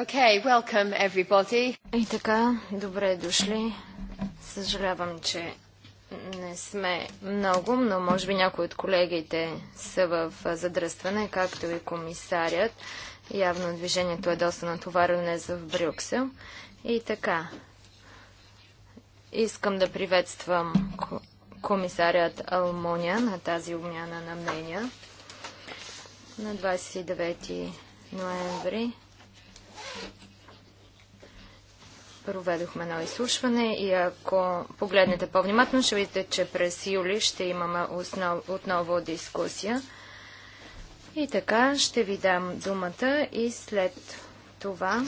Okay, welcome everybody. И така, добре дошли. Съжалявам, че не сме много, но може би някои от колегите са в задръстване, както и комисарят. Явно движението е доста натоварено днес в Брюксел. И така, искам да приветствам комисарят Алмония на тази обмяна на мнения на 29 ноември проведохме едно изслушване и ако погледнете по-внимателно, ще видите, че през юли ще имаме основ... отново дискусия. И така, ще ви дам думата и след това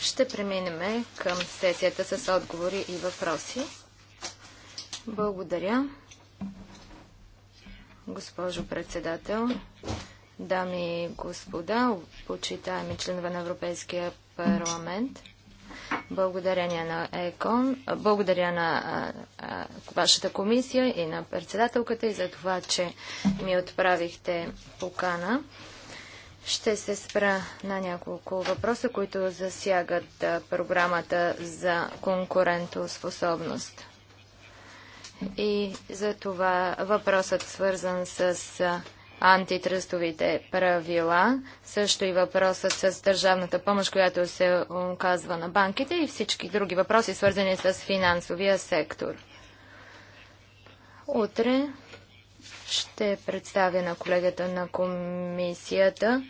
ще преминем към сесията с отговори и въпроси. Благодаря, госпожо председател, дами и господа, почитаеми членове на Европейския парламент. Благодарение на ЕКОН, благодаря на а, а, вашата комисия и на председателката и за това, че ми отправихте покана. Ще се спра на няколко въпроса, които засягат а, програмата за конкурентоспособност. И за това въпросът свързан с антитръстовите правила, също и въпросът с държавната помощ, която се оказва на банките и всички други въпроси, свързани с финансовия сектор. Утре ще представя на колегата на комисията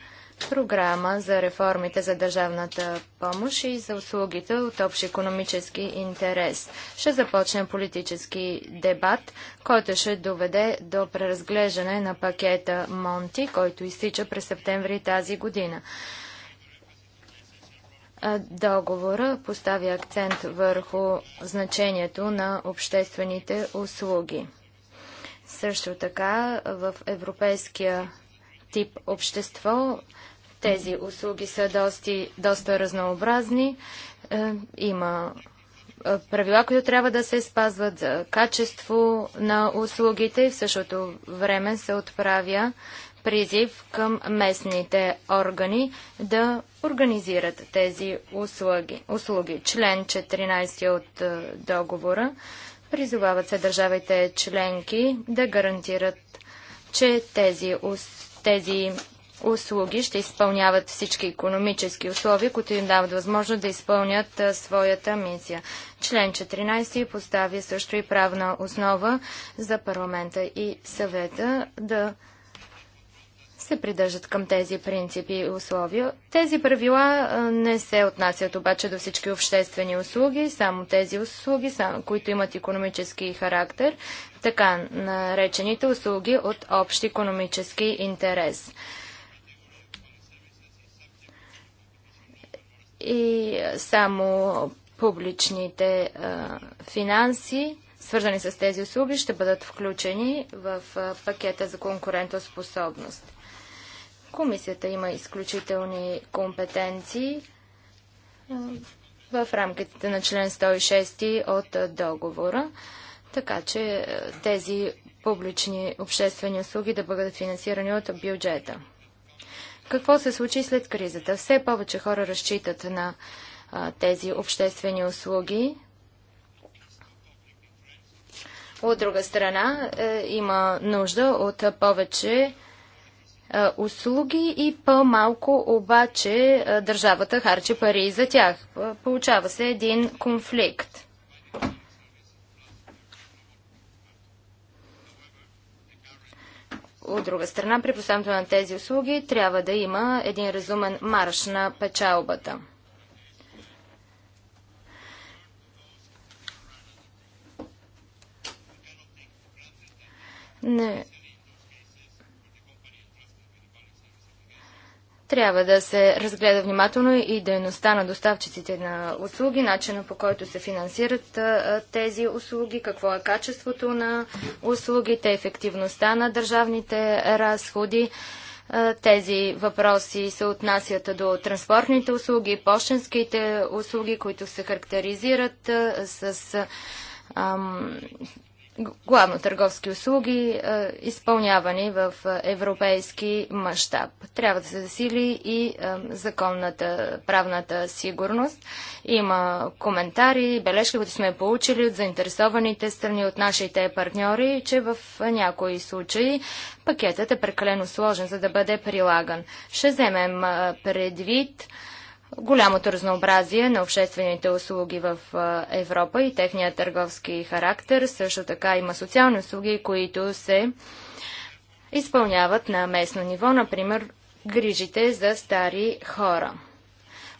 програма за реформите за държавната помощ и за услугите от общ економически интерес. Ще започне политически дебат, който ще доведе до преразглеждане на пакета Монти, който изтича през септември тази година. Договора поставя акцент върху значението на обществените услуги. Също така в Европейския тип общество. Тези услуги са доста, доста разнообразни. Е, има е, правила, които трябва да се спазват за качество на услугите и в същото време се отправя призив към местните органи да организират тези услуги. услуги. Член 14 от е, договора призовават се държавите членки да гарантират, че тези услуги тези услуги ще изпълняват всички економически условия, които им дават възможност да изпълнят своята мисия. Член 14 поставя също и правна основа за парламента и съвета да се придържат към тези принципи и условия. Тези правила не се отнасят обаче до всички обществени услуги, само тези услуги, които имат економически характер, така наречените услуги от общ економически интерес. И само публичните финанси, свързани с тези услуги, ще бъдат включени в пакета за конкурентоспособност. Комисията има изключителни компетенции в рамките на член 106 от договора, така че тези публични обществени услуги да бъдат финансирани от бюджета. Какво се случи след кризата? Все повече хора разчитат на а, тези обществени услуги. От друга страна, е, има нужда от повече услуги и по-малко обаче държавата харчи пари за тях. Получава се един конфликт. От друга страна, при поставянето на тези услуги трябва да има един разумен марш на печалбата. Не, Трябва да се разгледа внимателно и дейността на доставчиците на услуги, начина по който се финансират тези услуги, какво е качеството на услугите, ефективността на държавните разходи. тези въпроси се отнасят до транспортните услуги, почтенските услуги, които се характеризират с главно търговски услуги, е, изпълнявани в е, европейски мащаб. Трябва да се засили и е, законната правната сигурност. Има коментари, бележки, които сме получили от заинтересованите страни, от нашите партньори, че в някои случаи пакетът е прекалено сложен, за да бъде прилаган. Ще вземем предвид голямото разнообразие на обществените услуги в Европа и техния търговски характер. Също така има социални услуги, които се изпълняват на местно ниво, например грижите за стари хора.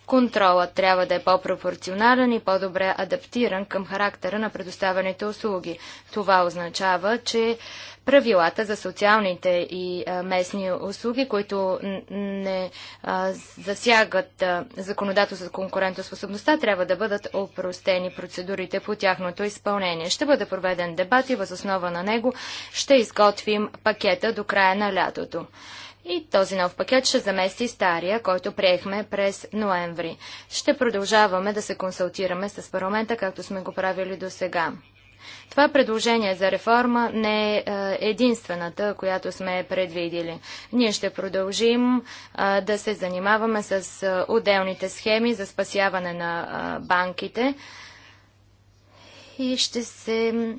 Контролът трябва да е по-пропорционален и по-добре адаптиран към характера на предоставените услуги. Това означава, че правилата за социалните и местни услуги, които не засягат законодателство за конкурентоспособността, трябва да бъдат опростени процедурите по тяхното изпълнение. Ще бъде проведен дебат и възоснова на него ще изготвим пакета до края на лятото. И този нов пакет ще замести стария, който приехме през ноември. Ще продължаваме да се консултираме с парламента, както сме го правили до сега. Това предложение за реформа не е, е единствената, която сме предвидили. Ние ще продължим е, да се занимаваме с е, отделните схеми за спасяване на банките и ще се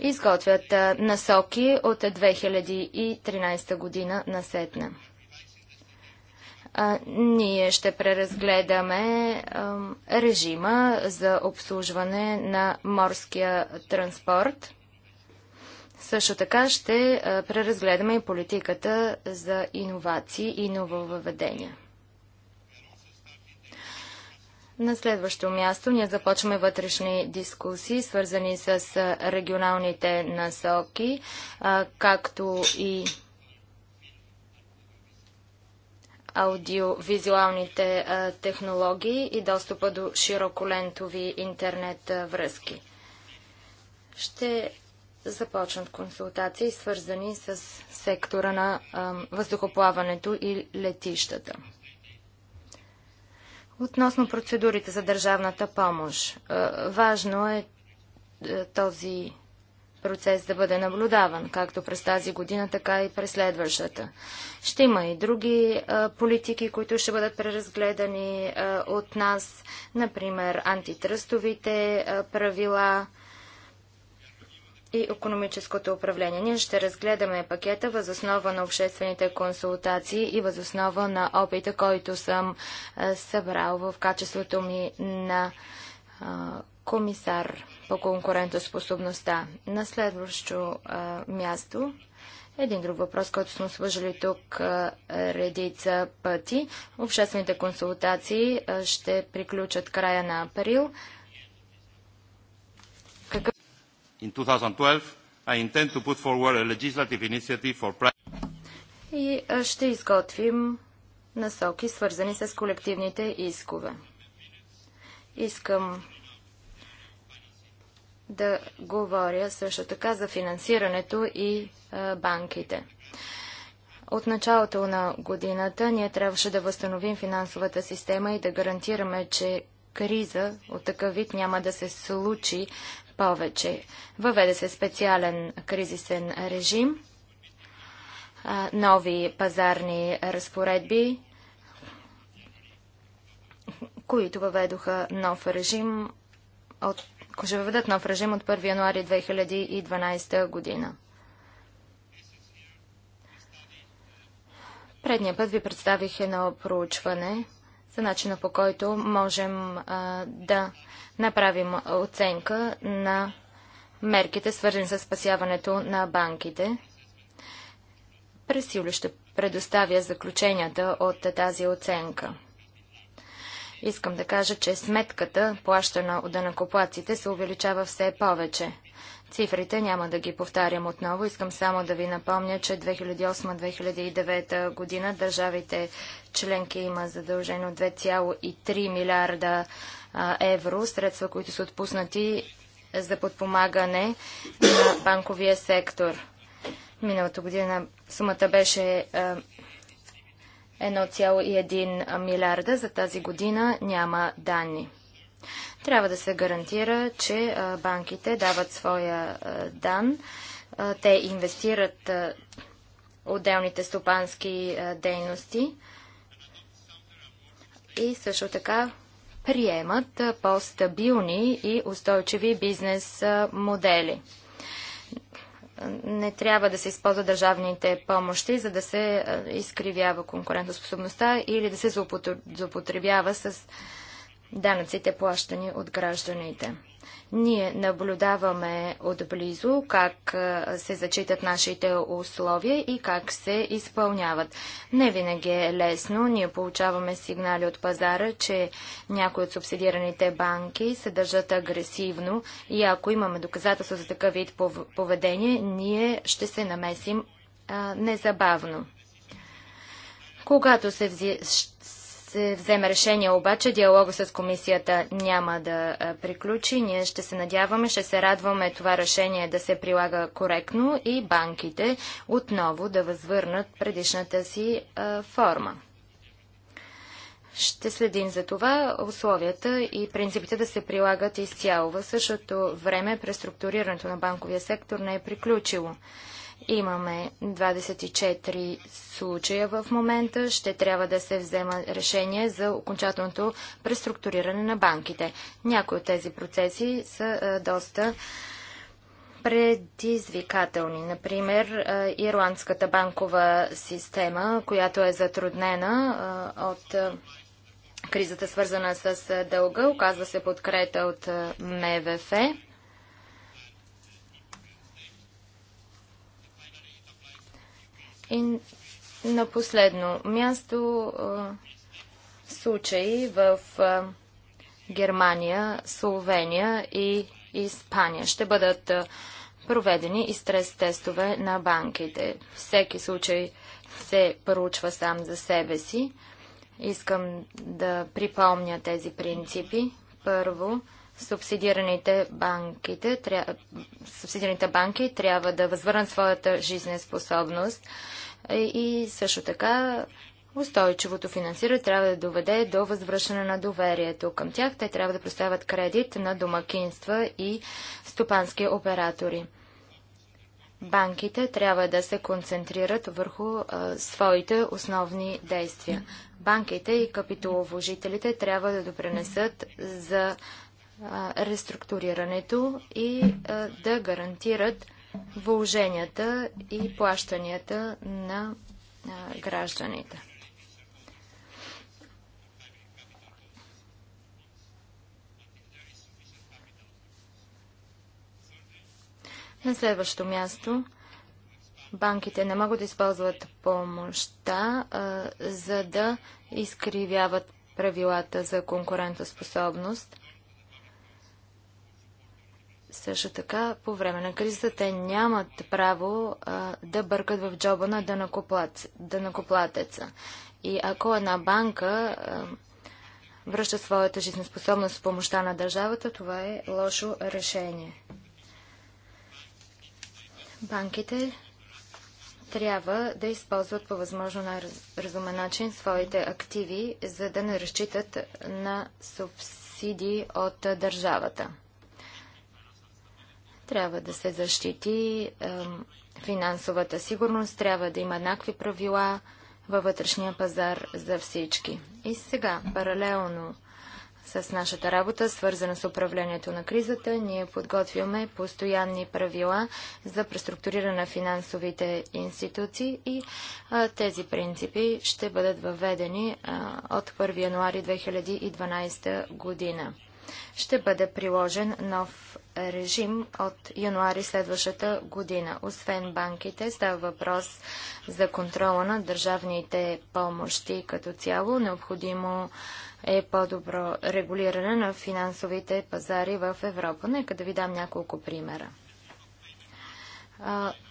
изготвят насоки от 2013 година на Сетна. Ние ще преразгледаме режима за обслужване на морския транспорт. Също така ще преразгледаме и политиката за иновации и нововъведения. На следващо място ние започваме вътрешни дискусии, свързани с регионалните насоки, както и аудиовизуалните технологии и достъпа до широколентови интернет връзки. Ще започнат консултации, свързани с сектора на въздухоплаването и летищата. Относно процедурите за държавната помощ, е, важно е, е този процес да бъде наблюдаван, както през тази година, така и през следващата. Ще има и други е, политики, които ще бъдат преразгледани от нас, например антитръстовите правила, и економическото управление. Ние ще разгледаме пакета възоснова на обществените консултации и възоснова на опита, който съм събрал в качеството ми на комисар по конкурентоспособността. На следващо място един друг въпрос, който сме свържили тук редица пъти. Обществените консултации ще приключат края на април. In 2012, I intend to put forward a legislative initiative for и ще изготвим насоки, свързани с колективните искове. Искам да говоря също така за финансирането и банките. От началото на годината ние трябваше да възстановим финансовата система и да гарантираме, че криза от такъв вид няма да се случи повече. Въведе се специален кризисен режим, нови пазарни разпоредби, които въведоха нов режим от, ще въведат нов режим от 1 януари 2012 година. Предния път ви представих едно проучване за начина по който можем а, да направим оценка на мерките, свързани с спасяването на банките. През юли ще предоставя заключенията от тази оценка. Искам да кажа, че сметката, плащана от данакоплаците, се увеличава все повече. Цифрите няма да ги повтарям отново. Искам само да ви напомня, че 2008-2009 година държавите членки има задължено 2,3 милиарда евро, средства, които са отпуснати за подпомагане на банковия сектор. Миналата година сумата беше 1,1 милиарда. За тази година няма данни. Трябва да се гарантира, че банките дават своя дан. Те инвестират отделните стопански дейности и също така приемат по-стабилни и устойчиви бизнес модели. Не трябва да се използват държавните помощи, за да се изкривява конкурентоспособността или да се злоупотребява с данъците плащани от гражданите. Ние наблюдаваме отблизо как се зачитат нашите условия и как се изпълняват. Не винаги е лесно. Ние получаваме сигнали от пазара, че някои от субсидираните банки се държат агресивно и ако имаме доказателство за такъв вид поведение, ние ще се намесим а, незабавно. Когато се взе се вземе решение, обаче диалога с комисията няма да приключи. Ние ще се надяваме, ще се радваме това решение да се прилага коректно и банките отново да възвърнат предишната си форма. Ще следим за това условията и принципите да се прилагат изцяло. В същото време преструктурирането на банковия сектор не е приключило. Имаме 24 случая в момента. Ще трябва да се взема решение за окончателното преструктуриране на банките. Някои от тези процеси са доста предизвикателни. Например, ирландската банкова система, която е затруднена от кризата свързана с дълга, оказва се подкрета от МВФ. И на последно място случаи в Германия, Словения и Испания. Ще бъдат проведени и стрес-тестове на банките. Всеки случай се проучва сам за себе си. Искам да припомня тези принципи. Първо, субсидираните, банките, тря... субсидираните банки трябва да възвърнат своята жизнеспособност е, и също така устойчивото финансиране трябва да доведе до възвръщане на доверието към тях. Те трябва да представят кредит на домакинства и стопански оператори. Банките трябва да се концентрират върху а, своите основни действия. Банките и капиталовложителите трябва да допренесат за реструктурирането и да гарантират вълженията и плащанията на гражданите. На следващо място банките не могат да използват помощта, за да изкривяват правилата за конкурентоспособност. Също така, по време на кризата те нямат право а, да бъркат в джоба на дънакоплатеца. И ако една банка а, връща своята жизнеспособност с помощта на държавата, това е лошо решение. Банките трябва да използват по възможно най-разумен начин своите активи, за да не разчитат на субсидии от държавата. Трябва да се защити е, финансовата сигурност, трябва да има еднакви правила във вътрешния пазар за всички. И сега, паралелно с нашата работа, свързана с управлението на кризата, ние подготвяме постоянни правила за преструктуриране на финансовите институции и а, тези принципи ще бъдат въведени а, от 1 януари 2012 година. Ще бъде приложен нов режим от януари следващата година. Освен банките, става въпрос за контрола на държавните помощи като цяло. Необходимо е по-добро регулиране на финансовите пазари в Европа. Нека да ви дам няколко примера.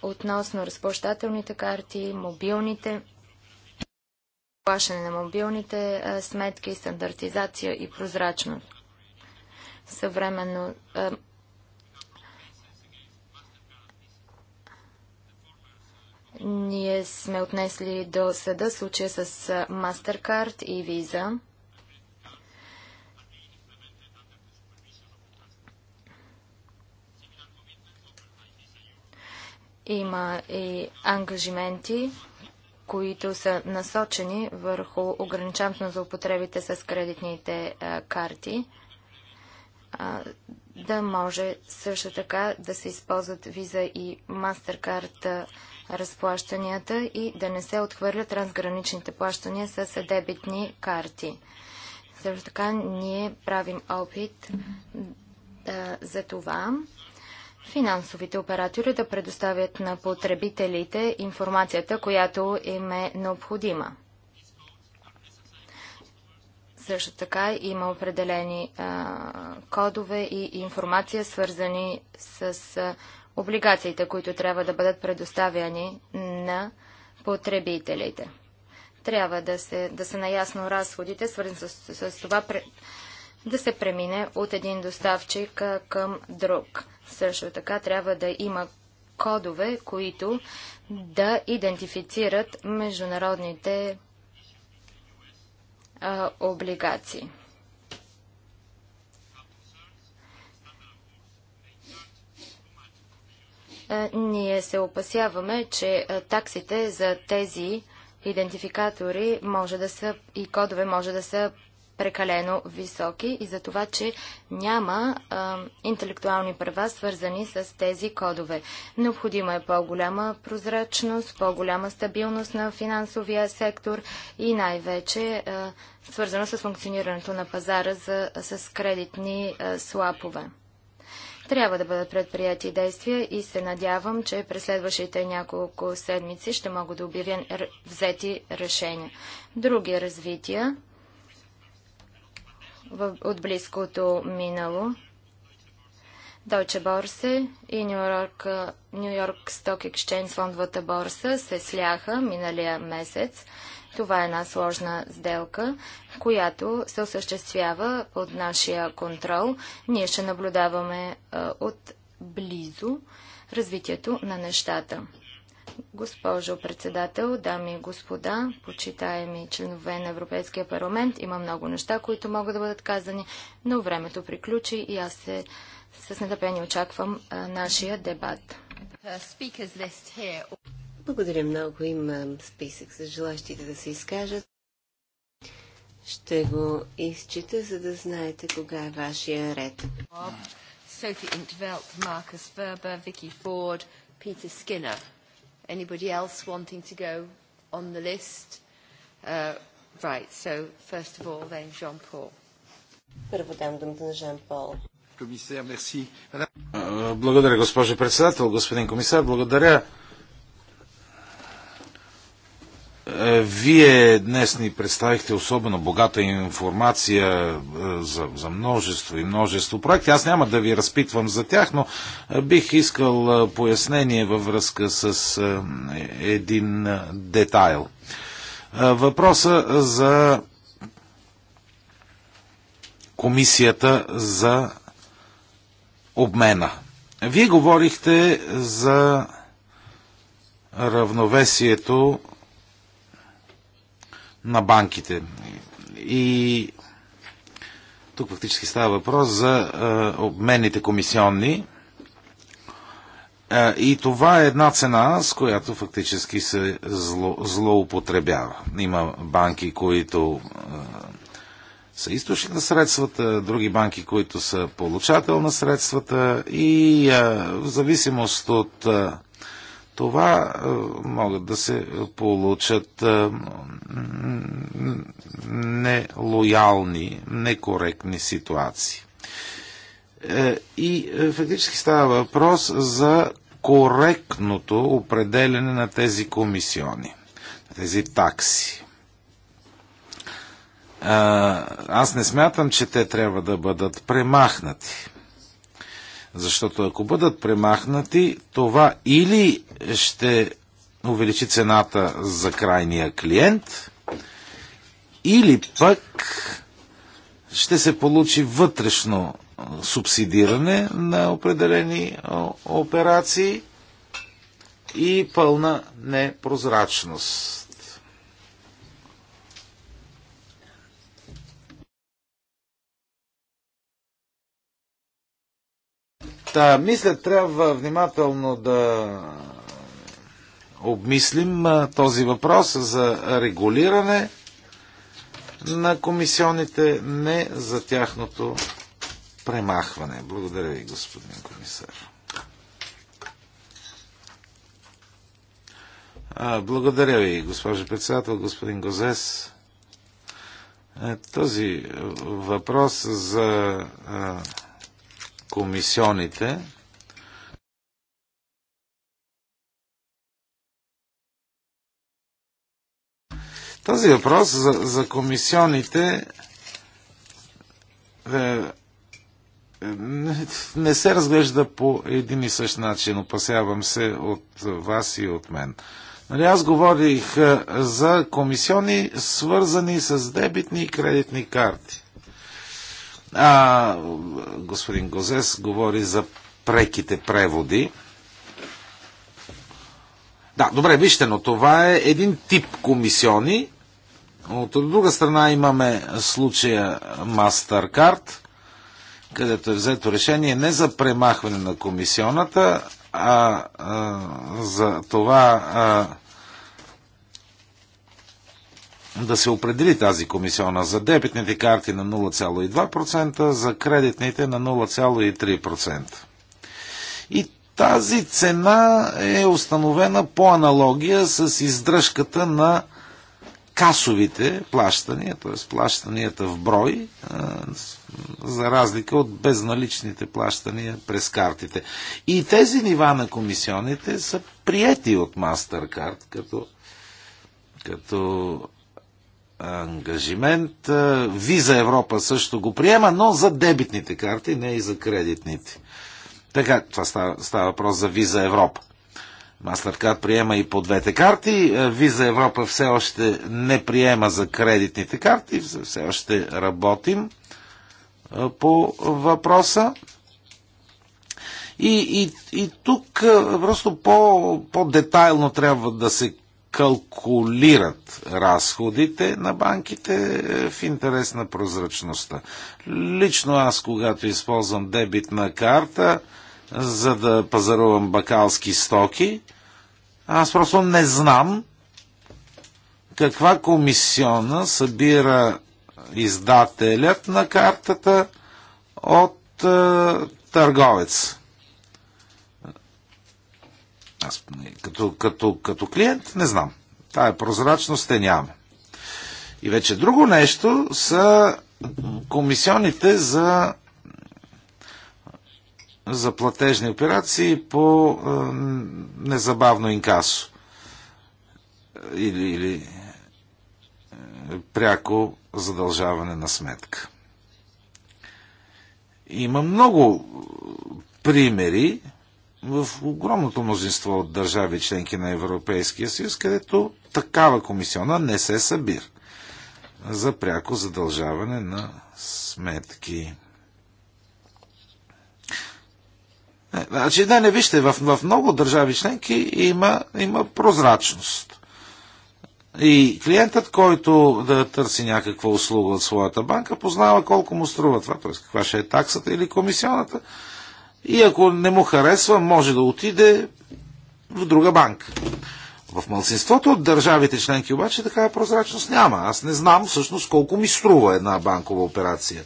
относно разплащателните карти, мобилните плащане на мобилните сметки, стандартизация и прозрачност. Съвременно Ние сме отнесли до съда случая с MasterCard и Visa. Има и ангажименти, които са насочени върху ограничаването на злоупотребите с кредитните карти. да може също така да се използват Visa и MasterCard разплащанията и да не се отхвърлят трансграничните плащания с дебитни карти. Също така ние правим опит да, за това финансовите оператори да предоставят на потребителите информацията, която им е необходима. Също така има определени а, кодове и информация, свързани с а, облигациите, които трябва да бъдат предоставяни на потребителите. Трябва да, се, да са наясно разходите, свързани с, с, с това пре, да се премине от един доставчик към друг. Също така трябва да има кодове, които да идентифицират международните а, облигации. ние се опасяваме, че таксите за тези идентификатори може да са и кодове може да са прекалено високи и за това, че няма а, интелектуални права, свързани с тези кодове. Необходима е по-голяма прозрачност, по-голяма стабилност на финансовия сектор и най-вече свързано с функционирането на пазара за, с кредитни а, слапове. Трябва да бъдат предприяти действия и се надявам, че през следващите няколко седмици ще могат да обявя взети решения. Други развития от близкото минало. Deutsche Börse и Нью Йорк, Stock Exchange фондвата борса се сляха миналия месец. Това е една сложна сделка, която се осъществява под нашия контрол. Ние ще наблюдаваме от близо развитието на нещата. Госпожо председател, дами и господа, почитаеми членове на Европейския парламент, има много неща, които могат да бъдат казани, но времето приключи и аз се, с нетърпение очаквам а, нашия дебат. Благодаря много. Имам списък с желащите да се изкажат. Ще го изчита, за да знаете кога е вашия ред. Софи Интвелт, Marcus Ferber, Вики Форд, Питер Скинър. Anybody else wanting to go on the list? Uh, right, so first of all then Jean-Paul. Първо дам думата на Жан-Пол. Комисар, мерси. Благодаря, госпожо председател, господин комисар. Благодаря Е, вие днес ни представихте особено богата информация е, за, за множество и множество проекти. Аз няма да ви разпитвам за тях, но е, бих искал пояснение във връзка с един детайл. Въпроса за комисията за обмена. Вие говорихте за равновесието на банките. И тук фактически става въпрос за е, обменните комисионни. Е, и това е една цена, с която фактически се зло, злоупотребява. Има банки, които е, са източник на средствата, други банки, които са получател на средствата и е, в зависимост от е, това е, могат да се получат е, нелоялни, некоректни ситуации. Е, и фактически става въпрос за коректното определене на тези комисиони, на тези такси. Аз не смятам, че те трябва да бъдат премахнати защото ако бъдат премахнати, това или ще увеличи цената за крайния клиент, или пък ще се получи вътрешно субсидиране на определени операции и пълна непрозрачност. Та, мисля, трябва внимателно да обмислим този въпрос за регулиране на комисионите, не за тяхното премахване. Благодаря ви, господин комисар. Благодаря ви, госпожо председател, господин Гозес. Е, този въпрос за комисионите. Този въпрос за, за комисионите е, не се разглежда по един и същ начин. Опасявам се от вас и от мен. Нали, аз говорих е, за комисиони, свързани с дебитни и кредитни карти. А, господин Гозес говори за преките преводи. Да, добре, вижте, но това е един тип комисиони. От друга страна имаме случая MasterCard, където е взето решение не за премахване на комисионата, а, а за това а, да се определи тази комисиона за дебитните карти на 0,2%, за кредитните на 0,3%. И тази цена е установена по аналогия с издръжката на касовите плащания, т.е. плащанията в брой, за разлика от безналичните плащания през картите. И тези нива на комисионите са прияти от MasterCard като, като ангажимент. Виза Европа също го приема, но за дебитните карти, не и за кредитните. Така, това става, става въпрос за Виза Европа. Мастеркард приема и по двете карти. Виза Европа все още не приема за кредитните карти. Все още работим по въпроса. И, и, и тук просто по, по-детайлно трябва да се калкулират разходите на банките е, в интерес на прозрачността. Лично аз, когато използвам дебитна карта, за да пазарувам бакалски стоки, аз просто не знам каква комисиона събира издателят на картата от е, търговец. Аз като, като, като клиент не знам. Тая прозрачност те нямаме. И вече друго нещо са комисионите за за платежни операции по е, незабавно инкасо или, или е, пряко задължаване на сметка. Има много примери, в огромното мнозинство от държави членки на Европейския съюз, където такава комисиона не се събира за пряко задължаване на сметки. Е, значи, да, не вижте, в, в много държави членки има, има прозрачност. И клиентът, който да търси някаква услуга от своята банка, познава колко му струва това, т.е. каква ще е таксата или комисионата и ако не му харесва, може да отиде в друга банка. В малцинството от държавите членки обаче такава прозрачност няма. Аз не знам всъщност колко ми струва една банкова операция.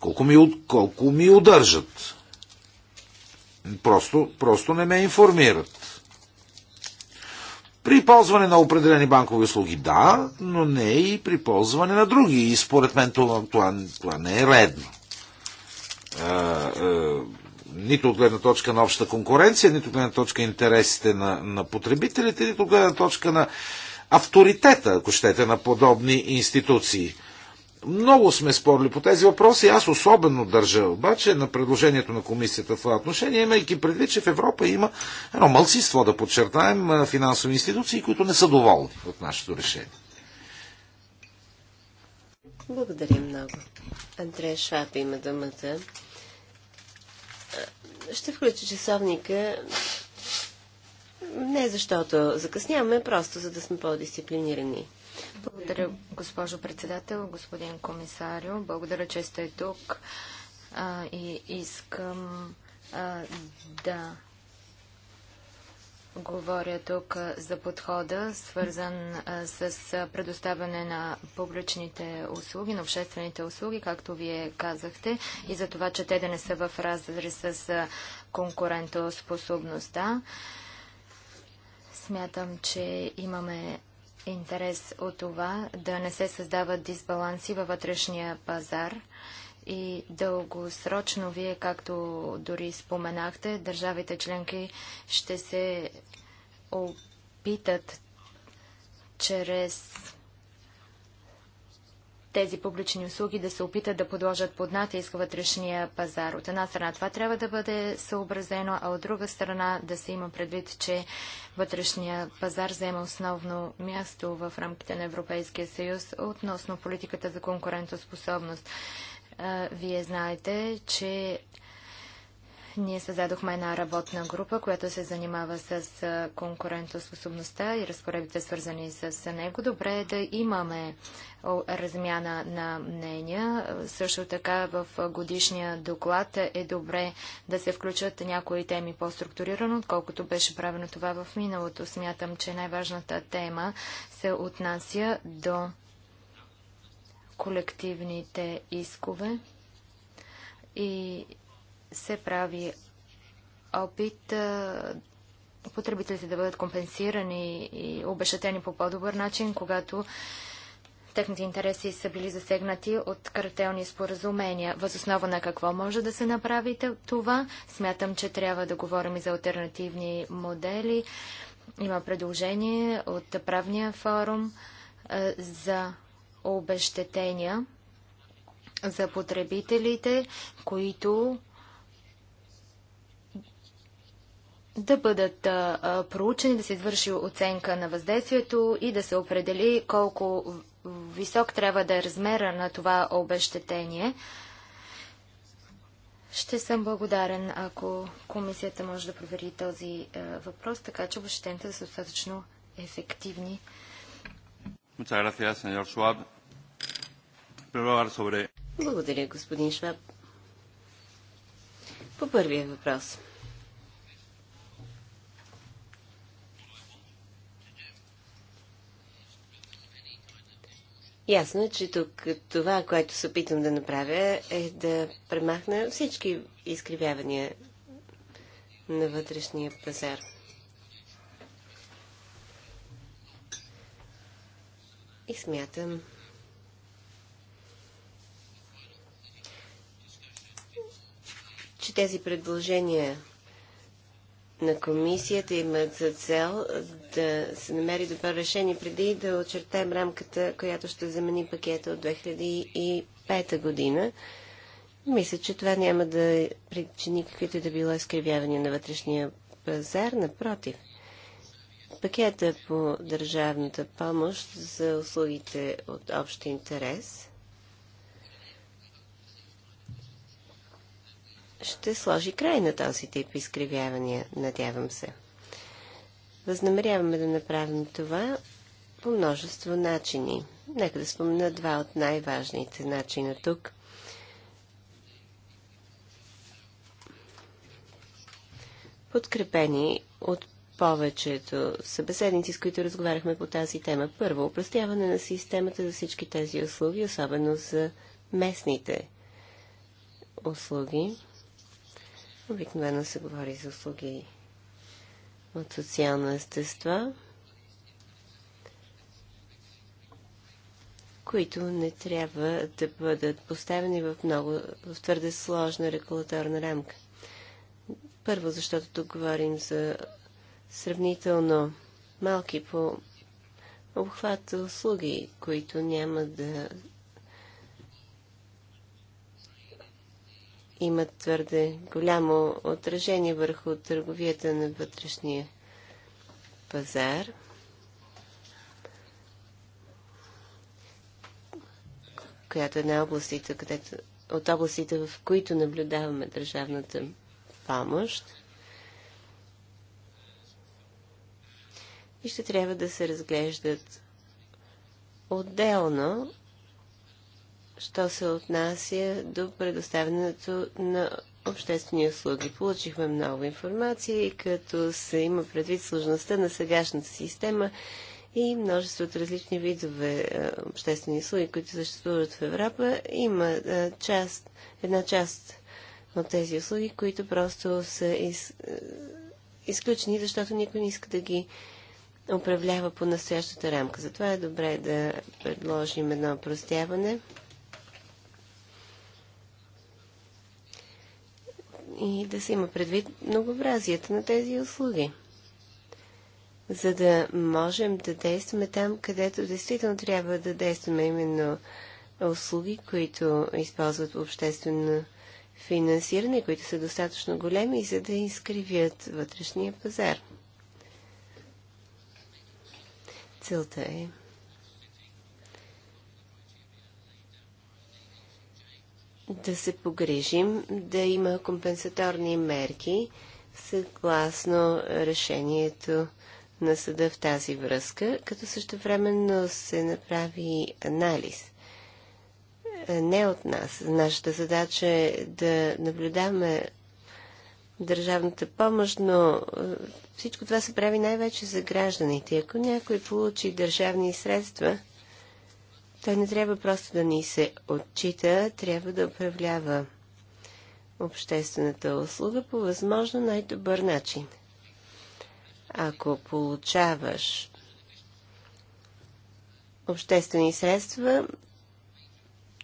Колко ми, колко ми удържат. Просто, просто не ме информират. При ползване на определени банкови услуги да, но не и при ползване на други. И според мен това, това, това не е редно нито от гледна точка на общата конкуренция, нито от гледна точка интересите на, на потребителите, нито от гледна точка на авторитета, ако щете, на подобни институции. Много сме спорили по тези въпроси. Аз особено държа обаче на предложението на комисията в това отношение, имайки предвид, че в Европа има едно мълсиство, да подчертаем, финансови институции, които не са доволни от нашето решение. Благодаря много. Андрея Шваб има думата. Ще включа часовника не защото закъсняваме, просто за да сме по-дисциплинирани. Благодаря, госпожо председател, господин комисарио. Благодаря, че сте тук а, и искам а, да Говоря тук за подхода, свързан с предоставяне на публичните услуги, на обществените услуги, както вие казахте, и за това, че те да не са в разрез с конкурентоспособността. Смятам, че имаме интерес от това да не се създават дисбаланси във вътрешния пазар и дългосрочно, вие както дори споменахте, държавите членки ще се опитат чрез тези публични услуги да се опитат да подложат под натиск вътрешния пазар. От една страна това трябва да бъде съобразено, а от друга страна да се има предвид, че вътрешния пазар взема основно място в рамките на Европейския съюз относно политиката за конкурентоспособност. Вие знаете, че ние създадохме една работна група, която се занимава с конкурентоспособността и разпоредбите свързани с него. Добре е да имаме размяна на мнения. Също така в годишния доклад е добре да се включат някои теми по-структурирано, отколкото беше правено това в миналото. Смятам, че най-важната тема се отнася до колективните искове и се прави опит потребителите да бъдат компенсирани и обещатени по по-добър начин, когато техните интереси са били засегнати от картелни споразумения. Възоснова на какво може да се направи това? Смятам, че трябва да говорим и за альтернативни модели. Има предложение от правния форум за обещетения за потребителите, които да бъдат проучени, да се извърши оценка на въздействието и да се определи колко висок трябва да е размера на това обещетение. Ще съм благодарен, ако комисията може да провери този въпрос, така че обещетените да са достатъчно ефективни. Muchas gracias, señor Schwab. Sobre... Благодаря, господин Шваб. По първия въпрос. Ясно е, че тук това, което се опитвам да направя, е да премахна всички изкривявания на вътрешния пазар. И смятам, че тези предложения на комисията имат за цел да се намери добро решение преди да очертаем рамката, която ще замени пакета от 2005 година. Мисля, че това няма да причини каквито да било изкривявания на вътрешния пазар. Напротив, пакета по държавната помощ за услугите от общ интерес ще сложи край на този тип изкривявания, надявам се. Възнамеряваме да направим това по множество начини. Нека да спомена два от най-важните начина тук. Подкрепени от повечето събеседници, с които разговаряхме по тази тема. Първо, упростяване на системата за всички тези услуги, особено за местните услуги. Обикновено се говори за услуги от социално естество. които не трябва да бъдат поставени в, много, в твърде сложна регулаторна рамка. Първо, защото тук говорим за сравнително малки по обхват услуги, които няма да имат твърде голямо отражение върху търговията на вътрешния пазар. която е една областите, където, от областите, в които наблюдаваме държавната помощ. и ще трябва да се разглеждат отделно, що се отнася до предоставянето на обществени услуги. Получихме много информация и като се има предвид сложността на сегашната система и множеството различни видове е, обществени услуги, които съществуват в Европа, има е, част, една част от тези услуги, които просто са из, е, изключени, защото никой не иска да ги управлява по настоящата рамка. Затова е добре да предложим едно простяване. И да се има предвид многообразията на тези услуги. За да можем да действаме там, където действително трябва да действаме, именно услуги, които използват обществено финансиране, които са достатъчно големи, за да изкривят вътрешния пазар. Целта е да се погрижим да има компенсаторни мерки съгласно решението на съда в тази връзка, като същевременно се направи анализ. Е, не от нас. Нашата задача е да наблюдаваме държавната помощ, но е, всичко това се прави най-вече за гражданите. Ако някой получи държавни средства, той не трябва просто да ни се отчита, трябва да управлява обществената услуга по възможно най-добър начин. Ако получаваш обществени средства,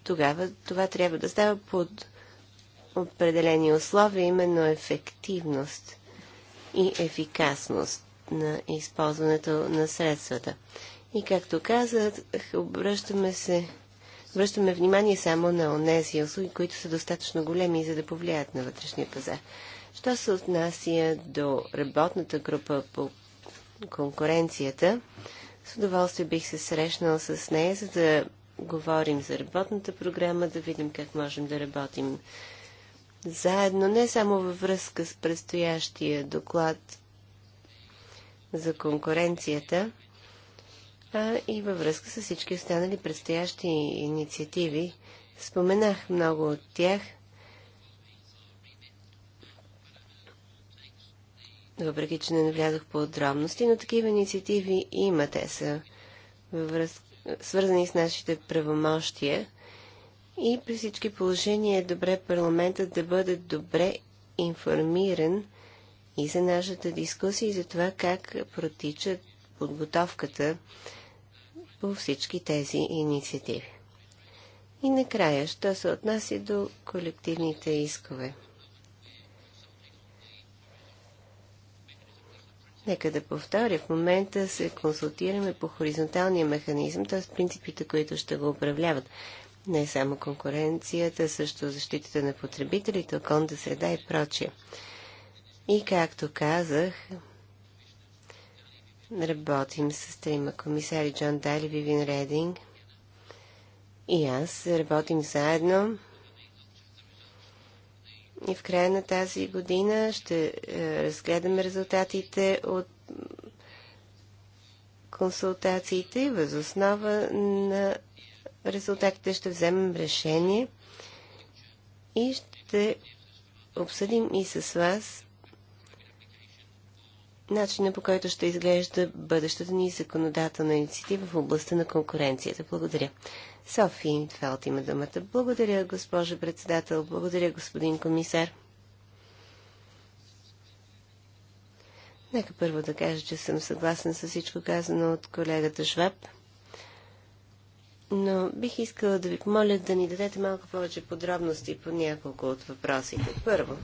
тогава това трябва да става под определени условия, именно ефективност и ефикасност на използването на средствата. И както казах, обръщаме се Връщаме внимание само на онези услуги, които са достатъчно големи, за да повлияят на вътрешния пазар. Що се отнася до работната група по конкуренцията, с удоволствие бих се срещнал с нея, за да говорим за работната програма, да видим как можем да работим заедно, не само във връзка с предстоящия доклад за конкуренцията, а и във връзка с всички останали предстоящи инициативи. Споменах много от тях. Въпреки, че не навлязох по подробности, но такива инициативи има. Те са във връзка, свързани с нашите правомощия и при всички положения е добре парламентът да бъде добре информиран и за нашата дискусия, и за това как протича подготовката по всички тези инициативи. И накрая, що се отнася до колективните искове. Нека да повторя, в момента се консултираме по хоризонталния механизъм, т.е. принципите, които ще го управляват не само конкуренцията, също защитата на потребителите, околната среда и прочие. И както казах, работим с трима комисари Джон Дали, Вивин Рединг и аз. Работим заедно. И в края на тази година ще е, разгледаме резултатите от консултациите възоснова на резултатите, ще вземем решение и ще обсъдим и с вас начина по който ще изглежда бъдещата ни законодателна инициатива в областта на конкуренцията. Благодаря. Софи Инфелд има думата. Благодаря, госпожа председател. Благодаря, господин комисар. Нека първо да кажа, че съм съгласен с всичко казано от колегата Шваб но бих искала да ви помоля да ни дадете малко повече подробности по няколко от въпросите. Първо,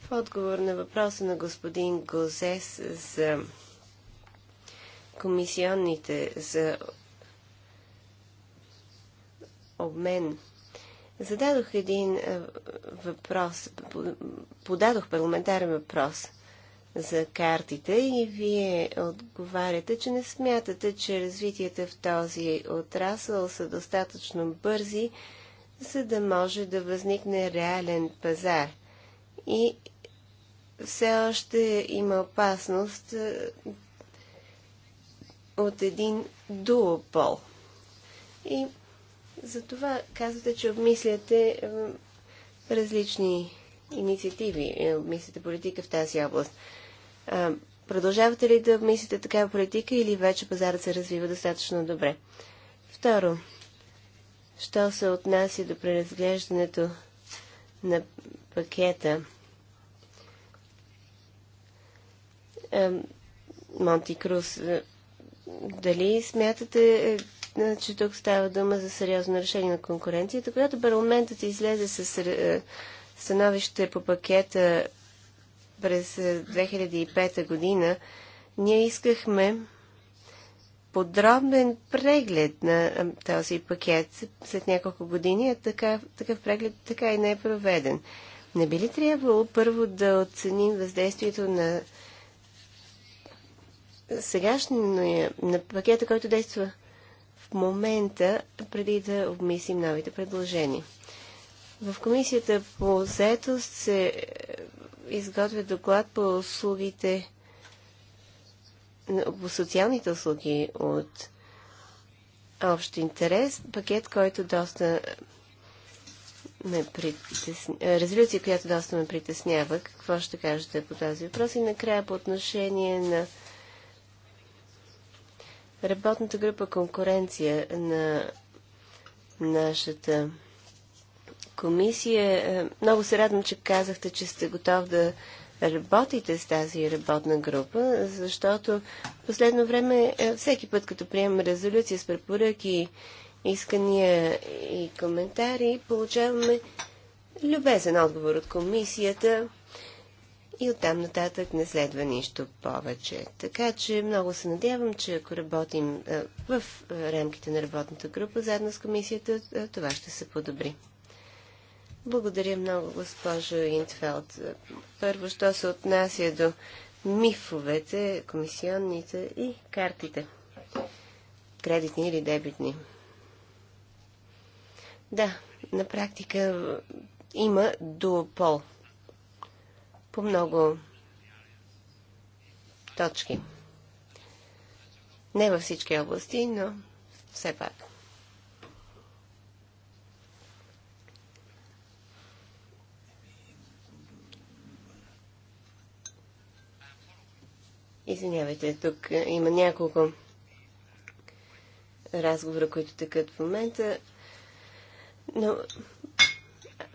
в отговор на въпроса на господин Гозес за комисионните, за обмен, зададох един въпрос, подадох парламентарен въпрос – за картите и вие отговаряте, че не смятате, че развитията в този отрасъл са достатъчно бързи, за да може да възникне реален пазар. И все още има опасност е, от един дуопол. И за това казвате, че обмисляте е, различни инициативи, е, обмисляте политика в тази област продължавате ли да мислите такава политика или вече пазарът се развива достатъчно добре? Второ, що се отнася до преразглеждането на пакета? Монти Круз, дали смятате, че тук става дума за сериозно решение на конкуренцията, когато парламентът излезе с становище по пакета през 2005 е, година, ние искахме подробен преглед на е, този пакет след няколко години, а е така, такъв преглед така и не е проведен. Не би ли трябвало първо да оценим въздействието на сегашния, на пакета, който действа в момента, преди да обмислим новите предложения? В комисията по заетост се изготвя доклад по услугите, по социалните услуги от общ интерес, пакет, който доста ме притесня... резолюция, която доста ме притеснява. Какво ще кажете по този въпрос? И накрая по отношение на работната група конкуренция на нашата комисия. Е, много се радвам, че казахте, че сте готов да работите с тази работна група, защото в последно време е, всеки път, като приемам резолюция с препоръки, искания и коментари, получаваме любезен отговор от комисията и оттам нататък не следва нищо повече. Така че много се надявам, че ако работим е, в рамките на работната група заедно с комисията, това ще се подобри. Благодаря много, госпожо Интфелд. Първо, що се отнася до мифовете, комисионните и картите. Кредитни или дебитни. Да, на практика има дуопол. По много точки. Не във всички области, но все пак. Извинявайте, тук е, има няколко разговора, които тъкат в момента. Но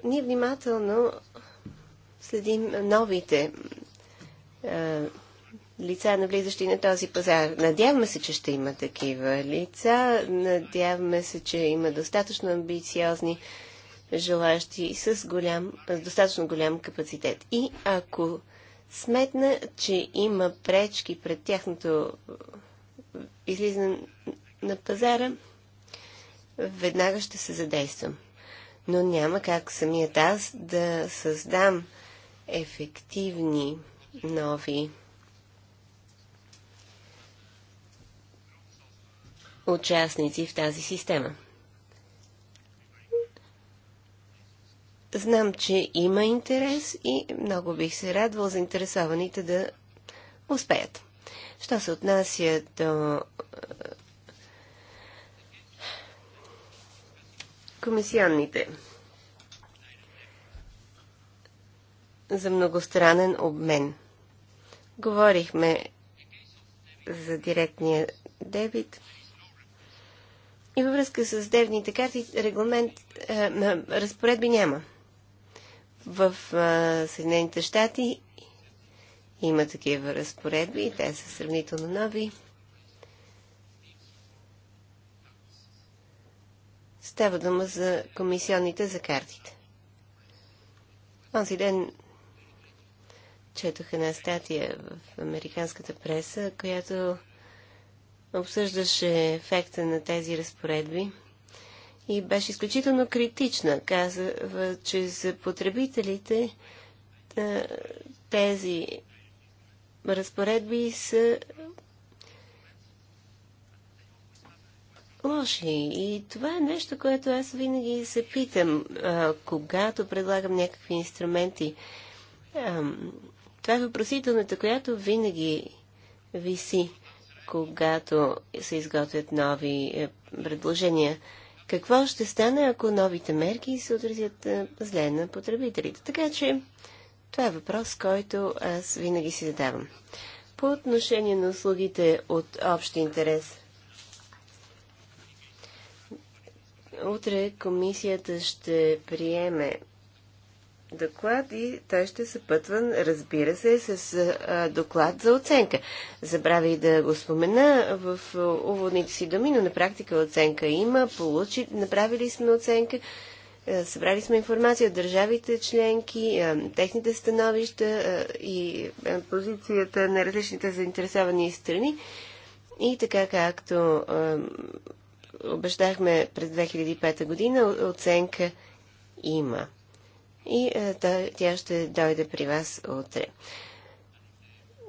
ние внимателно следим новите а, е, лица, навлизащи на този пазар. Надяваме се, че ще има такива лица. Надяваме се, че има достатъчно амбициозни желащи с, голям, с достатъчно голям капацитет. И ако сметна, че има пречки пред тяхното е, излизане на пазара, веднага ще се задействам. Но няма как самият аз да създам ефективни нови участници в тази система. Знам, че има интерес и много бих се радвал заинтересованите да успеят. Що се отнася до е, комисионните за многостранен обмен. Говорихме за директния дебит. И във връзка с дебните карти регламент, е, разпоредби няма. В Съединените щати има такива разпоредби и те са сравнително нови. Става дума за комисионните за картите. Онзи ден четох една статия в американската преса, която обсъждаше ефекта на тези разпоредби – и беше изключително критична. Каза, че за потребителите тези разпоредби са лоши. И това е нещо, което аз винаги се питам, когато предлагам някакви инструменти. това е въпросителната, която винаги виси, когато се изготвят нови е, предложения какво ще стане, ако новите мерки се отразят е, зле на потребителите. Така че това е въпрос, който аз винаги си задавам. По отношение на услугите от общ интерес. Утре комисията ще приеме доклад и той ще съпътван, разбира се, с доклад за оценка. Забравя да го спомена в уводните си думи, но на практика оценка има, получи, направили сме оценка, събрали сме информация от държавите членки, техните становища и позицията на различните заинтересовани страни. И така както обещахме през 2005 година, оценка има и е, тя ще дойде при вас утре.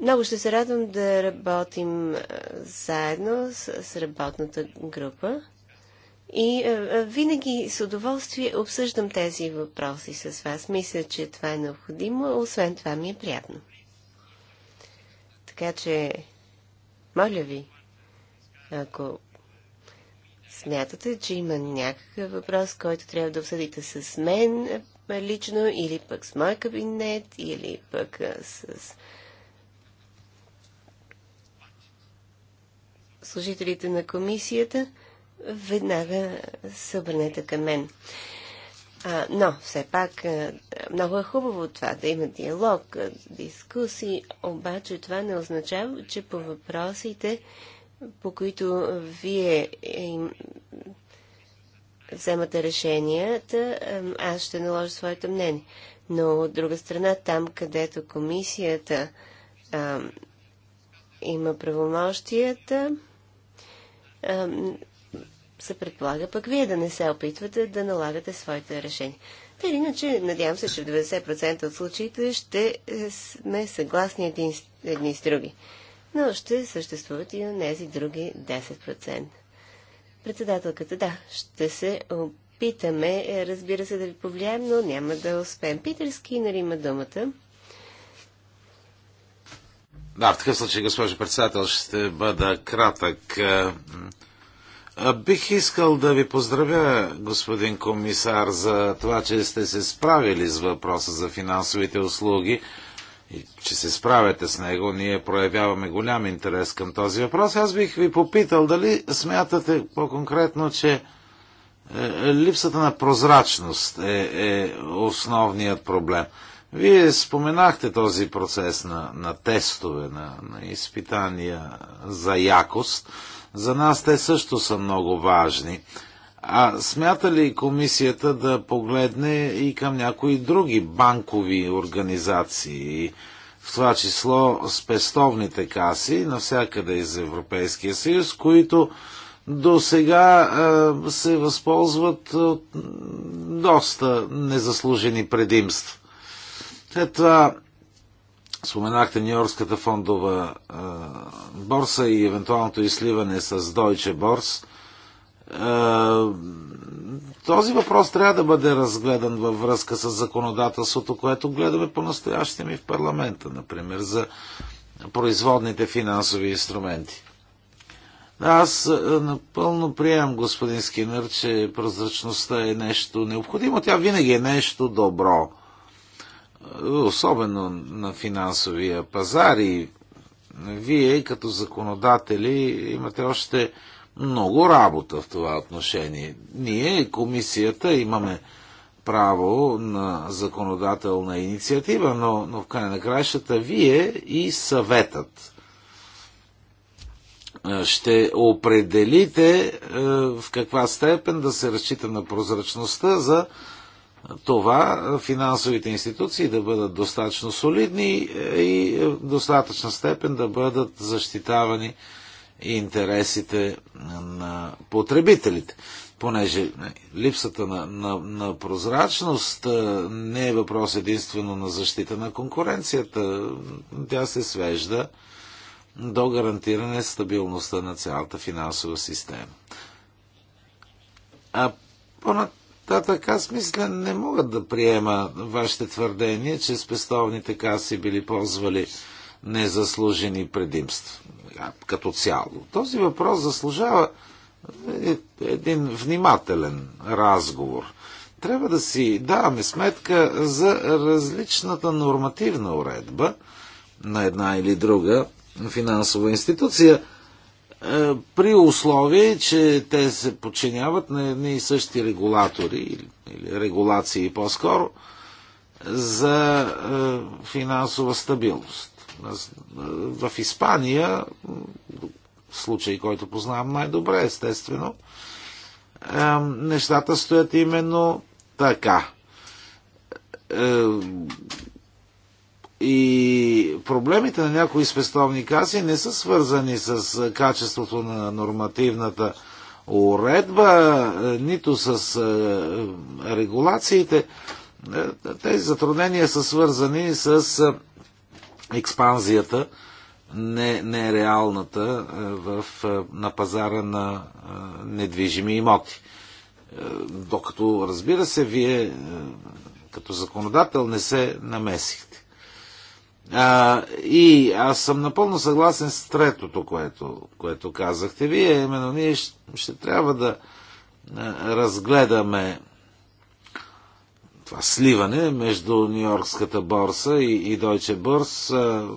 Много ще се радвам да работим е, заедно с, работната група и е, винаги с удоволствие обсъждам тези въпроси с вас. Мисля, че това е необходимо, освен това ми е приятно. Така че, моля ви, ако смятате, че има някакъв въпрос, който трябва да обсъдите с мен, лично, или пък с мой кабинет, или пък с служителите на комисията, веднага се обърнете към мен. но, все пак, много е хубаво това да има диалог, дискусии, обаче това не означава, че по въпросите, по които вие вземате решенията, аз ще наложа своето мнение. Но от друга страна, там където комисията а, има правомощията, а, се предполага пък вие да не се опитвате да налагате своите решения. Те или иначе, надявам се, че в 90% от случаите ще е, сме съгласни един, едни с други. Но ще съществуват и на тези други 10%. Председателката, да, ще се опитаме, е, разбира се, да ви повлияем, но няма да успеем. Питер Скинер има думата. Да, в такъв случай, госпожо председател, ще бъда кратък. Е, е, бих искал да ви поздравя, господин комисар, за това, че сте се справили с въпроса за финансовите услуги и че се справяте с него. Ние проявяваме голям интерес към този въпрос. Аз бих ви попитал дали смятате по-конкретно, че е, липсата на прозрачност е, е основният проблем. Вие споменахте този процес на, на тестове, на, на изпитания за якост. За нас те също са много важни. А смята ли комисията да погледне и към някои други банкови организации, в това число спестовните каси навсякъде из Европейския съюз, които до сега е, се възползват от доста незаслужени предимства. След това споменахте Нью-Йоркската фондова е, борса и евентуалното изливане с Deutsche Börse този въпрос трябва да бъде разгледан във връзка с законодателството, което гледаме по-настояще ми в парламента, например, за производните финансови инструменти. Аз напълно приемам, господин Скинър, че прозрачността е нещо необходимо. Тя винаги е нещо добро. Особено на финансовия пазар и вие като законодатели имате още много работа в това отношение. Ние, комисията, имаме право на законодателна инициатива, но, но в край на краищата вие и съветът е, ще определите е, в каква степен да се разчита на прозрачността за това е, финансовите институции да бъдат достатъчно солидни и в достатъчна степен да бъдат защитавани и интересите на потребителите. Понеже липсата на, на, на прозрачност не е въпрос единствено на защита на конкуренцията. Тя се свежда до гарантиране стабилността на цялата финансова система. А по-нататък аз мисля не мога да приема вашите твърдения, че спестовните каси били ползвали незаслужени предимства така, като цяло. Този въпрос заслужава е, един внимателен разговор. Трябва да си даваме сметка за различната нормативна уредба на една или друга финансова институция, е, при условие, че те се подчиняват на едни и същи регулатори или регулации по-скоро за е, финансова стабилност. В Испания, случай, който познавам най-добре, естествено, нещата стоят именно така. И проблемите на някои спестовни каси не са свързани с качеството на нормативната уредба, нито с регулациите. Тези затруднения са свързани с експанзията, не, не е реалната е, в, е, на пазара на недвижими имоти. Докато, разбира се, вие като законодател не се намесихте. А, и аз съм напълно съгласен с третото, което, което казахте. Вие, именно ние ще, ще трябва да разгледаме това сливане между Нью-Йоркската борса и, и Deutsche Börse,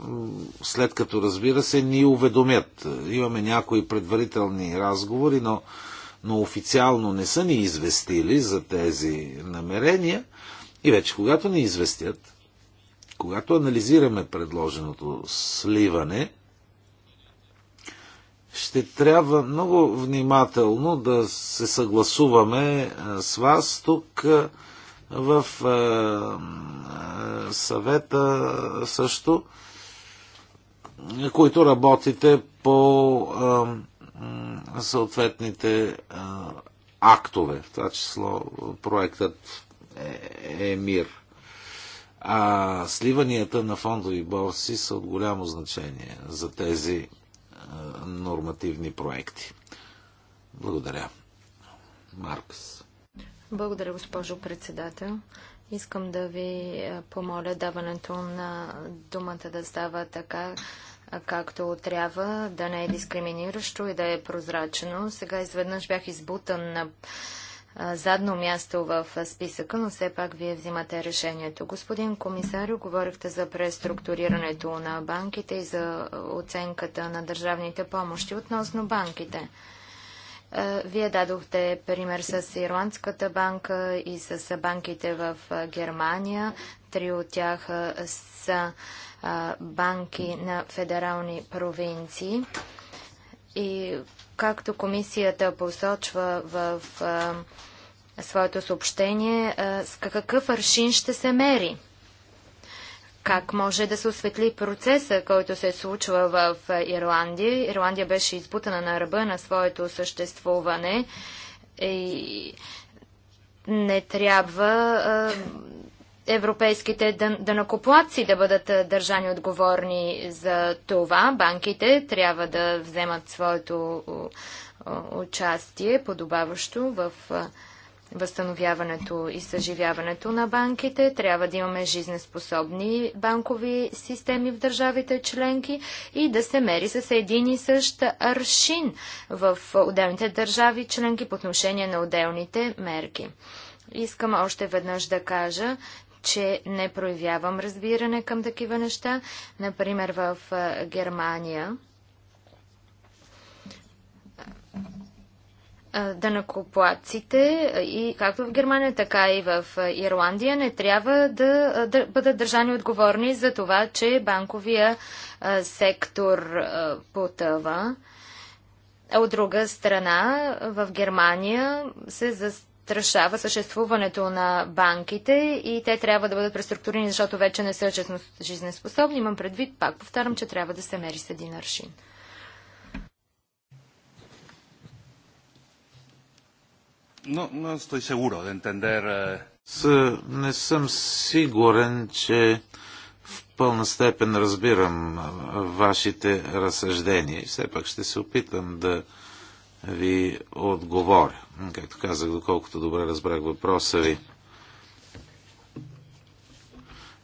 след като разбира се ни уведомят. Имаме някои предварителни разговори, но, но официално не са ни известили за тези намерения. И вече когато ни известят, когато анализираме предложеното сливане, ще трябва много внимателно да се съгласуваме с вас тук в е, е, съвета също, които работите по е, съответните актове, в това число проектът ЕМИР. Е а сливанията на фондови борси са от голямо значение за тези нормативни проекти. Благодаря. Маркс. Благодаря, госпожо председател. Искам да ви е, помоля даването на думата да става така, както трябва, да не е дискриминиращо и да е прозрачно. Сега изведнъж бях избутан на е, задно място в списъка, но все пак вие взимате решението. Господин комисар, говорихте за преструктурирането на банките и за оценката на държавните помощи относно банките. Е, вие дадохте пример с Ирландската банка и с банките в е, Германия. Три от тях е, са банки на федерални провинции. И както комисията посочва в своето съобщение, с какъв аршин ще се мери как може да се осветли процеса, който се случва в е, Ирландия. Ирландия беше избутана на ръба на своето съществуване и не трябва е, европейските дън, дънакоплаци да бъдат е, държани отговорни за това. Банките трябва да вземат своето участие подобаващо в възстановяването и съживяването на банките. Трябва да имаме жизнеспособни банкови системи в държавите членки и да се мери с един и същ аршин в отделните държави членки по отношение на отделните мерки. Искам още веднъж да кажа, че не проявявам разбиране към такива неща. Например, в Германия данакоплаците и както в Германия, така и в Ирландия не трябва да, да бъдат държани отговорни за това, че банковия сектор потъва. А от друга страна, в Германия се застрашава съществуването на банките и те трябва да бъдат преструктурирани, защото вече не са жизнеспособни. Имам предвид, пак повтарям, че трябва да се мери с един аршин. Но, но стой сигурно да Не съм сигурен, че в пълна степен разбирам вашите разсъждения. Все пак ще се опитам да ви отговоря. Както казах, доколкото добре разбрах въпроса ви.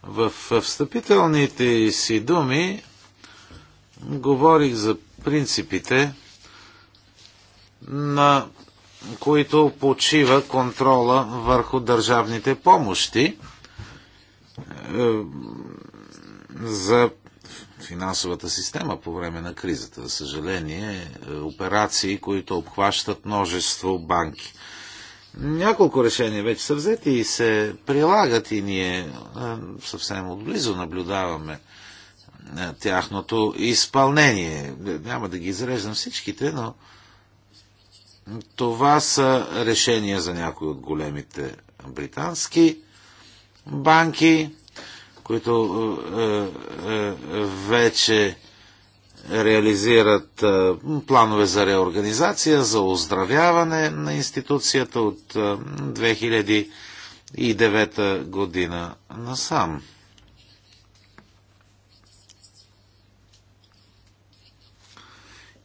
В встъпителните си думи говорих за принципите на които почива контрола върху държавните помощи е, за финансовата система по време на кризата. За съжаление, е, операции, които обхващат множество банки. Няколко решения вече са взети и се прилагат и ние е, съвсем отблизо наблюдаваме тяхното изпълнение. Няма да ги изреждам всичките, но това са решения за някои от големите британски банки, които е, е, е, вече реализират е, планове за реорганизация, за оздравяване на институцията от 2009 е, година насам.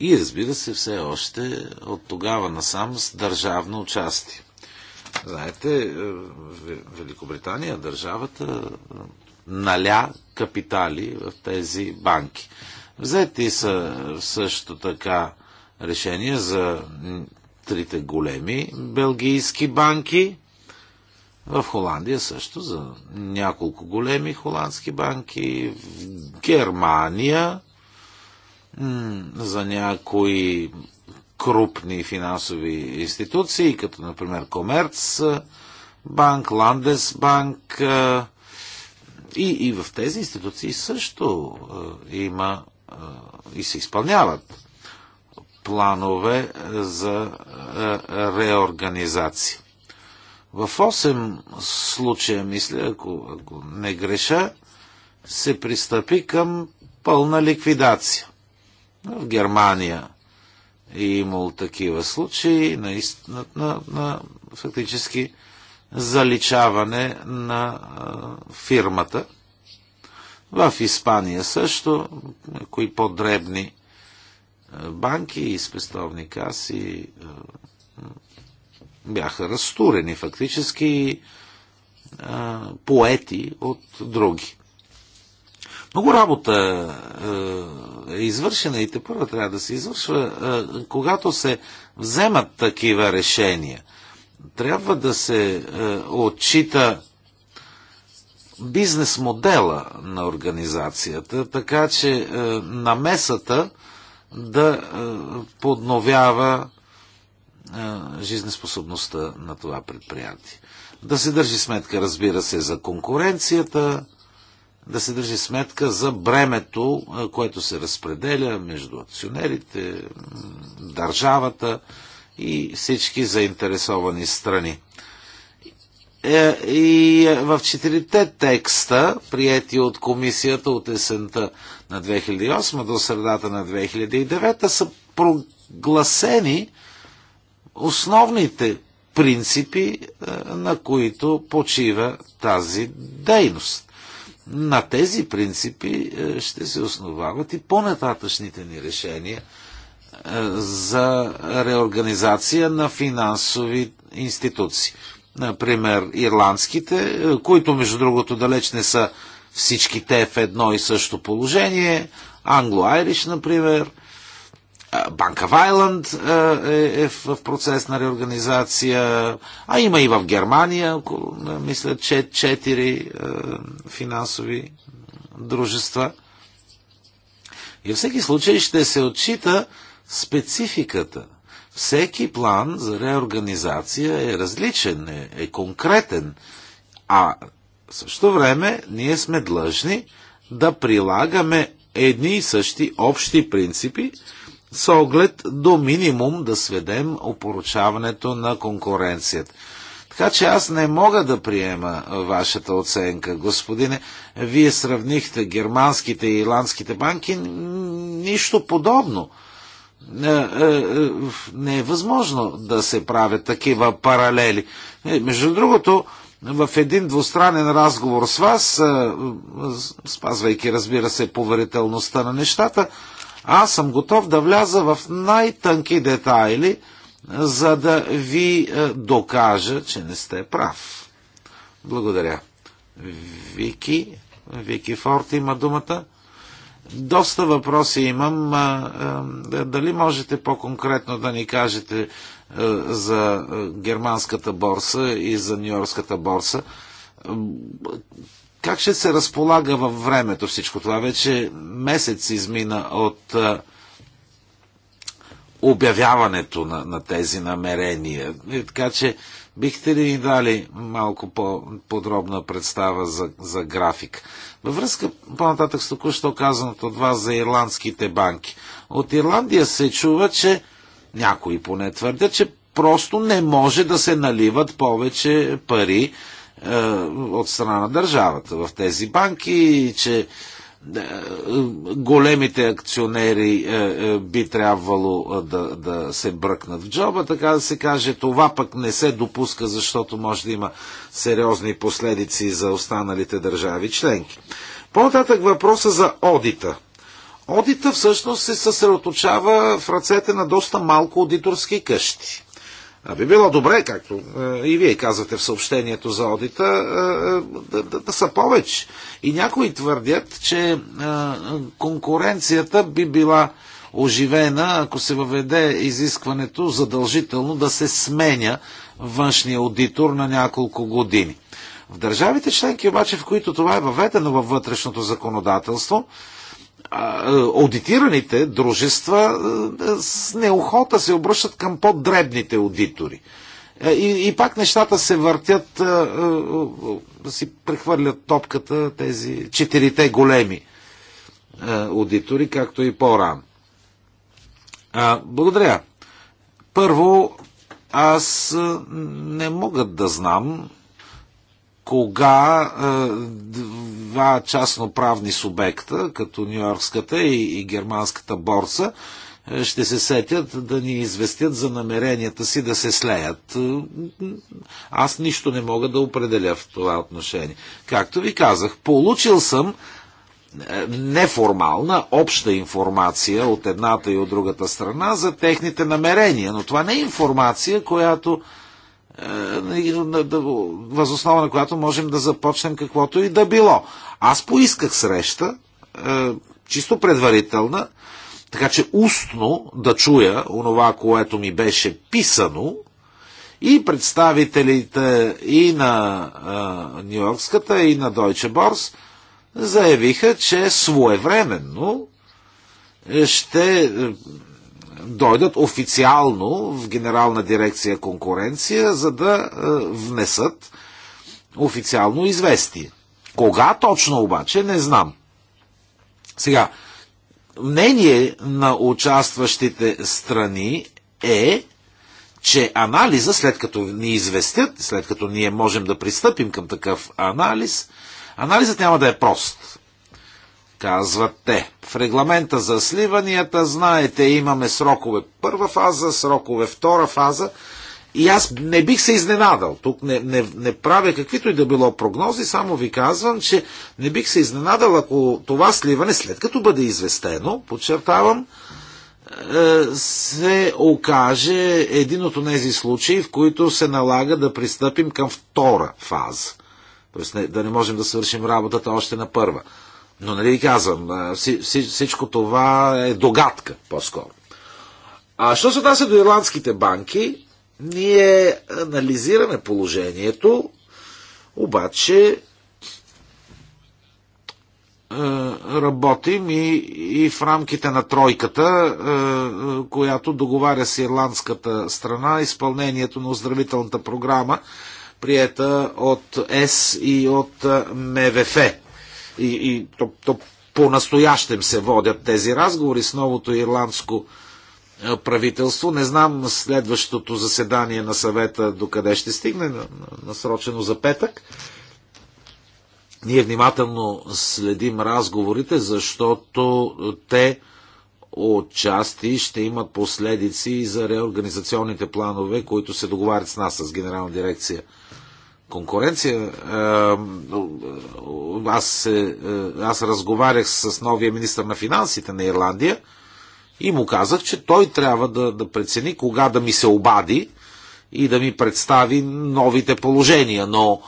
И разбира се, все още от тогава насам с държавно участие. Знаете, е, Великобритания, държавата, наля капитали в тези банки. Взети са също така решения за трите големи белгийски банки. В Холандия също за няколко големи холандски банки. В Германия за някои крупни финансови институции, като например Комерц банк, Ландесбанк и, и в тези институции също има и се изпълняват планове за реорганизация. В 8 случая, мисля, ако, ако не греша, се пристъпи към пълна ликвидация. В Германия е имал такива случаи на, на, на фактически заличаване на а, фирмата. В Испания също, кои по-дребни банки и спестовни каси а, бяха разтурени фактически а, поети от други. Много работа е, е извършена и те първа трябва да се извършва, е, когато се вземат такива решения. Трябва да се е, отчита бизнес модела на организацията, така че е, намесата да е, подновява е, жизнеспособността на това предприятие. Да се държи сметка, разбира се, за конкуренцията, да се държи сметка за бремето, което се разпределя между акционерите, държавата и всички заинтересовани страни. Е, и в четирите текста, прияти от комисията от есента на 2008 до средата на 2009, са прогласени основните принципи, е, на които почива тази дейност. На тези принципи е, ще се основават и по-нататъчните ни решения е, за реорганизация на финансови институции. Например, ирландските, е, които между другото далеч не са всички те в едно и също положение, англо-айриш, например – Банка Вайланд е, е, е в процес на реорганизация, а има и в Германия, около, е, мисля, четири финансови дружества. И във всеки случай ще се отчита спецификата. Всеки план за реорганизация е различен, е, е конкретен, а в същото време ние сме длъжни да прилагаме едни и същи общи принципи, с оглед до минимум да сведем опоручаването на конкуренцията. Така че аз не мога да приема вашата оценка, господине. Вие сравнихте германските и ирландските банки. Нищо подобно. Е, е, е, не е възможно да се правят такива паралели. Между другото, в един двустранен разговор с вас, спазвайки, разбира се, поверителността на нещата, аз съм готов да вляза в най-тънки детайли, за да ви е, докажа, че не сте прав. Благодаря. Вики, Вики Форт има думата. Доста въпроси имам. Е, е, дали можете по-конкретно да ни кажете за германската борса и за нью-йоркската борса? Как ще се разполага във времето всичко това? Вече месец измина от а, обявяването на, на тези намерения. И така че бихте ли ни дали малко по-подробна представа за, за график? Във връзка по-нататък с току-що казаното от вас за ирландските банки. От Ирландия се чува, че някои поне твърдят, че просто не може да се наливат повече пари е, от страна на държавата в тези банки и че е, големите акционери е, би трябвало да, да се бръкнат в джоба, така да се каже, това пък не се допуска, защото може да има сериозни последици за останалите държави членки. По-нататък въпроса за одита. Одита всъщност се съсредоточава в ръцете на доста малко аудиторски къщи. А би било добре, както е, и вие казвате в съобщението за одита, е, е, да, да, да са повече. И някои твърдят, че конкуренцията би била оживена, ако се въведе изискването задължително да се сменя външния аудитор на няколко години. В държавите членки обаче, в които това е въведено във вътрешното законодателство, е, аудитираните дружества е, с неохота се обръщат към по-дребните аудитори. Е, и, и пак нещата се въртят, си прехвърлят топката тези четирите големи аудитори, както и по-рано. Благодаря. Първо, аз не мога да знам кога е, два частноправни субекта, като Нью-Йоркската и, и Германската борса, е, ще се сетят да ни известят за намеренията си да се слеят. Е, аз нищо не мога да определя в това отношение. Както ви казах, получил съм неформална, обща информация от едната и от другата страна за техните намерения, но това не е информация, която е, възоснова на която можем да започнем каквото и да било. Аз поисках среща, е, чисто предварителна, така че устно да чуя онова, което ми беше писано и представителите и на е, Нью-Йоркската, и на Deutsche Борс, заявиха, че своевременно ще дойдат официално в Генерална дирекция конкуренция, за да е, внесат официално известие. Кога точно обаче, не знам. Сега, мнение на участващите страни е, че анализа, след като ни известят, след като ние можем да пристъпим към такъв анализ, анализът няма да е прост казват те. В регламента за сливанията, знаете, имаме срокове първа фаза, срокове втора фаза. И аз не бих се изненадал. Тук не, не, не правя каквито и да било прогнози, само ви казвам, че не бих се изненадал, ако това сливане, след като бъде известено, подчертавам, е, се окаже един от тези случаи, в които се налага да пристъпим към втора фаза. Тоест не, да не можем да свършим работата още на първа. Но нали ви казвам, всичко това е догадка по-скоро. А що се отнася до ирландските банки, ние анализираме положението, обаче работим и, и в рамките на тройката, която договаря с ирландската страна изпълнението на оздравителната програма, приета от ЕС и от МВФ и, и то, то по-настоящем се водят тези разговори с новото ирландско е, правителство. Не знам следващото заседание на съвета до къде ще стигне, насрочено за петък. Ние внимателно следим разговорите, защото те отчасти ще имат последици и за реорганизационните планове, които се договарят с нас, с Генерална дирекция конкуренция. Е, е, е, аз, аз разговарях с новия министр на финансите на Ирландия и му казах, че той трябва да, да прецени кога да ми се обади и да ми представи новите положения. Но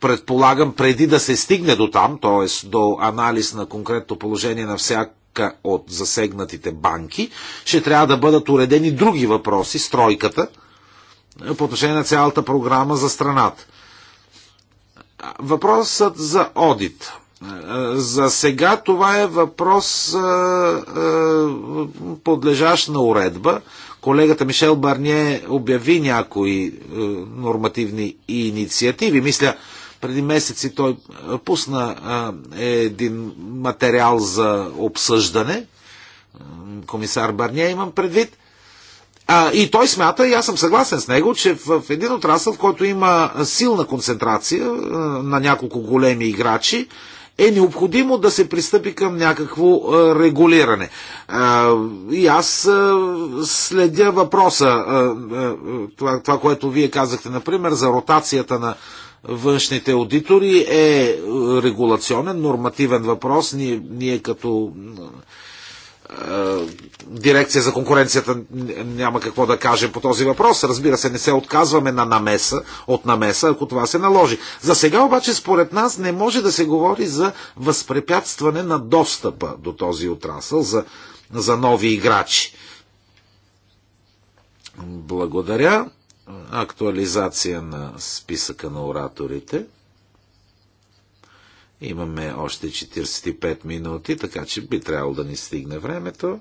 предполагам, преди да се стигне до там, т.е. до анализ на конкретно положение на всяка от засегнатите банки, ще трябва да бъдат уредени други въпроси стройката по отношение на цялата програма за страната. Въпросът за одит. Е, за сега това е въпрос е, е, подлежащ на уредба. Колегата Мишел Барние обяви някои нормативни инициативи. Мисля, преди месеци той пусна един материал за обсъждане. Комисар Барния имам предвид. А, и той смята, и аз съм съгласен с него, че в един отрасъл, в който има силна концентрация на няколко големи играчи, е необходимо да се пристъпи към някакво регулиране. И аз следя въпроса, това, това което вие казахте, например, за ротацията на външните аудитори е регулационен, нормативен въпрос. Ние, ние като е, дирекция за конкуренцията няма какво да каже по този въпрос. Разбира се, не се отказваме на намеса, от намеса, ако това се наложи. За сега обаче, според нас, не може да се говори за възпрепятстване на достъпа до този отрасъл за, за нови играчи. Благодаря. Актуализация на списъка на ораторите. Имаме още 45 минути, така че би трябвало да ни стигне времето.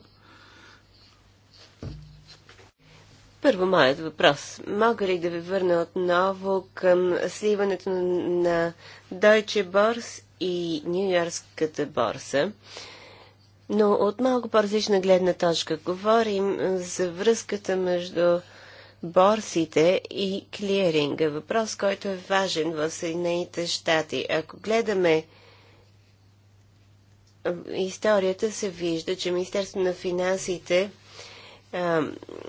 Първо, моят въпрос. Мога ли да ви върна отново към сливането на Deutsche Börse и Нью-Йоркската борса? Но от малко по-различна гледна точка говорим за връзката между борсите и клиринга. Въпрос, който е важен в Съединените щати. Ако гледаме историята, се вижда, че Министерството на финансите а,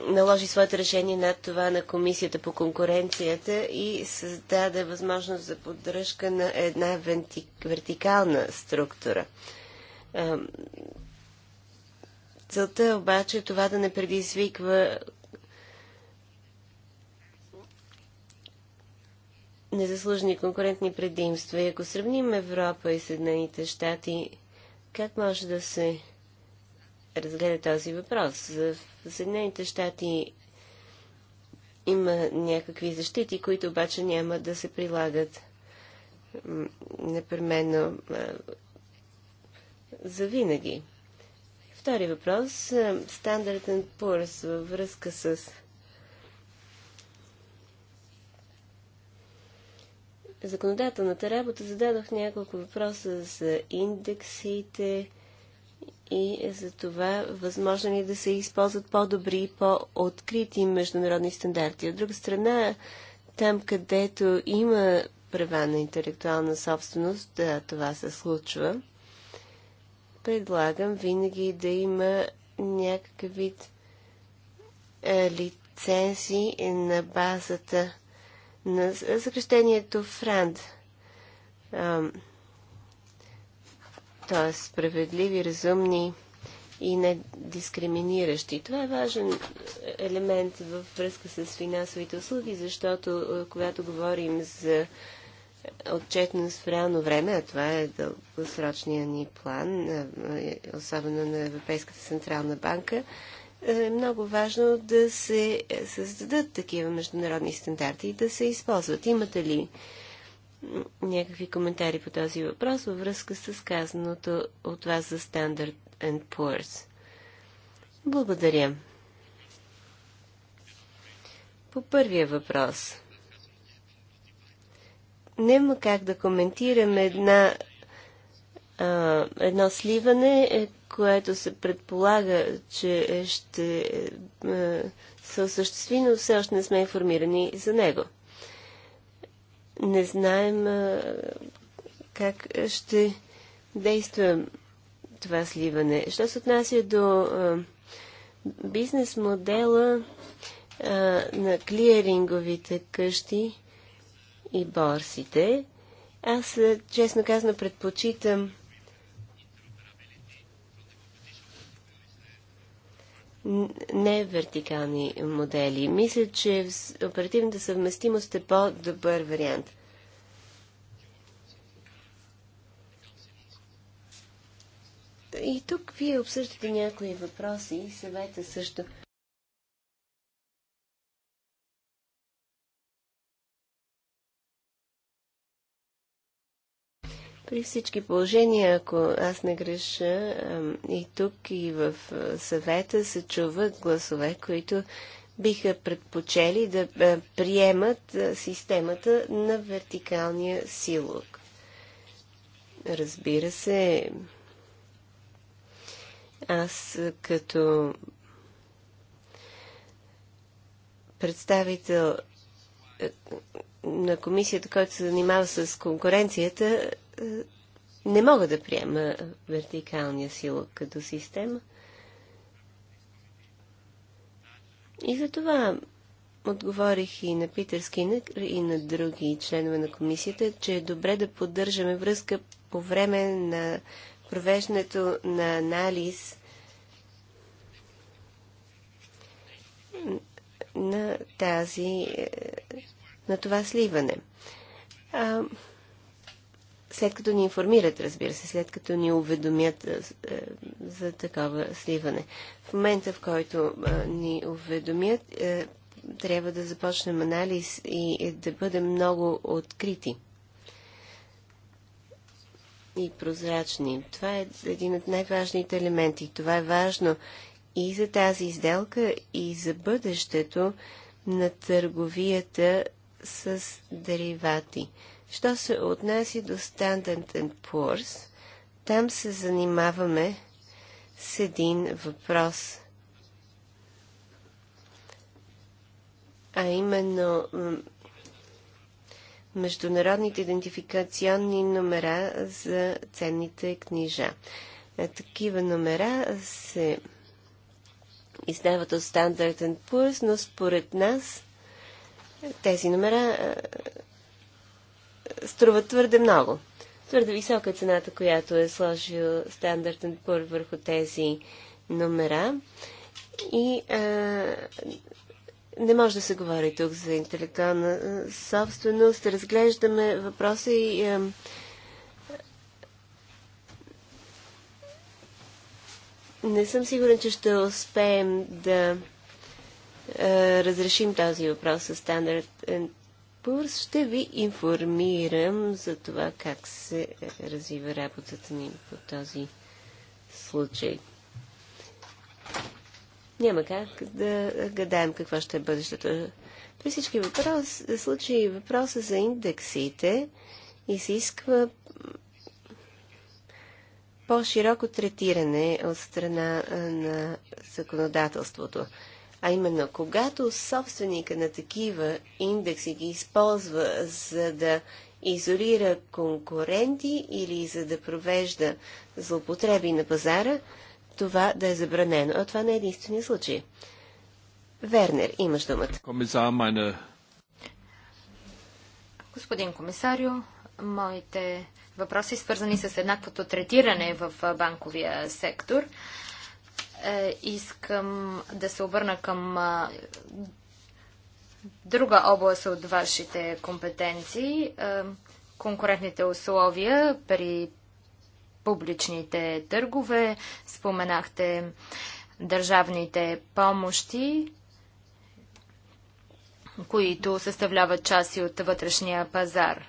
наложи своето решение над това на Комисията по конкуренцията и създаде възможност за поддръжка на една венти... вертикална структура. А, целта е обаче това да не предизвиква незаслужени конкурентни предимства. И ако сравним Европа и Съединените щати, как може да се разгледа този въпрос? За Съединените щати има някакви защити, които обаче няма да се прилагат непременно за винаги. Втори въпрос. Стандартен Poor's във връзка с законодателната работа зададох няколко въпроса за индексите и за това възможно ли е да се използват по-добри и по-открити международни стандарти. От друга страна, там където има права на интелектуална собственост, да, това се случва, предлагам винаги да има някакъв вид е, лицензи на базата на съкрещението ФРАНД. Т.е. справедливи, разумни и недискриминиращи. Това е важен елемент във връзка с финансовите услуги, защото когато говорим за отчетност в реално време, а това е дългосрочния ни план, особено на Европейската централна банка, е много важно да се създадат такива международни стандарти и да се използват. Имате ли някакви коментари по този въпрос във връзка с казаното от вас за Standard and Poor's? Благодаря. По първия въпрос. Няма как да коментирам една а, едно сливане, е, което се предполага, че е, ще а, е, се осъществи, но все още не сме информирани за него. Не знаем а, как ще действа това сливане. Що се отнася до а, бизнес модела а, на клиринговите къщи и борсите, аз, честно казано, предпочитам не вертикални модели. Мисля, че оперативната съвместимост е по-добър вариант. И тук вие обсъждате някои въпроси, и съвета също. При всички положения, ако аз не греша, и тук, и в съвета се чуват гласове, които биха предпочели да приемат системата на вертикалния силок. Разбира се, аз като представител на комисията, който се занимава с конкуренцията, е, не мога да приема вертикалния сила като система. И за това отговорих и на Питер Скинък, и на други членове на комисията, че е добре да поддържаме връзка по време на провеждането на анализ на тази, е, на това сливане. А, след като ни информират, разбира се, след като ни уведомят е, за такова сливане. В момента, в който е, ни уведомят, е, трябва да започнем анализ и е, да бъдем много открити и прозрачни. Това е един от най-важните елементи. Това е важно и за тази изделка, и за бъдещето на търговията с деривати. Що се отнася до Standard Poor's, там се занимаваме с един въпрос, а именно международните идентификационни номера за ценните книжа. Е, такива номера се издават от Standard Poor's, но според нас тези номера струва твърде много. Твърде висока е цената, която е сложил стандартен пор върху тези номера. И а, не може да се говори тук за интелектуална собственост. Разглеждаме въпроса и а, не съм сигурен, че ще успеем да а, разрешим този въпрос с стандарт курс ще ви информирам за това как се развива работата ни по този случай. Няма как да гадаем какво ще е бъдещето. При всички въпроси, случаи въпроса за индексите изисква по-широко третиране от страна на законодателството. А именно, когато собственика на такива индекси ги използва за да изолира конкуренти или за да провежда злоупотреби на пазара, това да е забранено. А това не е единствения случай. Вернер, имаш думата. Комисар, майна... Господин комисарио, моите въпроси, свързани с еднаквото третиране в банковия сектор. Е, искам да се обърна към друга област от вашите компетенции конкурентните условия при публичните търгове, споменахте държавните помощи, които съставляват части от вътрешния пазар.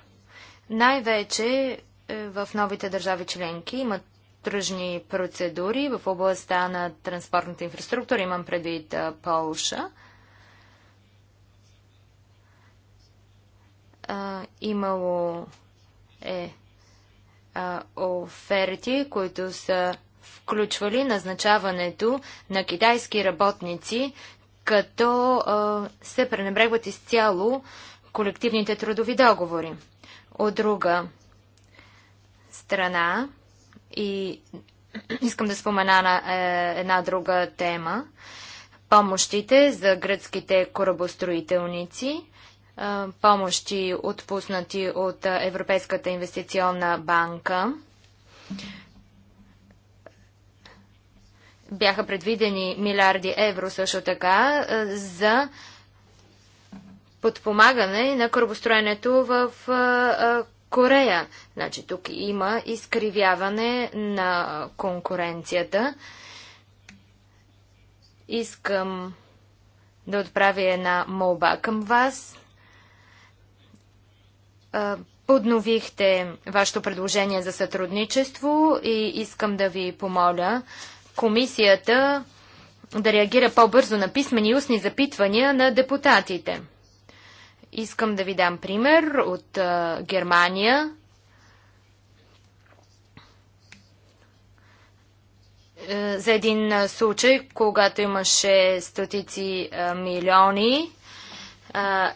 Най-вече е, в новите държави членки имат тръжни процедури в областта на транспортната инфраструктура, имам предвид Полша. Имало е оферти, които са включвали назначаването на китайски работници, като се пренебрегват изцяло колективните трудови договори. От друга страна, и искам да спомена на е, една друга тема. Помощите за гръцките корабостроителници, е, помощи отпуснати от Европейската инвестиционна банка. Бяха предвидени милиарди евро също така е, за подпомагане на корабостроенето в е, е, Корея. Значи тук има изкривяване на конкуренцията. Искам да отправя една молба към вас. Подновихте вашето предложение за сътрудничество и искам да ви помоля комисията да реагира по-бързо на писмени и устни запитвания на депутатите. Искам да ви дам пример от uh, Германия. Е, за един случай, когато имаше стотици милиони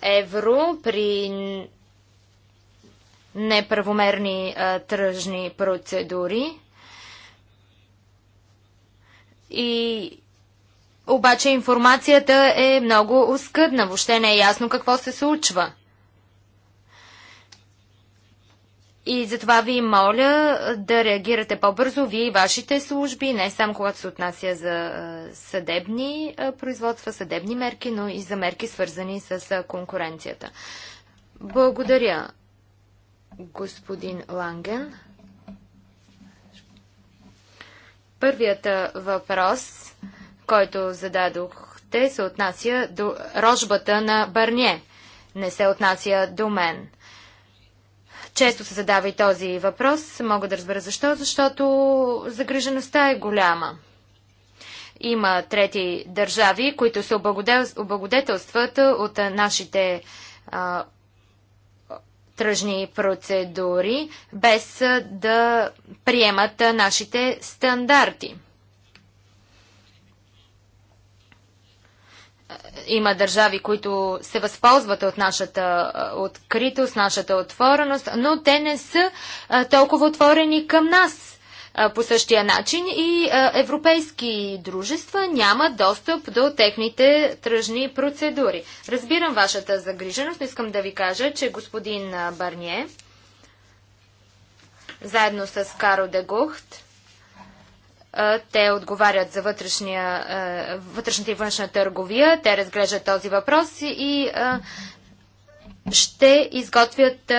евро при неправомерни тръжни процедури и обаче информацията е много оскъдна, въобще не е ясно какво се случва. И затова ви моля да реагирате по-бързо, вие и вашите служби, не само когато се отнася за съдебни производства, съдебни мерки, но и за мерки свързани с конкуренцията. Благодаря, господин Ланген. Първият въпрос който зададохте, се отнася до рожбата на Барние. Не се отнася до мен. Често се задава и този въпрос. Мога да разбера защо, защото загрижеността е голяма. Има трети държави, които се облагодетелстват от нашите а, тръжни процедури, без да приемат нашите стандарти. има държави, които се възползват от нашата откритост, нашата отвореност, но те не са толкова отворени към нас по същия начин и европейски дружества нямат достъп до техните тръжни процедури. Разбирам вашата загриженост, но искам да ви кажа, че господин Барние, заедно с Каро Дегухт, те отговарят за вътрешния, вътрешната и външна търговия. Те разглеждат този въпрос и ще изготвят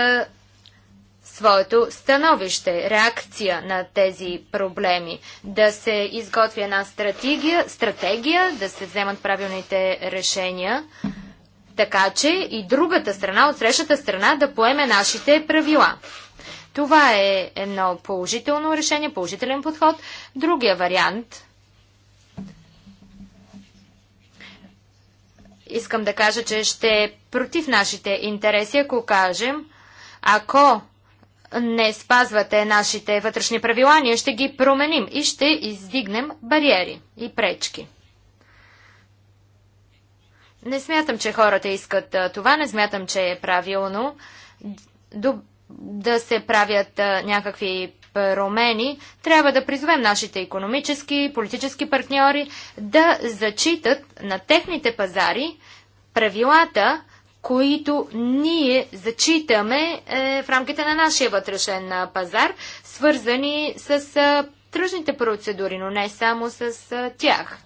своето становище, реакция на тези проблеми, да се изготви една стратегия, стратегия да се вземат правилните решения, така че и другата страна, от срещата страна, да поеме нашите правила. Това е едно положително решение, положителен подход. Другия вариант. Искам да кажа, че ще е против нашите интереси, ако кажем, ако не спазвате нашите вътрешни правила, ние ще ги променим и ще издигнем бариери и пречки. Не смятам, че хората искат това, не смятам, че е правилно да се правят някакви промени, трябва да призовем нашите економически и политически партньори да зачитат на техните пазари правилата, които ние зачитаме е, в рамките на нашия вътрешен пазар, свързани с тръжните процедури, но не само с тях.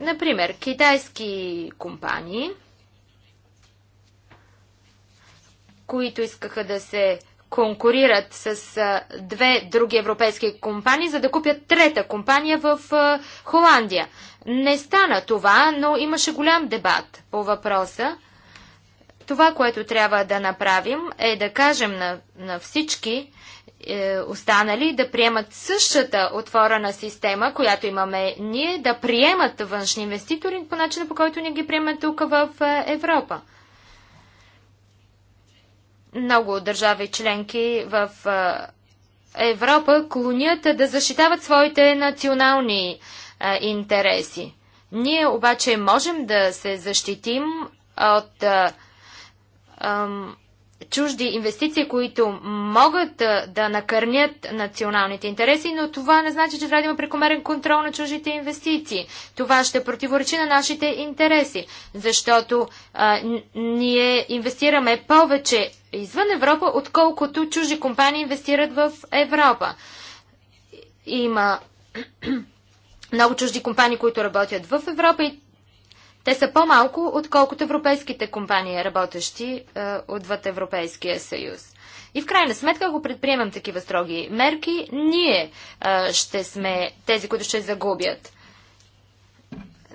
Например, китайски компании – които искаха да се конкурират с две други европейски компании, за да купят трета компания в Холандия. Не стана това, но имаше голям дебат по въпроса. Това, което трябва да направим, е да кажем на, на всички е, останали да приемат същата отворена система, която имаме ние, да приемат външни инвеститори по начина, по който ни ги приемат тук в е, Европа. Много държави членки в Европа клонят да защитават своите национални интереси. Ние обаче можем да се защитим от ам, чужди инвестиции, които могат да накърнят националните интереси, но това не значи, че трябва да има прекомерен контрол на чуждите инвестиции. Това ще противоречи на нашите интереси, защото а, ние инвестираме повече извън Европа, отколкото чужди компании инвестират в Европа. Има много чужди компании, които работят в Европа и те са по-малко, отколкото европейските компании, работещи е, отвъд Европейския съюз. И в крайна сметка, ако предприемам такива строги мерки, ние е, ще сме тези, които ще загубят.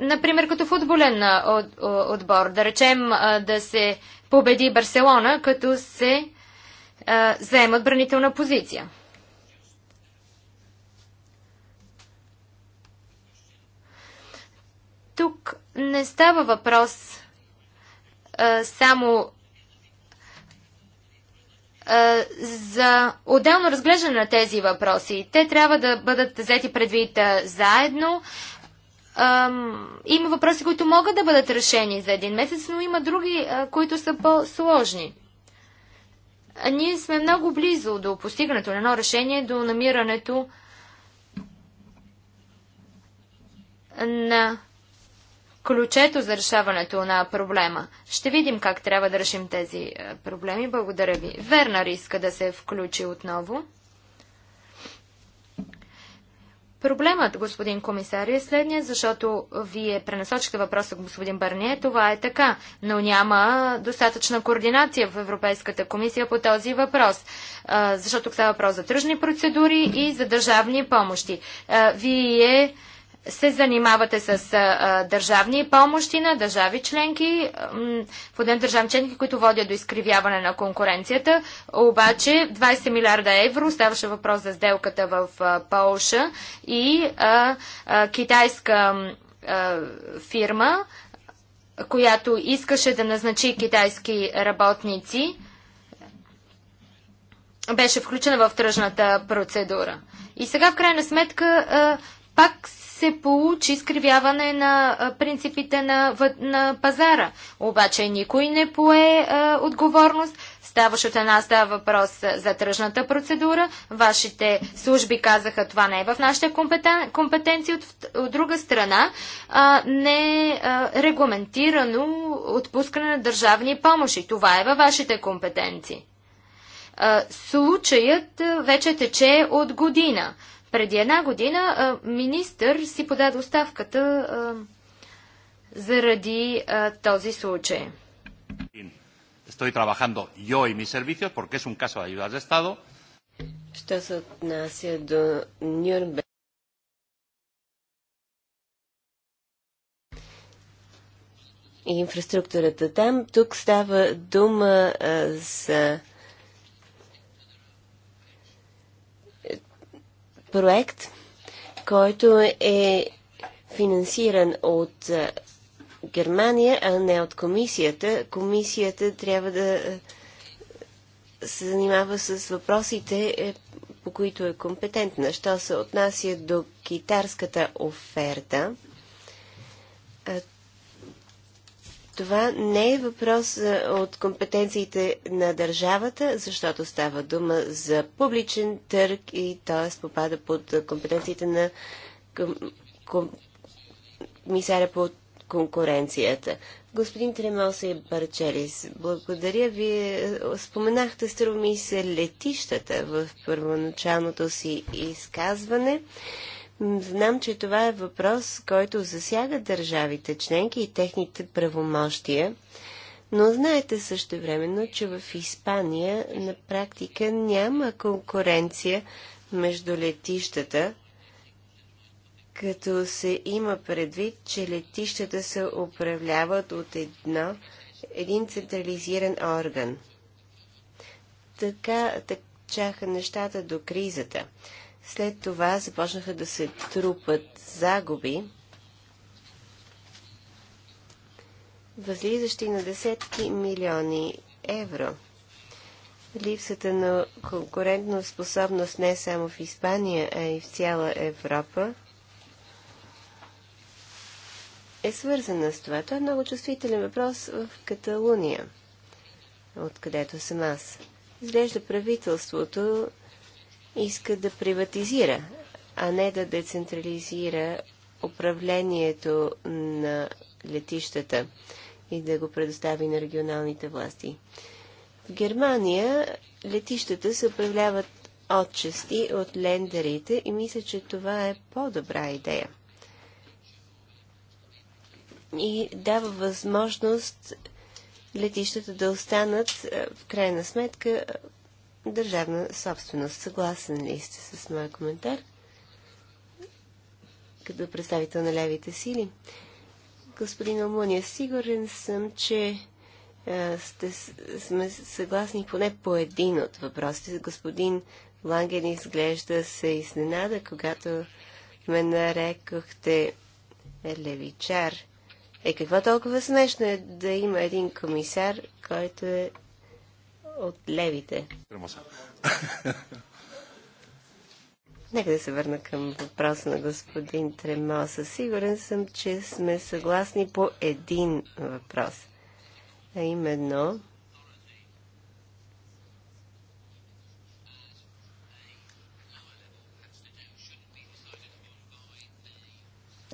Например, като футболен е, от, отбор, да речем е, да се победи Барселона, като се е, заема отбранителна позиция. Тук не става въпрос а, само а, за отделно разглеждане на тези въпроси. Те трябва да бъдат взети предвид заедно. А, има въпроси, които могат да бъдат решени за един месец, но има други, а, които са по-сложни. Ние сме много близо до постигането на едно решение, до намирането на ключето за решаването на проблема. Ще видим как трябва да решим тези е, проблеми. Благодаря ви. Верна риска да се включи отново. Проблемът, господин комисар, е следния, защото вие пренасочихте въпроса, господин Барние, това е така, но няма достатъчна координация в Европейската комисия по този въпрос, е, защото става въпрос за тръжни процедури и за държавни помощи. Е, вие се занимавате с а, държавни помощи на държави членки, в отделни държавни членки, които водят до изкривяване на конкуренцията. Обаче 20 милиарда евро, ставаше въпрос за сделката в а, Полша и а, а, китайска а, фирма, която искаше да назначи китайски работници, беше включена в тръжната процедура. И сега в крайна сметка а, пак се получи изкривяване на принципите на, на пазара. Обаче никой не пое а, отговорност. Ставаше от една става въпрос за тръжната процедура. Вашите служби казаха, това не е в нашите компетен... компетенции. От, от друга страна, а, не е регламентирано отпускане на държавни помощи. Това е във вашите компетенции. А, случаят вече тече от година. Преди една година министър си подаде оставката заради този случай. Estoy trabajando yo y mis servicios porque es un caso de ayudas de Estado. Що се отнася до Нюрнберг? инфраструктурата там. Тук става дума а, за проект, който е финансиран от Германия, а не от комисията. Комисията трябва да се занимава с въпросите, е, по които е компетентна. Що се отнася до китарската оферта, това не е въпрос от компетенциите на държавата, защото става дума за публичен търг и т.е. попада под компетенциите на комисаря по конкуренцията. Господин Тремоса и Барчелис, благодаря ви. Споменахте, струми се, летищата в първоначалното си изказване. Знам, че това е въпрос, който засяга държавите членки и техните правомощия, но знаете също времено, че в Испания на практика няма конкуренция между летищата, като се има предвид, че летищата се управляват от едно, един централизиран орган. Така, така чаха нещата до кризата. След това започнаха да се трупат загуби, възлизащи на десетки милиони евро. Липсата на конкурентна способност не само в Испания, а и в цяла Европа е свързана с това. Той е много чувствителен въпрос в Каталуния, откъдето съм аз. Изглежда правителството иска да приватизира, а не да децентрализира управлението на летищата и да го предостави на регионалните власти. В Германия летищата се управляват отчасти от лендерите и мисля, че това е по-добра идея. И дава възможност летищата да останат е, в крайна сметка държавна собственост. Съгласен ли сте с моя коментар? Като представител на левите сили. Господин Омония, сигурен съм, че а, сте, сме съгласни поне по един от въпросите. Господин Ланген изглежда се изненада, когато ме нарекохте левичар. Е, какво толкова смешно е да има един комисар, който е от левите. Нека да се върна към въпроса на господин Тремоса. Сигурен съм, че сме съгласни по един въпрос. А именно,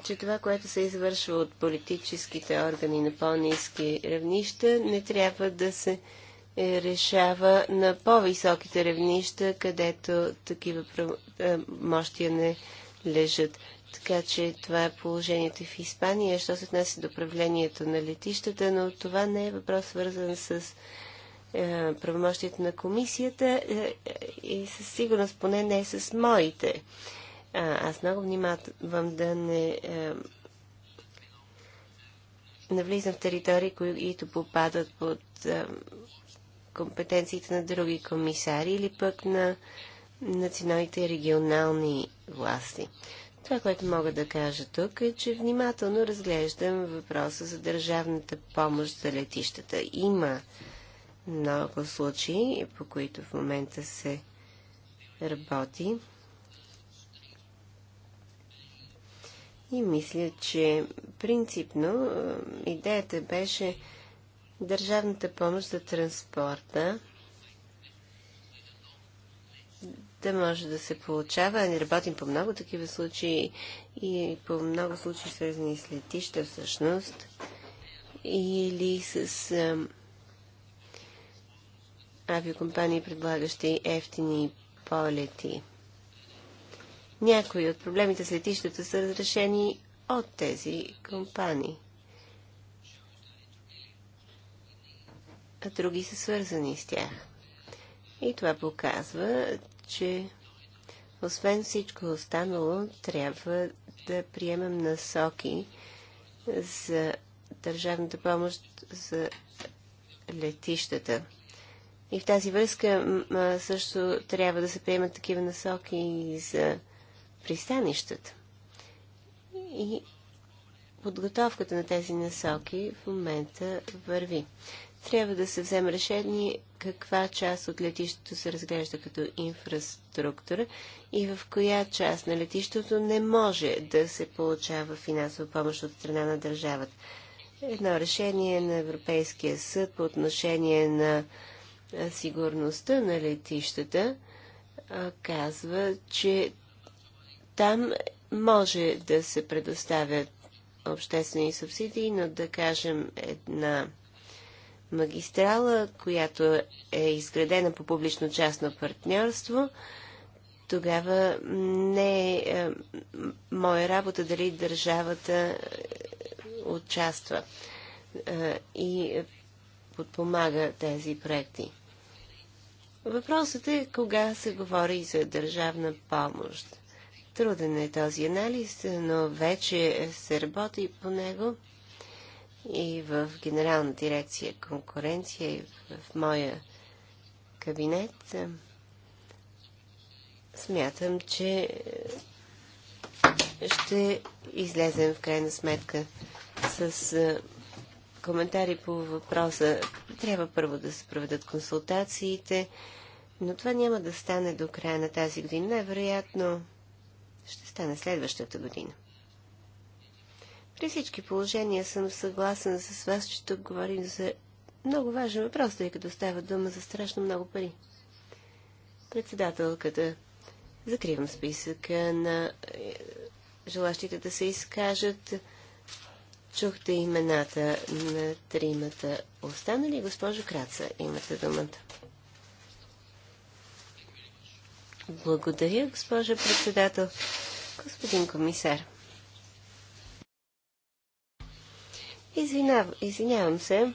че това, което се извършва от политическите органи на по-низки равнища, не трябва да се решава на по-високите равнища, където такива е, мощия не лежат. Така че това е положението в Испания, що се отнася до управлението на летищата, но това не е въпрос свързан с е, правомощите на комисията е, и със сигурност поне не е с моите. аз много внимавам да не навлизам в територии, които попадат под компетенциите на други комисари или пък на националните и регионални власти. Това, което мога да кажа тук е, че внимателно разглеждам въпроса за държавната помощ за летищата. Има много случаи, по които в момента се работи. И мисля, че принципно идеята беше държавната помощ за транспорта да може да се получава. Ние работим по много такива случаи и по много случаи свързани с летища всъщност или с ам, авиокомпании, предлагащи ефтини полети. Някои от проблемите с летищата са разрешени от тези компании. а други са свързани с тях. И това показва, че освен всичко останало, трябва да приемем насоки за държавната помощ за летищата. И в тази връзка също трябва да се приемат такива насоки и за пристанищата. И подготовката на тези насоки в момента върви трябва да се вземе решение каква част от летището се разглежда като инфраструктура и в коя част на летището не може да се получава финансова помощ от страна на държавата. Едно решение на Европейския съд по отношение на сигурността на летищата казва, че там може да се предоставят обществени субсидии, но да кажем една магистрала, която е изградена по публично-частно партньорство, тогава не е, е моя работа дали държавата е, участва е, и подпомага тези проекти. Въпросът е кога се говори за държавна помощ. Труден е този анализ, но вече се работи по него и в Генерална дирекция конкуренция и в моя кабинет, смятам, че ще излезем в крайна сметка с коментари по въпроса. Трябва първо да се проведат консултациите, но това няма да стане до края на тази година. Най-вероятно ще стане следващата година. При всички положения съм съгласен с вас, че тук говорим за много важен въпрос, тъй като става дума за страшно много пари. Председателката, закривам списъка на е, желащите да се изкажат. Чухте имената на тримата останали. Госпожо Краца, имате думата. Благодаря, госпожа председател. Господин комисар, Извинав, извинявам се.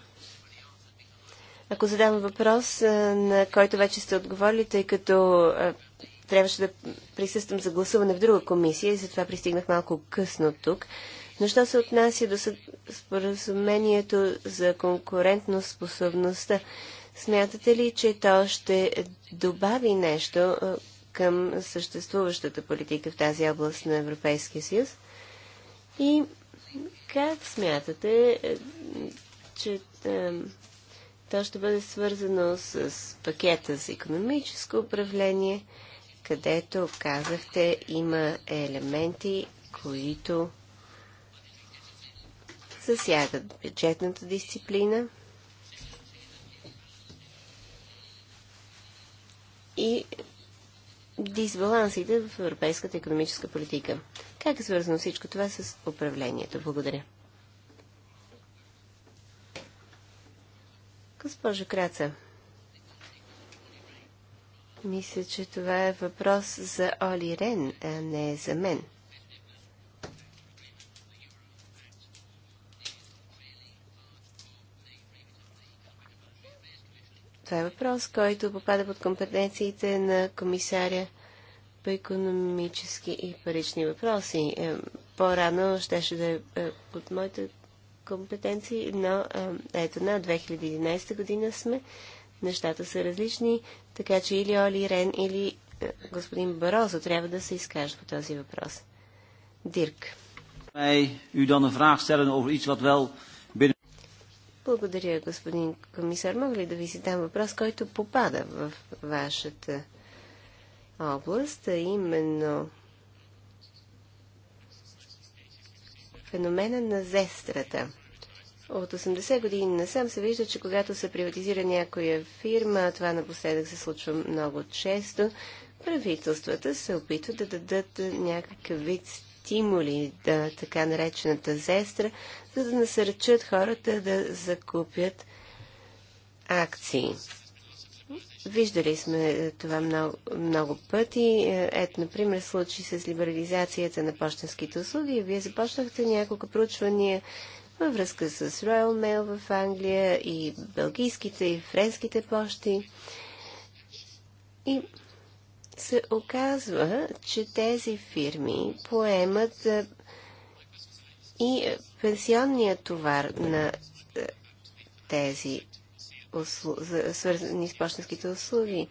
Ако задам въпрос, на който вече сте отговорили, тъй като трябваше да присъствам за гласуване в друга комисия и затова пристигнах малко късно тук. Но що се отнася до споразумението за конкурентно способността, смятате ли, че то ще добави нещо към съществуващата политика в тази област на Европейския съюз? И как смятате, е, че е, то ще бъде свързано с пакета за економическо управление, където казахте има елементи, които засягат бюджетната дисциплина и дисбалансите в европейската економическа политика. Как е свързано всичко това с управлението? Благодаря. Госпожо Краца, мисля, че това е въпрос за Оли Рен, а не за мен. Това е въпрос, който попада под компетенциите на комисаря по економически и парични въпроси. Е, по-рано щеше да е, е под моите компетенции, но е, ето на 2011 година сме. Нещата са различни, така че или Оли Рен, или господин Барозо трябва да се изкаже по този въпрос. Дирк. Mij u dan een vraag stellen over iets wat wel благодаря, господин комисар. Мога ли да ви задам въпрос, който попада в вашата област, а именно феномена на зестрата? От 80 години насам се вижда, че когато се приватизира някоя фирма, това напоследък се случва много често, правителствата се опитват да дадат някакъв вид стимули, да, така наречената зестра, за да насърчат хората да закупят акции. Виждали сме е, това много, много пъти. Е, ето, например, случай с либерализацията на почтенските услуги. Вие започнахте няколко проучвания във връзка с Royal Mail в Англия и бългийските и френските почти. И се оказва, че тези фирми поемат и пенсионния товар на тези свързани с почтенските услуги.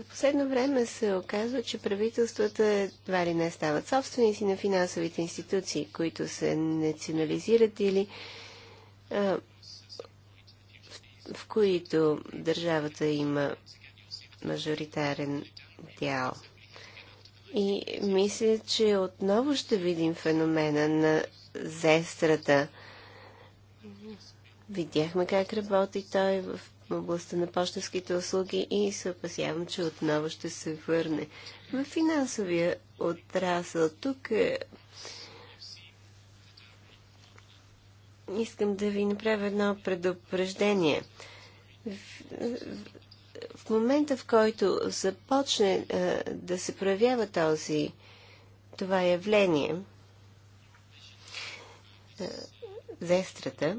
В последно време се оказва, че правителствата едва ли не стават собственици на финансовите институции, които се национализират или а, в, в които държавата има мажоритарен дял. И мисля, че отново ще видим феномена на зестрата. Видяхме как работи той в областта на почтовските услуги и се опасявам, че отново ще се върне. В финансовия отрасъл тук е... искам да ви направя едно предупреждение в момента, в който започне е, да се проявява този, това явление, зестрата е,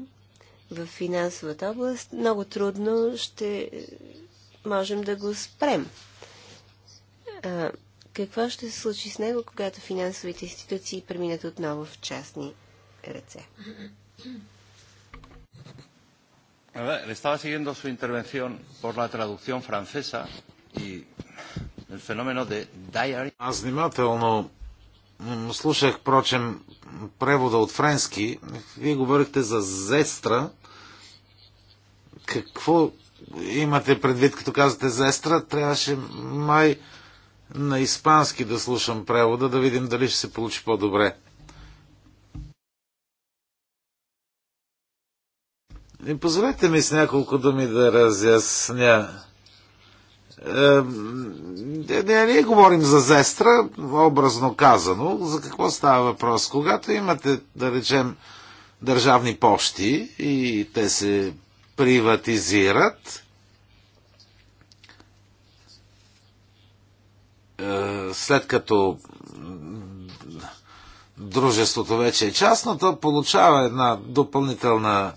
в финансовата област, много трудно ще можем да го спрем. А, какво ще се случи с него, когато финансовите институции преминат отново в частни ръце? Le estaba siguiendo su intervención por la traducción francesa y el fenómeno de diary. Аз внимателно слушах, прочем, превода от френски. Вие говорихте за зестра. Какво имате предвид, като казвате зестра? Трябваше май на испански да слушам превода, да видим дали ще се получи по-добре. И е, позволете ми с няколко думи да разясня. Е, не, ние говорим за зестра, образно казано. За какво става въпрос? Когато имате, да речем, държавни почти и те се приватизират, е, след като дружеството вече е частно, то получава една допълнителна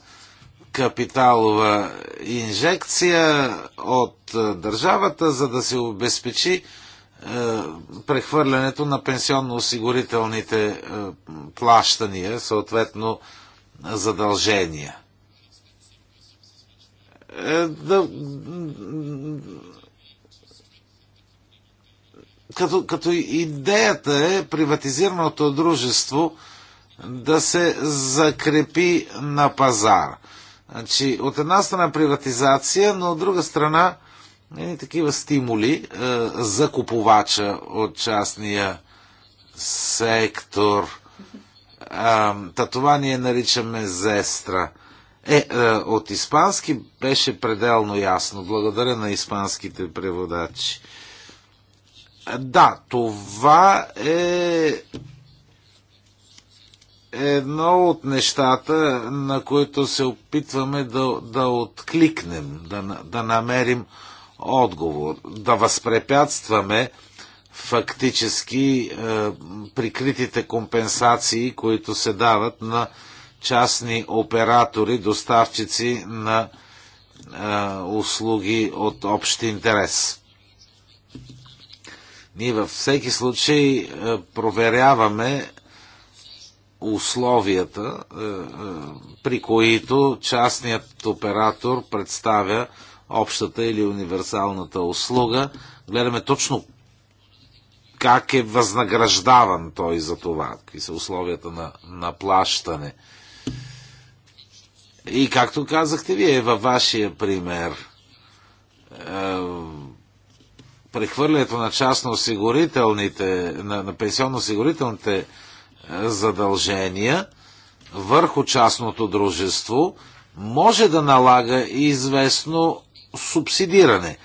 капиталова инжекция от е, държавата, за да се обезпечи е, прехвърлянето на пенсионно-осигурителните е, плащания, съответно задължения. Да, като, като идеята е приватизираното дружество да се закрепи на пазара. Значи, от една страна приватизация, но от друга страна е, такива стимули е, за купувача от частния сектор. Е, та това ние наричаме зестра. Е, е, от испански беше пределно ясно. Благодаря на испанските преводачи. Е, да, това е едно от нещата, на които се опитваме да, да откликнем, да, да намерим отговор, да възпрепятстваме фактически е, прикритите компенсации, които се дават на частни оператори, доставчици на е, услуги от общ интерес. Ние във всеки случай е, проверяваме условията, е, е, при които частният оператор представя общата или универсалната услуга. Гледаме точно как е възнаграждаван той за това, какви са условията на, на плащане. И както казахте вие във вашия пример, е, прехвърлянето на частно осигурителните, на, на пенсионно-осигурителните задължения върху частното дружество може да налага известно субсидиране,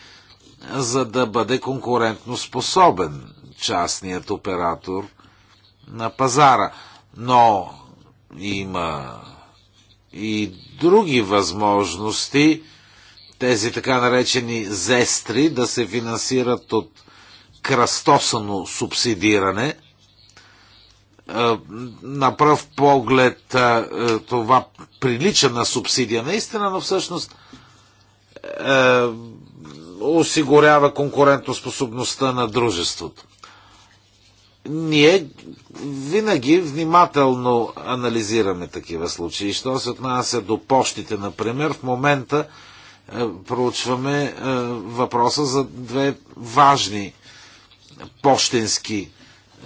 за да бъде конкурентно способен частният оператор на пазара. Но има и други възможности тези така наречени зестри да се финансират от кръстосано субсидиране – е, на пръв поглед е, е, това прилича на субсидия наистина, но всъщност осигурява конкурентоспособността на дружеството. Ние винаги внимателно анализираме такива случаи. Що се отнася до почтите, например, в момента проучваме въпроса за две важни почтенски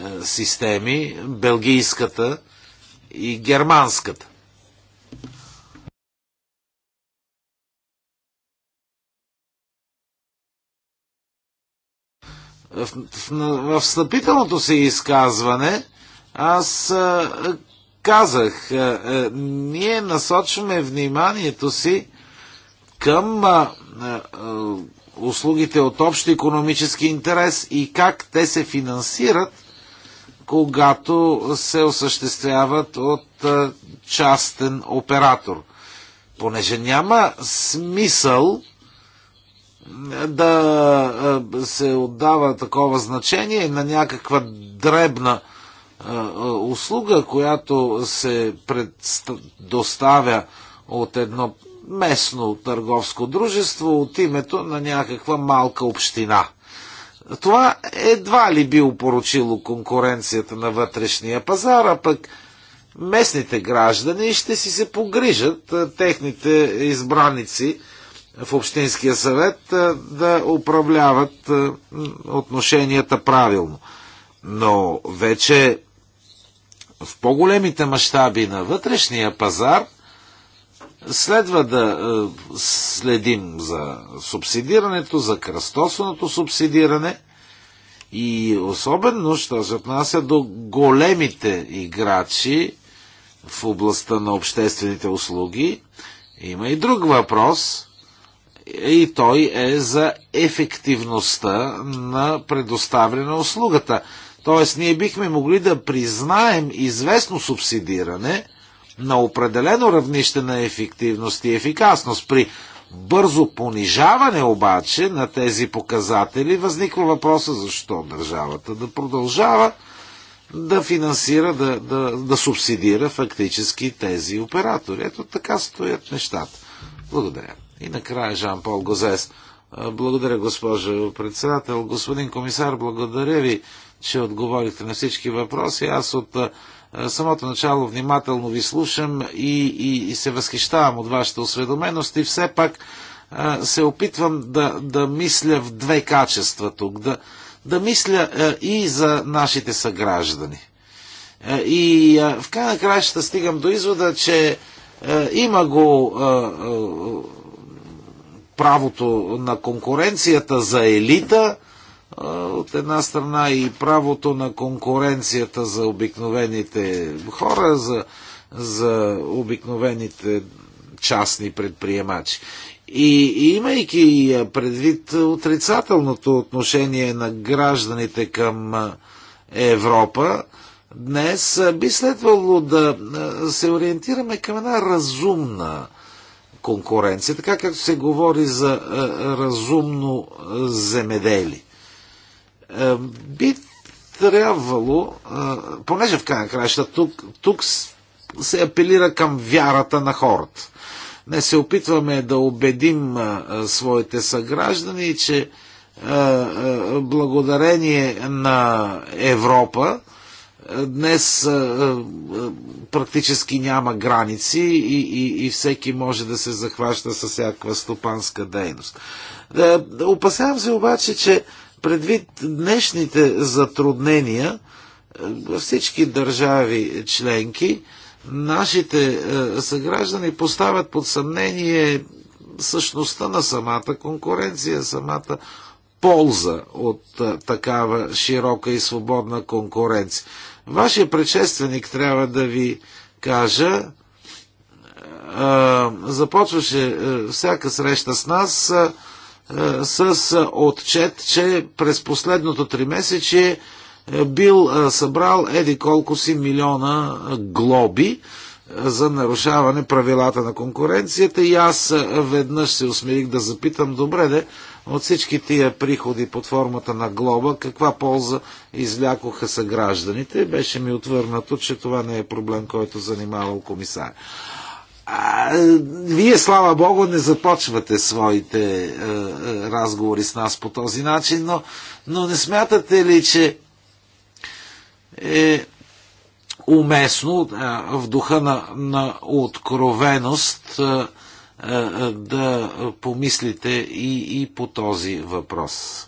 е, системи, белгийската и германската. В, в, встъпителното си изказване аз а, е, казах, а, е, а, ние насочваме вниманието си към а, а, услугите от общ економически интерес и как те се финансират когато се осъществяват от частен оператор. Понеже няма смисъл да се отдава такова значение на някаква дребна услуга, която се доставя от едно местно търговско дружество от името на някаква малка община. Това едва ли би упоручило конкуренцията на вътрешния пазар, а пък местните граждани ще си се погрижат техните избраници в Общинския съвет да управляват отношенията правилно. Но вече в по-големите мащаби на вътрешния пазар – Следва да е, следим за субсидирането, за кръстосаното субсидиране и особено, що се отнася до големите играчи в областта на обществените услуги, има и друг въпрос и той е за ефективността на предоставяне на услугата. Тоест, ние бихме могли да признаем известно субсидиране – на определено равнище на ефективност и ефикасност. При бързо понижаване обаче на тези показатели възниква въпроса защо държавата да продължава да финансира, да, да, да субсидира фактически тези оператори. Ето така стоят нещата. Благодаря. И накрая Жан-Пол Гозес. Благодаря, госпожо председател. Господин комисар, благодаря ви, че отговорихте на всички въпроси. Аз от е, самото начало внимателно ви слушам и, и, и се възхищавам от вашата осведоменост и все пак е, се опитвам да, да мисля в две качества тук. Да, да мисля е, и за нашите съграждани. И в край на краищата стигам до извода, че има го правото на конкуренцията за елита, от една страна и правото на конкуренцията за обикновените хора, за, за обикновените частни предприемачи. И, и имайки предвид отрицателното отношение на гражданите към Европа, днес би следвало да се ориентираме към една разумна конкуренция, така както се говори за разумно земеделие. Е, би трябвало, е, понеже в крайна краща тук, тук се апелира към вярата на хората. Не се опитваме да убедим е, своите съграждани, че благодарение на Европа днес практически няма граници и, и, и всеки може да се захваща с всякаква стопанска дейност. Опасявам се обаче, че Предвид днешните затруднения е, във всички държави членки, нашите е, съграждани поставят под съмнение същността на самата конкуренция, самата полза от е, такава широка и свободна конкуренция. Вашия предшественик трябва да ви кажа, започваше всяка среща с нас с е, е, отчет, че през последното три месече е, бил събрал еди колко си милиона глоби за нарушаване правилата на конкуренцията и аз веднъж се усмирих да запитам, добре де, от всички тия приходи под формата на глоба, каква полза излякоха са гражданите. Беше ми отвърнато, че това не е проблем, който занимавал комисар вие, слава Богу, не започвате своите е, е, разговори с нас по този начин, но, но не смятате ли, че е уместно е, в духа на, на откровеност да помислите и, и по този въпрос?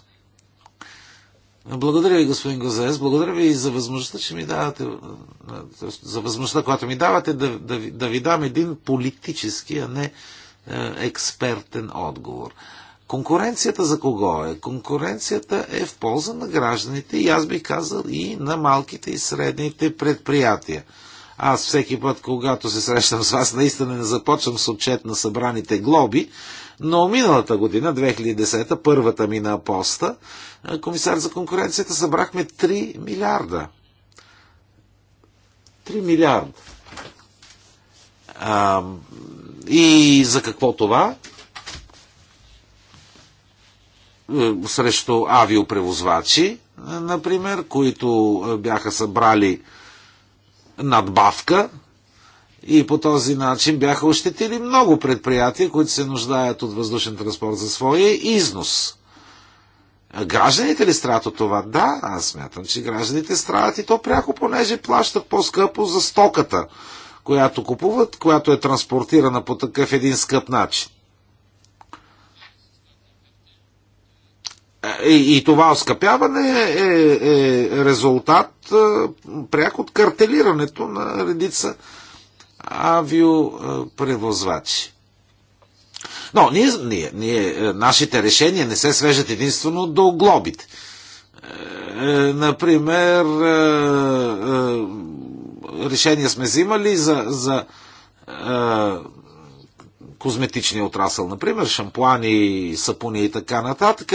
Благодаря ви, господин Гозес. Благодаря ви и за възможността, че ми давате, за възможността, която ми давате да, да, ви, да ви дам един политически, а не е, експертен отговор. Конкуренцията за кого е? Конкуренцията е в полза на гражданите и аз би казал и на малките и средните предприятия. Аз всеки път, когато се срещам с вас, наистина не започвам с отчет на събраните глоби, но миналата година, 2010, първата ми на поста, комисар за конкуренцията, събрахме 3 милиарда. 3 милиарда. А, и за какво това? Е, срещу авиопревозвачи, например, които бяха събрали надбавка и по този начин бяха ощетили много предприятия, които се нуждаят от въздушен транспорт за своя износ. Гражданите ли страдат от това? Да, аз смятам, че гражданите страдат и то пряко, понеже плащат по-скъпо за стоката, която купуват, която е транспортирана по такъв един скъп начин. Е, и, и това оскъпяване е, е резултат е, пряко от картелирането на редица авиопревозвачи. Но ние, ние, ние, е, нашите решения не се свежат единствено до глобите. Е, е, например, е, е, решения сме взимали за, за е, козметичния отрасъл, например, шампуани, сапуни и така нататък.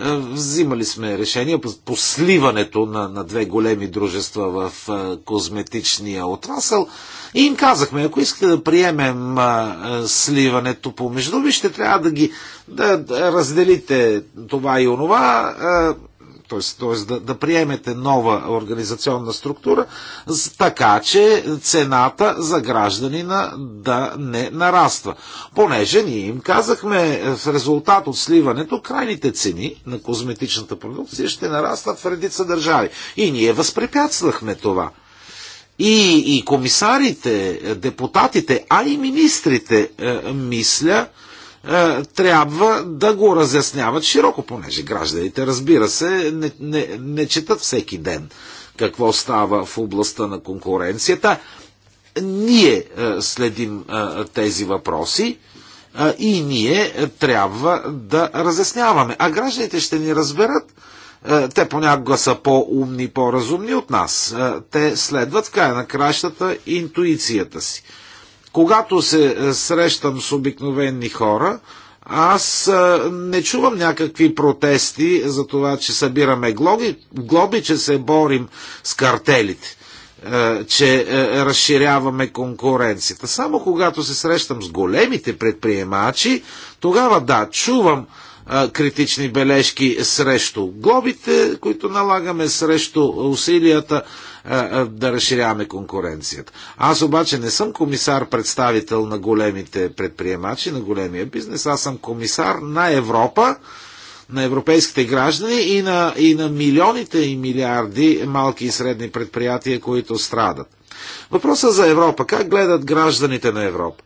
Е, взимали сме решение по сливането на, на две големи дружества в е, козметичния отрасъл и им казахме, ако искате да приемем е, сливането помежду ви, ще трябва да ги да, да разделите това и онова. А, т.е. т.е. Да, да приемете нова организационна структура, така че цената за гражданина да не нараства. Понеже ние им казахме е, в резултат от сливането, крайните цени на козметичната продукция ще нарастват в редица държави. И ние възпрепятствахме това. И, и комисарите, депутатите, а и министрите, е, мисля, е, трябва да го разясняват широко, понеже гражданите, разбира се, не, не, не четат всеки ден какво става в областта на конкуренцията. Ние е, следим е, тези въпроси и ние трябва да разясняваме. А гражданите ще ни разберат. Те понякога са по-умни, по-разумни от нас. Те следват в края на кращата интуицията си. Когато се е, срещам с обикновени хора, аз е, не чувам някакви протести за това, че събираме глоби, глоби че се борим с картелите, е, че разширяваме конкуренцията. Само когато се срещам с големите предприемачи, тогава да, чувам критични бележки срещу глобите, които налагаме, срещу усилията е, е, да разширяваме конкуренцията. Аз обаче не съм комисар представител на големите предприемачи, на големия бизнес. Аз съм комисар на Европа, на европейските граждани и на, и на милионите и милиарди малки и средни предприятия, които страдат. Въпросът за Европа. Как гледат гражданите на Европа?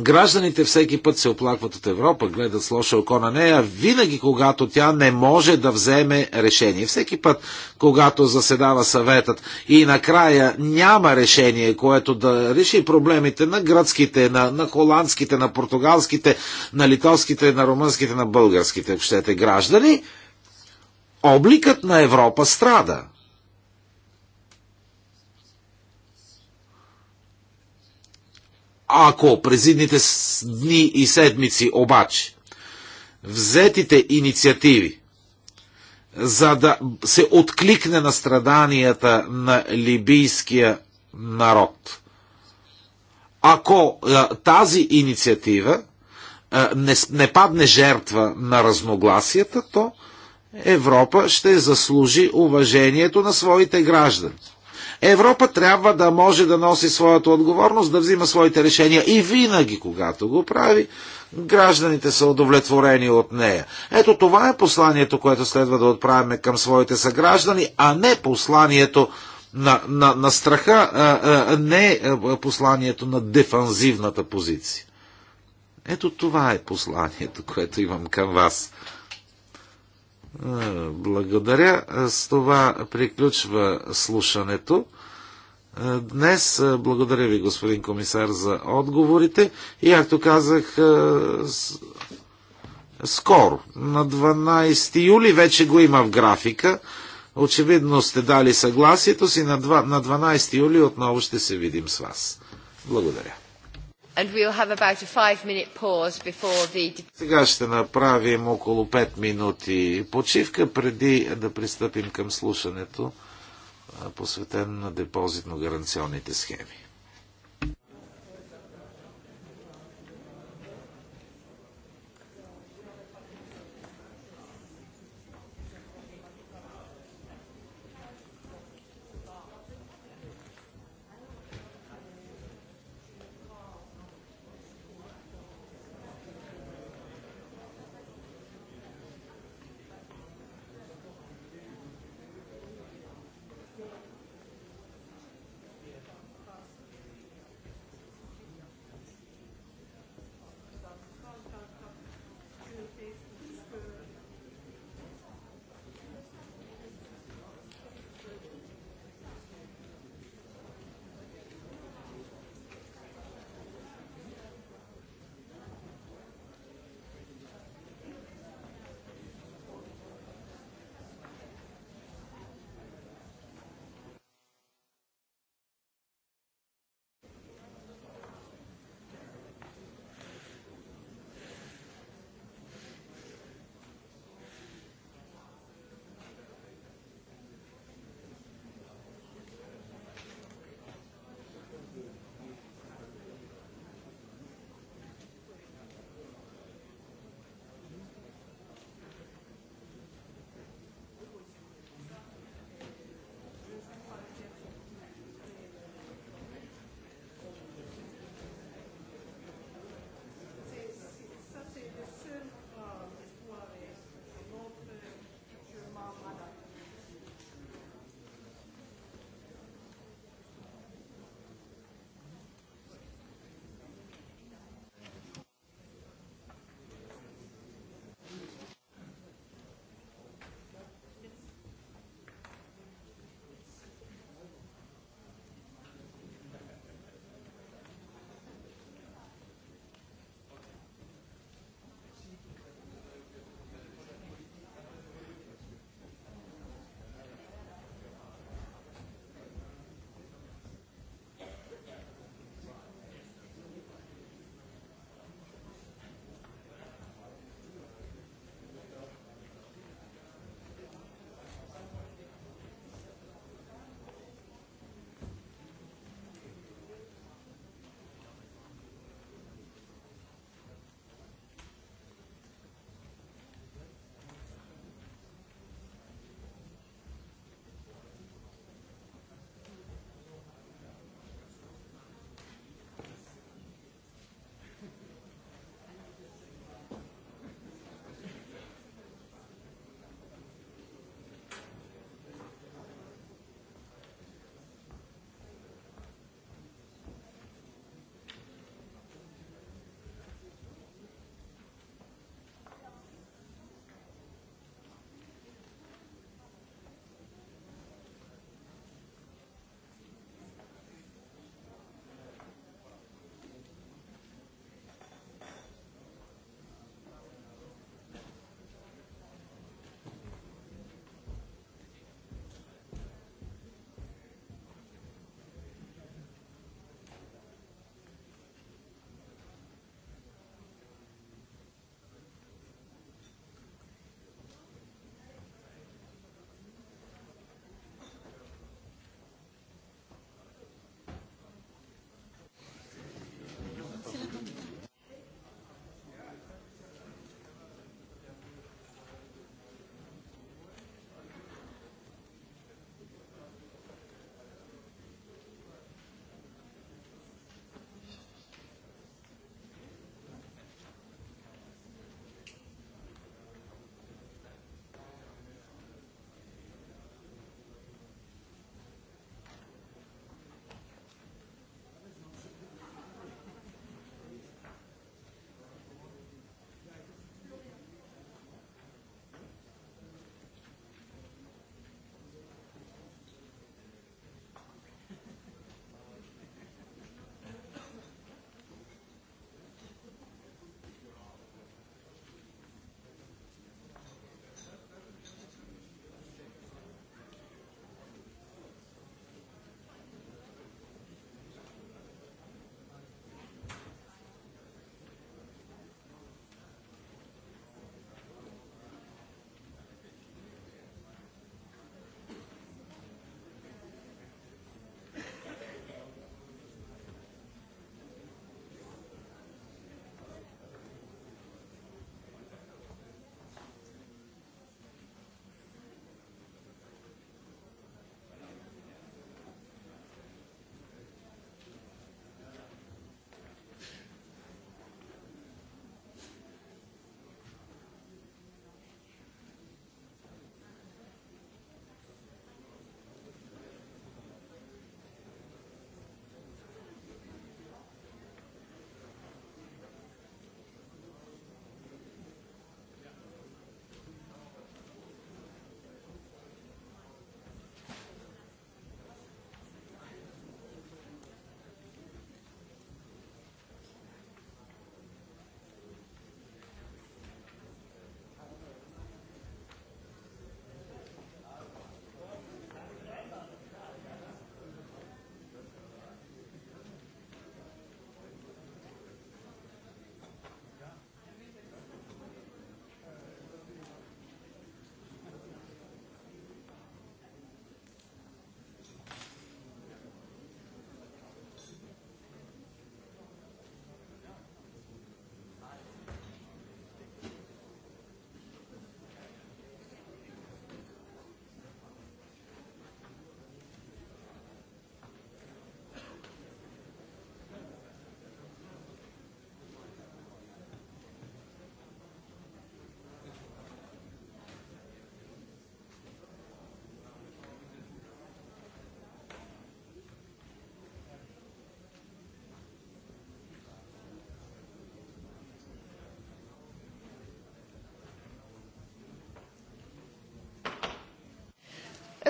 Гражданите всеки път се оплакват от Европа, гледат с лоша око на нея, винаги когато тя не може да вземе решение. Всеки път, когато заседава съветът и накрая няма решение, което да реши проблемите на гръцките, на, на холандските, на португалските, на литовските, на румънските, на българските, общете граждани, обликът на Европа страда. Ако през идните дни и седмици обаче взетите инициативи за да се откликне на страданията на либийския народ. Ако а, е, тази инициатива а, е, не, не падне жертва на разногласията, то Европа ще заслужи уважението на своите граждани. Европа трябва да може да носи своята отговорност, да взима своите решения и винаги, когато го прави, гражданите са удовлетворени от нея. Ето това е посланието, което следва да отправяме към своите съграждани, а не посланието на, на, на страха, а, а, не посланието на дефанзивната позиция. Ето това е посланието, което имам към вас. Благодаря. С това приключва слушането. Днес благодаря ви, господин комисар, за отговорите. И, както казах, скоро, на 12 юли, вече го има в графика. Очевидно сте дали съгласието си. На 12 юли отново ще се видим с вас. Благодаря. And we'll have about a five minute pause before the... Сега ще направим около 5 минути почивка преди да пристъпим към слушането, посветено на депозитно-гаранционните схеми.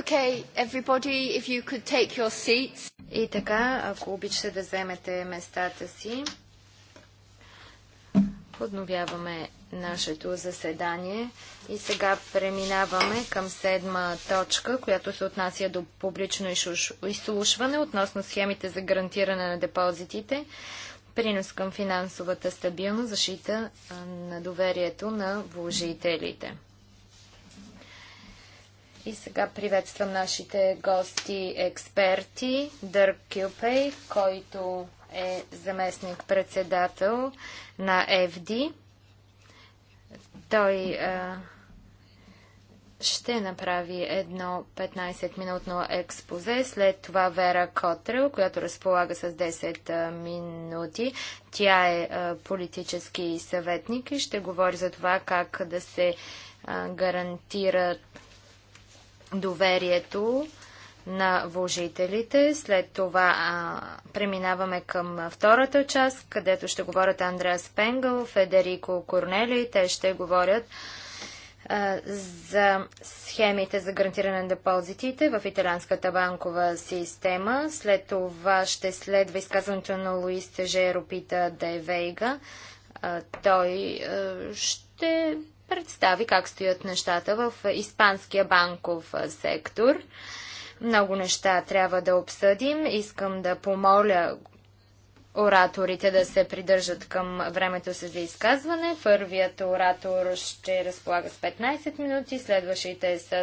Okay, everybody, if you could take your seats. И така, ако обичате да вземете местата си, подновяваме нашето заседание и сега преминаваме към седма точка, която се отнася до публично изслушване относно схемите за гарантиране на депозитите, принос към финансовата стабилност, защита на доверието на вложителите. И сега приветствам нашите гости експерти Дърк Кюпей, който е заместник-председател на ЕВДИ. Той а, ще направи едно 15-минутно експозе. След това Вера Котрел, която разполага с 10 минути. Тя е а, политически съветник и ще говори за това как да се а, гарантират доверието на вложителите. След това а, преминаваме към втората част, където ще говорят Андреас Пенгъл, Федерико Корнели. Те ще говорят а, за схемите за гарантиране на депозитите в италянската банкова система. След това ще следва изказването на Луис Тежеро Пита Девейга. Той а, ще представи как стоят нещата в испанския банков сектор. Много неща трябва да обсъдим. Искам да помоля ораторите да се придържат към времето си за изказване. Първият оратор ще разполага с 15 минути, следващите с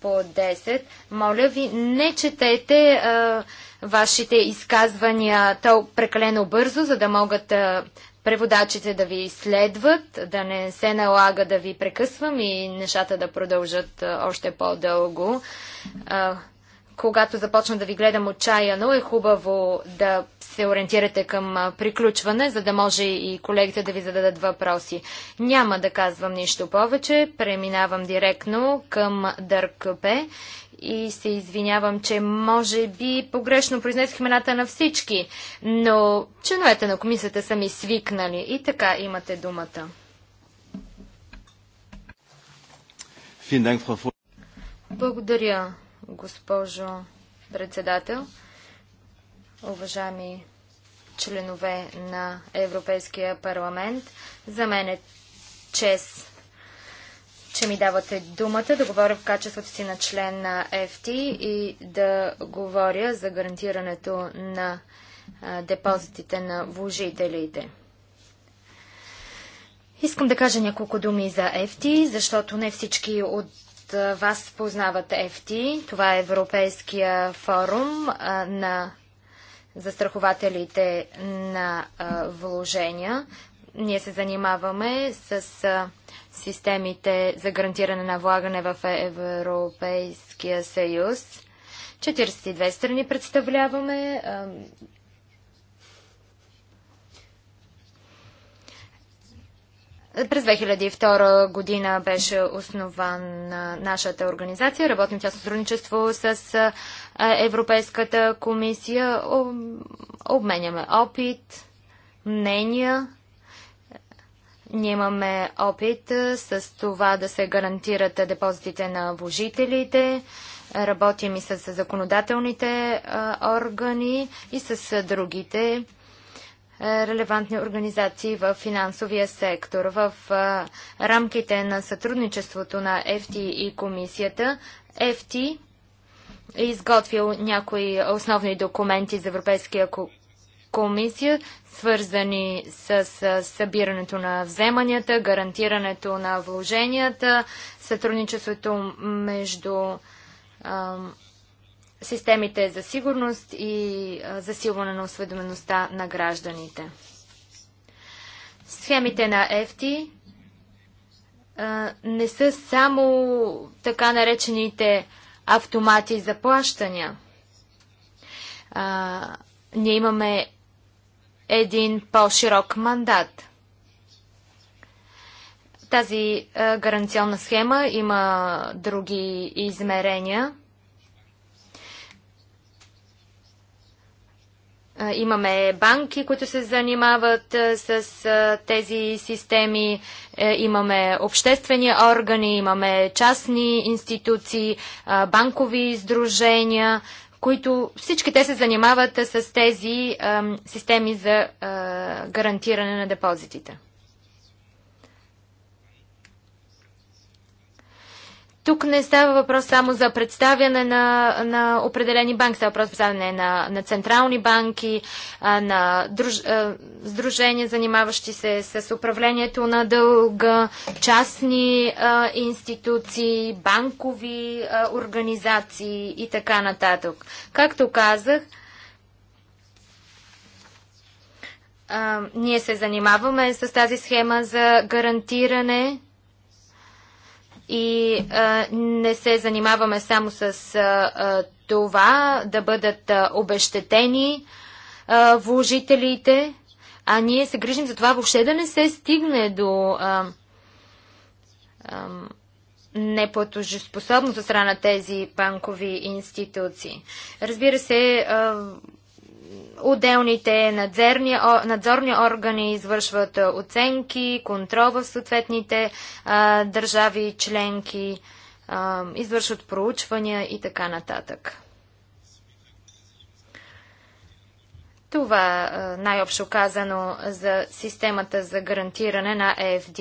по 10. Моля ви, не четете а, вашите изказвания то прекалено бързо, за да могат а, преводачите да ви изследват, да не се налага да ви прекъсвам и нещата да продължат още по-дълго. Когато започна да ви гледам отчаяно, е хубаво да се ориентирате към приключване, за да може и колегите да ви зададат въпроси. Няма да казвам нищо повече, преминавам директно към Пе и се извинявам, че може би погрешно произнесох имената на всички, но членовете на комисията са ми свикнали и така имате думата. Благодаря, госпожо председател, уважаеми членове на Европейския парламент. За мен е чест че ми давате думата да говоря в качеството си на член на ЕФТИ и да говоря за гарантирането на депозитите на вложителите. Искам да кажа няколко думи за ЕФТИ, защото не всички от вас познават ЕФТИ. Това е Европейския форум на застрахователите на вложения. Ние се занимаваме с системите за гарантиране на влагане в Европейския съюз. 42 страни представляваме. През 2002 година беше основан нашата организация. Работим тясно сътрудничество с Европейската комисия. Обменяме опит, мнения. Ние имаме опит с това да се гарантират депозитите на вложителите. Работим и с законодателните органи и с другите релевантни организации в финансовия сектор. В рамките на сътрудничеството на ЕФТИ и комисията, ЕФТИ е изготвил някои основни документи за Европейския комисия, свързани с събирането на вземанията, гарантирането на вложенията, сътрудничеството между системите за сигурност и засилване на осведомеността на гражданите. Схемите на ЕФТИ не са само така наречените автомати за плащания. ние имаме един по-широк мандат. Тази е, гаранционна схема има други измерения. Е, имаме банки, които се занимават е, с тези системи, имаме обществени органи, имаме частни институции, банкови издружения, които всички те се занимават с тези системи за гарантиране на депозитите. Тук не става въпрос само за представяне на, на определени банки, става въпрос представяне на, на централни банки, на друж, сдружения, занимаващи се с управлението на дълга, частни а, институции, банкови а, организации и така нататък. Както казах, а, ние се занимаваме с тази схема за гарантиране и а, не се занимаваме само с а, това да бъдат а, обещетени а, вложителите, а ние се грижим за това въобще да не се стигне до а, а, от страна тези банкови институции. Разбира се, а, Отделните надзорни, надзорни органи извършват оценки, контрол в съответните а, държави, членки, а, извършват проучвания и така нататък. Това най-общо казано за системата за гарантиране на ЕФД.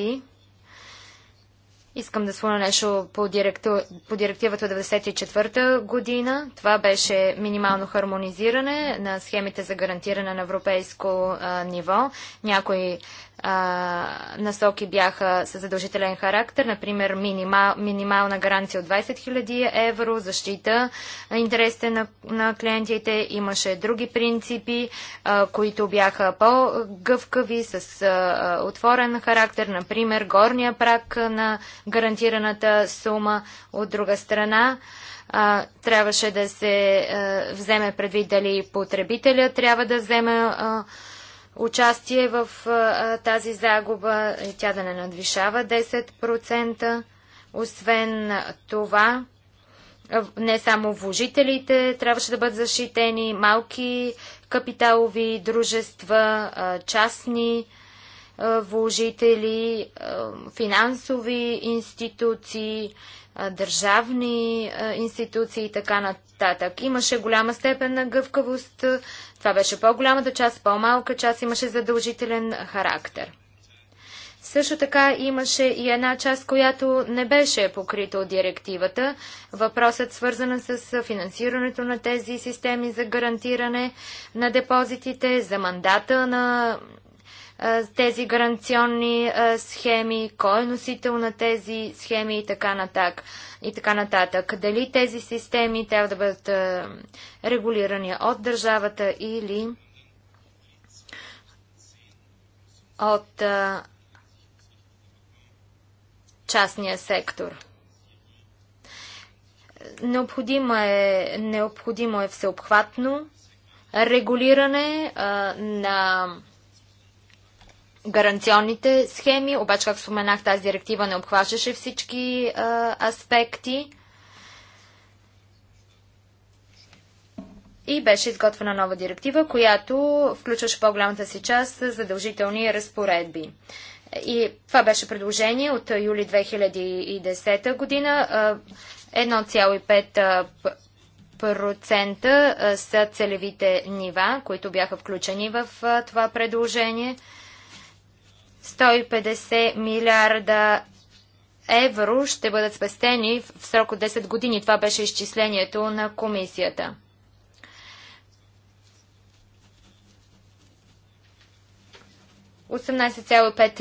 Искам да спомена нещо по, директу... по директивата 94-та година. Това беше минимално хармонизиране на схемите за гарантиране на европейско а, ниво. Някои а, насоки бяха с задължителен характер, например минимал... минимална гаранция от 20 000 евро, защита на интересите на, на клиентите. Имаше други принципи, а, които бяха по-гъвкави, с а, отворен характер, например горния прак на гарантираната сума. От друга страна, трябваше да се вземе предвид дали потребителя трябва да вземе участие в тази загуба и тя да не надвишава 10%. Освен това, не само вложителите трябваше да бъдат защитени, малки капиталови дружества, частни вложители, финансови институции, държавни институции и така нататък. Имаше голяма степен на гъвкавост. Това беше по-голямата част, по-малка част имаше задължителен характер. Също така имаше и една част, която не беше покрита от директивата. Въпросът свързан с финансирането на тези системи за гарантиране на депозитите, за мандата на тези гаранционни схеми, кой е носител на тези схеми и така, нататък, и така нататък. Дали тези системи трябва да бъдат регулирани от държавата или от частния сектор. Необходимо е, необходимо е всеобхватно регулиране а, на гаранционните схеми, обаче, как споменах, тази директива не обхващаше всички а, аспекти. И беше изготвена нова директива, която включваше по-голямата си част задължителни разпоредби. И това беше предложение от юли 2010 година. 1,5% са целевите нива, които бяха включени в това предложение – 150 милиарда евро ще бъдат спестени в срок от 10 години. Това беше изчислението на комисията.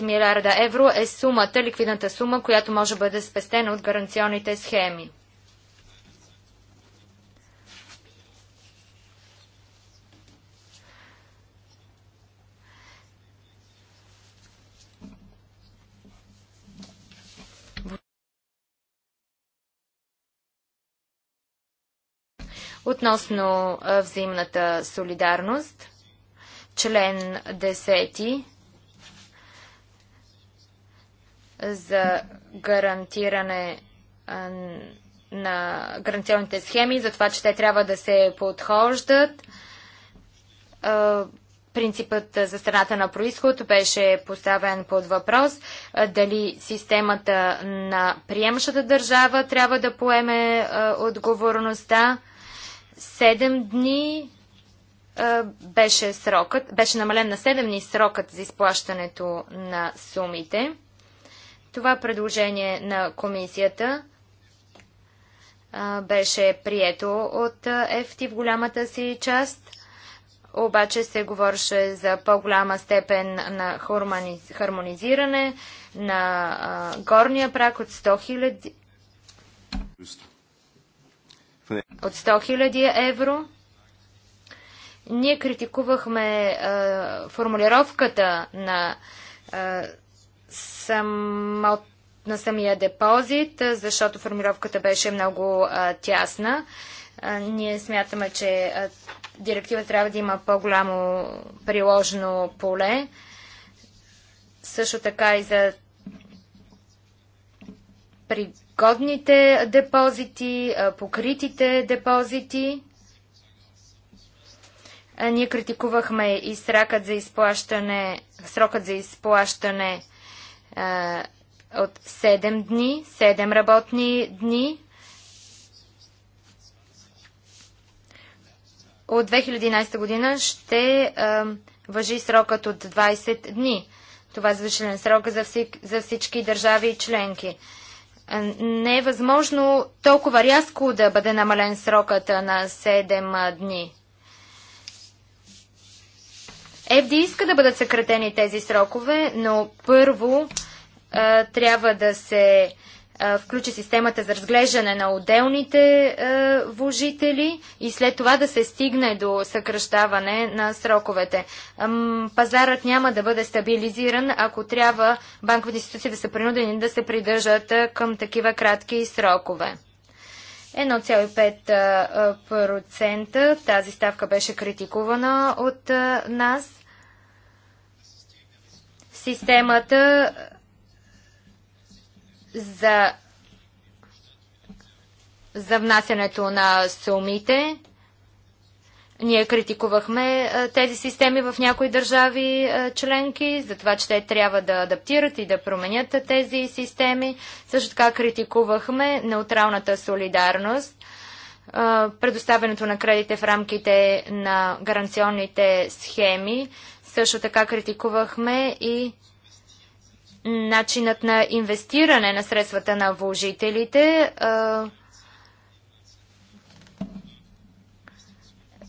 милиарда евро е сумата, ликвидната сума, която може да бъде спестена от гаранционните схеми. Относно взаимната солидарност, член 10 за гарантиране на гаранционните схеми, за това, че те трябва да се подхождат. Принципът за страната на происход беше поставен под въпрос дали системата на приемащата държава трябва да поеме отговорността. 7 дни беше срокът, беше намален на 7 дни срокът за изплащането на сумите. Това предложение на комисията беше прието от ЕФТИ в голямата си част, обаче се говореше за по-голяма степен на хармонизиране на горния прак от 100 000 от 100 000 евро. Ние критикувахме а, е, формулировката на, а, е, само, на самия депозит, защото формулировката беше много а, е, тясна. А, ние смятаме, че а, директива трябва да има по-голямо приложно поле. Също така и за при Годните депозити, покритите депозити. Ние критикувахме и срокът за изплащане, срокът за изплащане от 7 дни, 7 работни дни. От 2011 година ще въжи срокът от 20 дни. Това е завършен срок за всички държави и членки не е възможно толкова рязко да бъде намален срокът на 7 дни. ФД иска да бъдат съкратени тези срокове, но първо трябва да се включи системата за разглеждане на отделните вложители и след това да се стигне до съкръщаване на сроковете. Пазарът няма да бъде стабилизиран, ако трябва банковите институции да са принудени да се придържат към такива кратки срокове. 1,5% тази ставка беше критикувана от нас. Системата за, за внасянето на сумите. Ние критикувахме е, тези системи в някои държави е, членки, за това, че те трябва да адаптират и да променят тези системи. Също така критикувахме неутралната солидарност, е, предоставянето на кредите в рамките на гаранционните схеми. Също така критикувахме и начинът на инвестиране на средствата на вложителите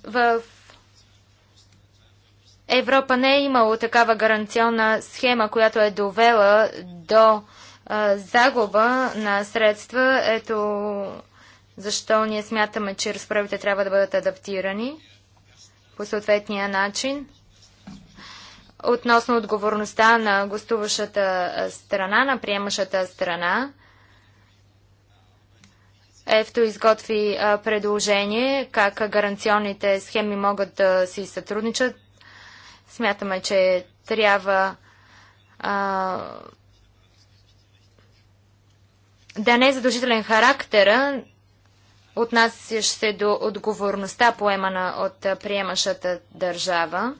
в Европа не е имало такава гаранционна схема, която е довела до а, загуба на средства. Ето защо ние смятаме, че разправите трябва да бъдат адаптирани по съответния начин относно отговорността на гостуващата страна, на приемащата страна. ЕФТО изготви предложение как гаранционните схеми могат да си сътрудничат. Смятаме, че трябва а, да не е задължителен характер, отнасящ се до отговорността поемана от приемащата държава.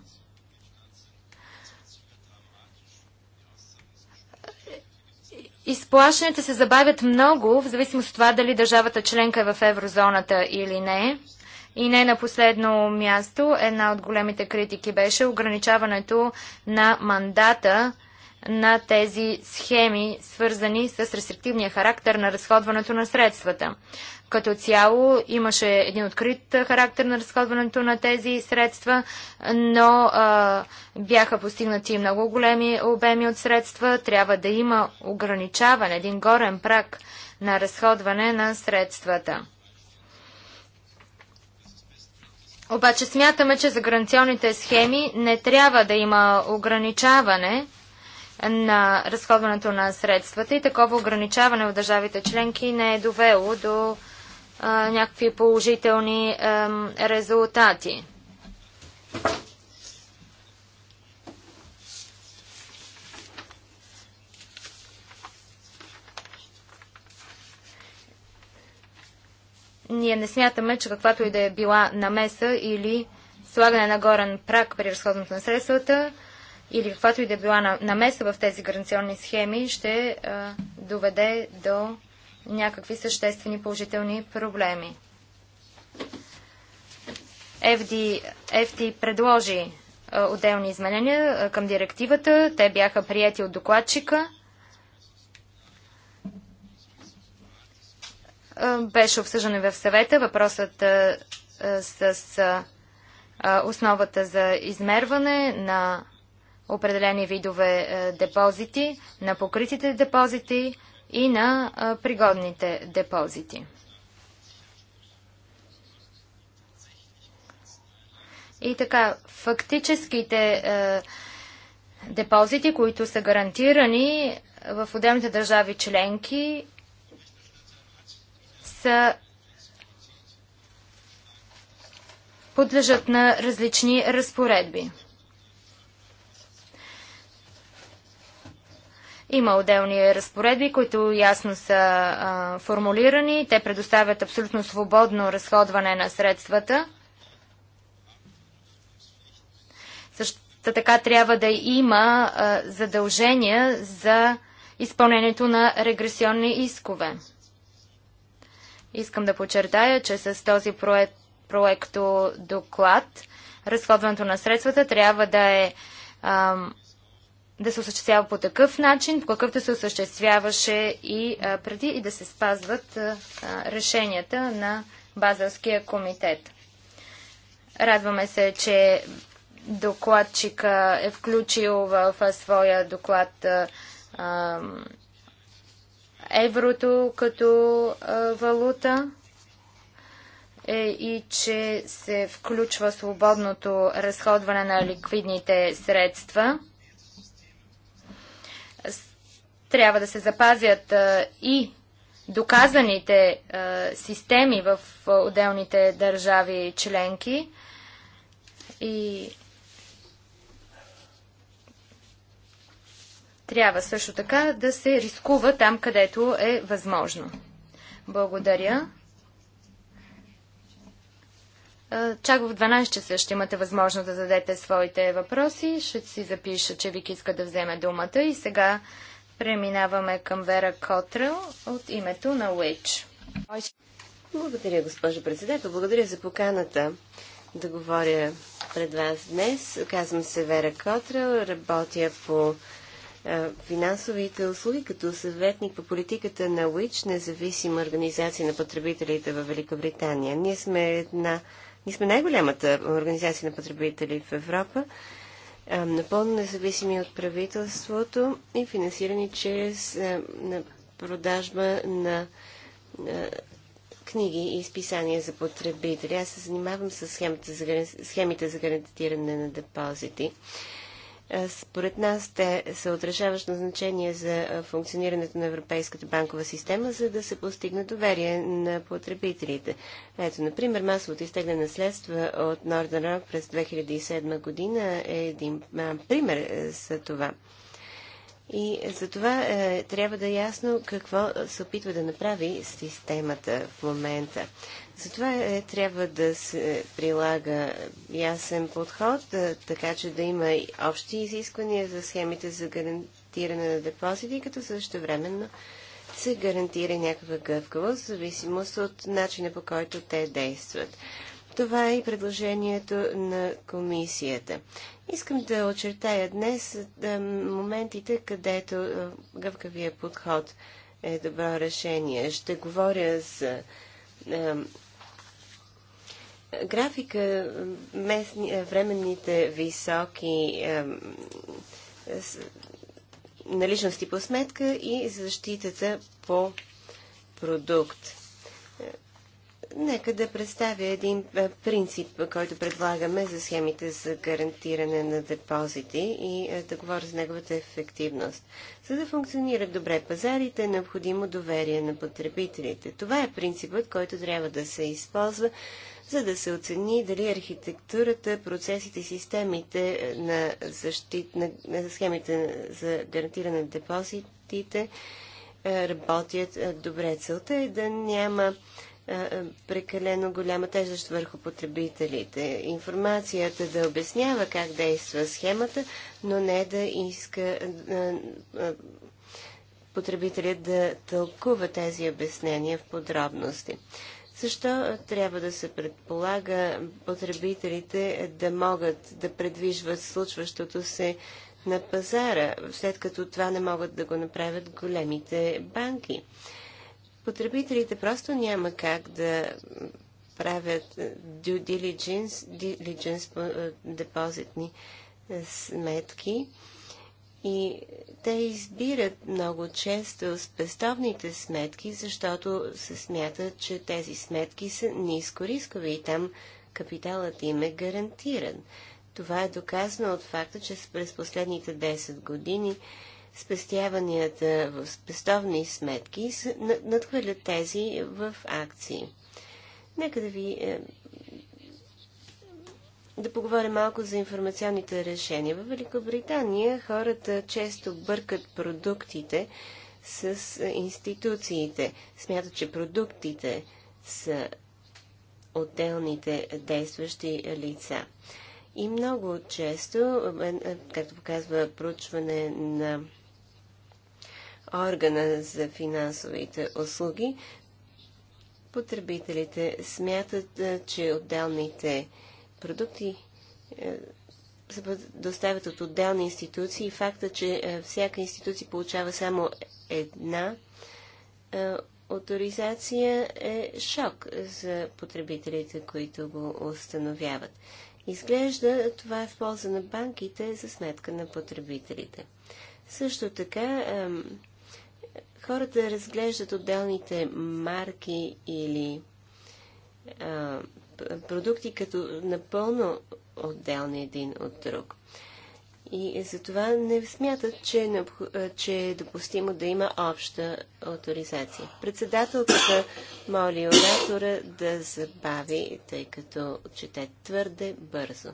Изплащането се забавят много, в зависимост от това дали държавата членка е в еврозоната или не. И не на последно място, една от големите критики беше ограничаването на мандата на тези схеми, свързани с рестриктивния характер на разходването на средствата. Като цяло имаше един открит характер на разходването на тези средства, но а, бяха постигнати много големи обеми от средства. Трябва да има ограничаване, един горен прак на разходване на средствата. Обаче смятаме, че за гаранционните схеми не трябва да има ограничаване – на разходването на средствата и такова ограничаване в държавите членки не е довело до а, някакви положителни а, резултати. Ние не смятаме, че каквато и да е била намеса или слагане на горен прак при разходването на средствата, или каквато и да е била намеса в тези гаранционни схеми, ще доведе до някакви съществени положителни проблеми. FD, FD предложи отделни изменения към директивата. Те бяха прияти от докладчика. Беше обсъждан в съвета въпросът с основата за измерване на определени видове е, депозити, на покритите депозити и на е, пригодните депозити. И така, фактическите е, депозити, които са гарантирани в отделните държави членки, са подлежат на различни разпоредби. Има отделни разпоредби, които ясно са а, формулирани. Те предоставят абсолютно свободно разходване на средствата. Също така трябва да има а, задължения за изпълнението на регресионни искове. Искам да подчертая, че с този проект, проекто доклад разходването на средствата трябва да е А, да се осъществява по такъв начин, по какъвто се осъществяваше и а, преди, и да се спазват а, решенията на Базелския комитет. Радваме се, че докладчика е включил в, в своя доклад а, еврото като валута е и че се включва свободното разходване на ликвидните средства. Трябва да се запазят и доказаните системи в отделните държави членки и трябва също така да се рискува там, където е възможно. Благодаря. Чак в 12 часа ще имате възможност да зададете своите въпроси. Ще си запиша, че Вики иска да вземе думата и сега Преминаваме към Вера Котрел от името на Уич. Благодаря, госпожо председател. Благодаря за поканата да говоря пред вас днес. Казвам се Вера Котрел, работя по финансовите услуги като съветник по политиката на Уич, независима организация на потребителите в Великобритания. Ние сме една ние сме най-голямата организация на потребители в Европа е, напълно независими от правителството и финансирани чрез е, продажба на е, книги и изписания за потребители. Аз се занимавам с схемите за, гарантиране на депозити. Е, според нас те са отрешаващо значение за е, функционирането на Европейската банкова система, за да се постигне доверие на потребителите. Ето, например, масовото изтегляне на следства от Northern Rock през 2007 година е един а, е, пример за това. И за това е, трябва да е ясно какво се опитва да направи системата в момента. Затова е, трябва да се прилага ясен подход, да, така че да има и общи изисквания за схемите за гарантиране на депозити, като същевременно се гарантира някаква гъвкавост, в зависимост от начина по който те действат. Това е и предложението на комисията. Искам да очертая днес да, моментите, където гъвкавия подход е добро решение. Ще говоря за графика местни, е, временните високи е, наличности по сметка и защитата по продукт. Е, нека да представя един е, принцип, който предлагаме за схемите за гарантиране на депозити и да говоря за неговата ефективност. За да функционират добре пазарите, е необходимо доверие на потребителите. Това е принципът, който трябва да се използва за да се оцени дали архитектурата, процесите и системите е, на защит, на, на схемите за гарантиране на депозитите е, работят е, добре. Целта е да няма прекалено голяма тежест върху потребителите. Информацията да обяснява как действа схемата, но не да иска потребителят да тълкува тези обяснения в подробности. Защо трябва да се предполага потребителите да могат да предвижват случващото се на пазара, след като това не могат да го направят големите банки? Потребителите просто няма как да правят due diligence, diligence по е, депозитни е, сметки и те избират много често спестовните сметки, защото се смятат, че тези сметки са ниско рискови и там капиталът им е гарантиран. Това е доказано от факта, че през последните 10 години спестяванията в спестовни сметки надхвърлят тези в акции. Нека да ви е, да поговоря малко за информационните решения. В Великобритания хората често бъркат продуктите с е, институциите. Смятат, че продуктите са отделните действащи лица. И много често, е, е, както показва проучване на органа за финансовите услуги, потребителите смятат, че отделните продукти е, се от отделни институции. Факта, че е, всяка институция получава само една е, авторизация е шок за потребителите, които го установяват. Изглежда това е в полза на банките за сметка на потребителите. Също така, хората разглеждат отделните марки или продукти като напълно отделни един от друг. И затова не смятат, че е, че е допустимо да има обща авторизация. Председателката моли оратора да забави, тъй като чете твърде бързо.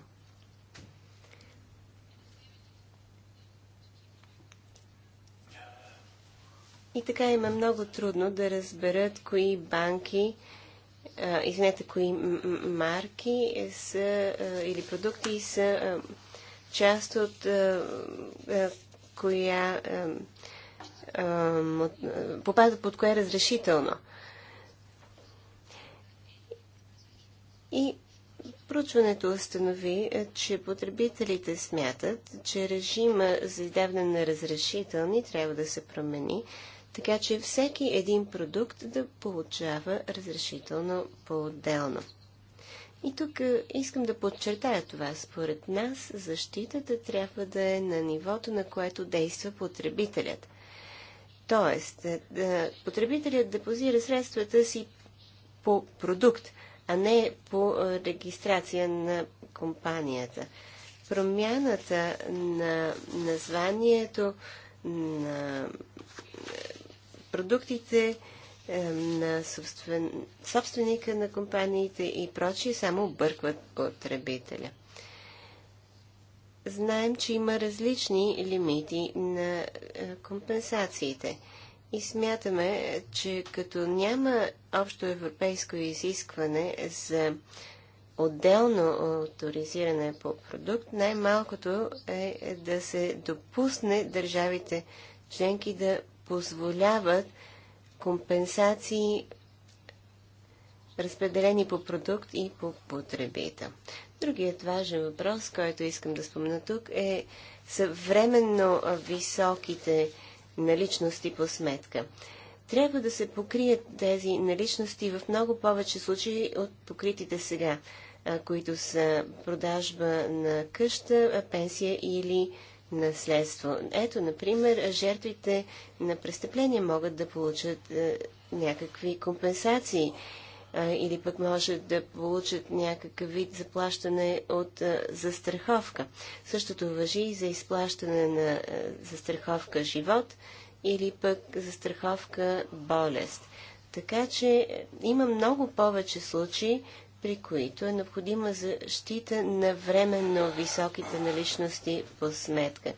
И така има много трудно да разберат кои банки извинете, кои марки са, или продукти са част от коя попада под кое е разрешително. И проучването установи, че потребителите смятат, че режима за издаване на разрешителни трябва да се промени, така че всеки един продукт да получава разрешително по-отделно. И тук е, искам да подчертая това. Според нас защитата трябва да е на нивото, на което действа потребителят. Тоест, е, е, потребителят депозира средствата си по продукт, а не по регистрация на компанията. Промяната на названието на продуктите на собствен... собственика на компаниите и прочие само объркват потребителя. Знаем, че има различни лимити на е, компенсациите и смятаме, че като няма общо европейско изискване за отделно авторизиране по продукт, най-малкото е да се допусне държавите членки да позволяват компенсации разпределени по продукт и по потребител. Другият важен въпрос, който искам да спомена тук е съвременно високите наличности по сметка. Трябва да се покрият тези наличности в много повече случаи от покритите сега, които са продажба на къща, пенсия или наследство. Ето, например, жертвите на престъпления могат да получат е, някакви компенсации е, или пък може да получат някакъв вид заплащане от е, застраховка. Същото въжи и за изплащане на е, застраховка живот или пък застраховка болест. Така че е, има много повече случаи, при които е необходима защита на временно високите наличности по сметка.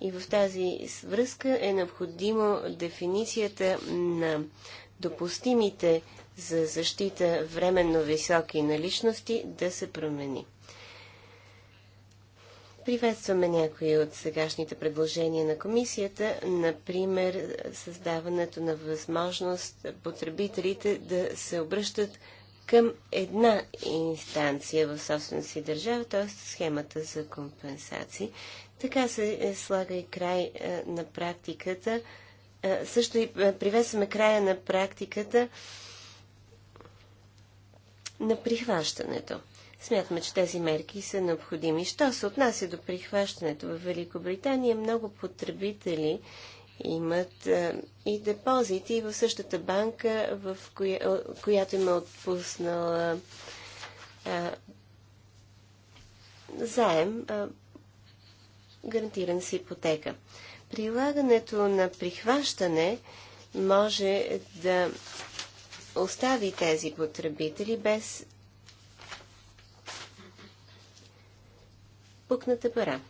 И в тази връзка е необходимо дефиницията на допустимите за защита временно високи наличности да се промени. Приветстваме някои от сегашните предложения на комисията, например създаването на възможност потребителите да се обръщат към една инстанция в собствената си държава, т.е. схемата за компенсации. Така се е, слага и край е, на практиката. Е, също и привесваме края на практиката на прихващането. Смятаме, че тези мерки са необходими. Що се отнася до прихващането в Великобритания, много потребители имат е, и депозити в същата банка, в коя, е, която има е отпуснала а, заем, а, гарантиран с ипотека. Прилагането на прихващане може да остави тези потребители без пукната пара.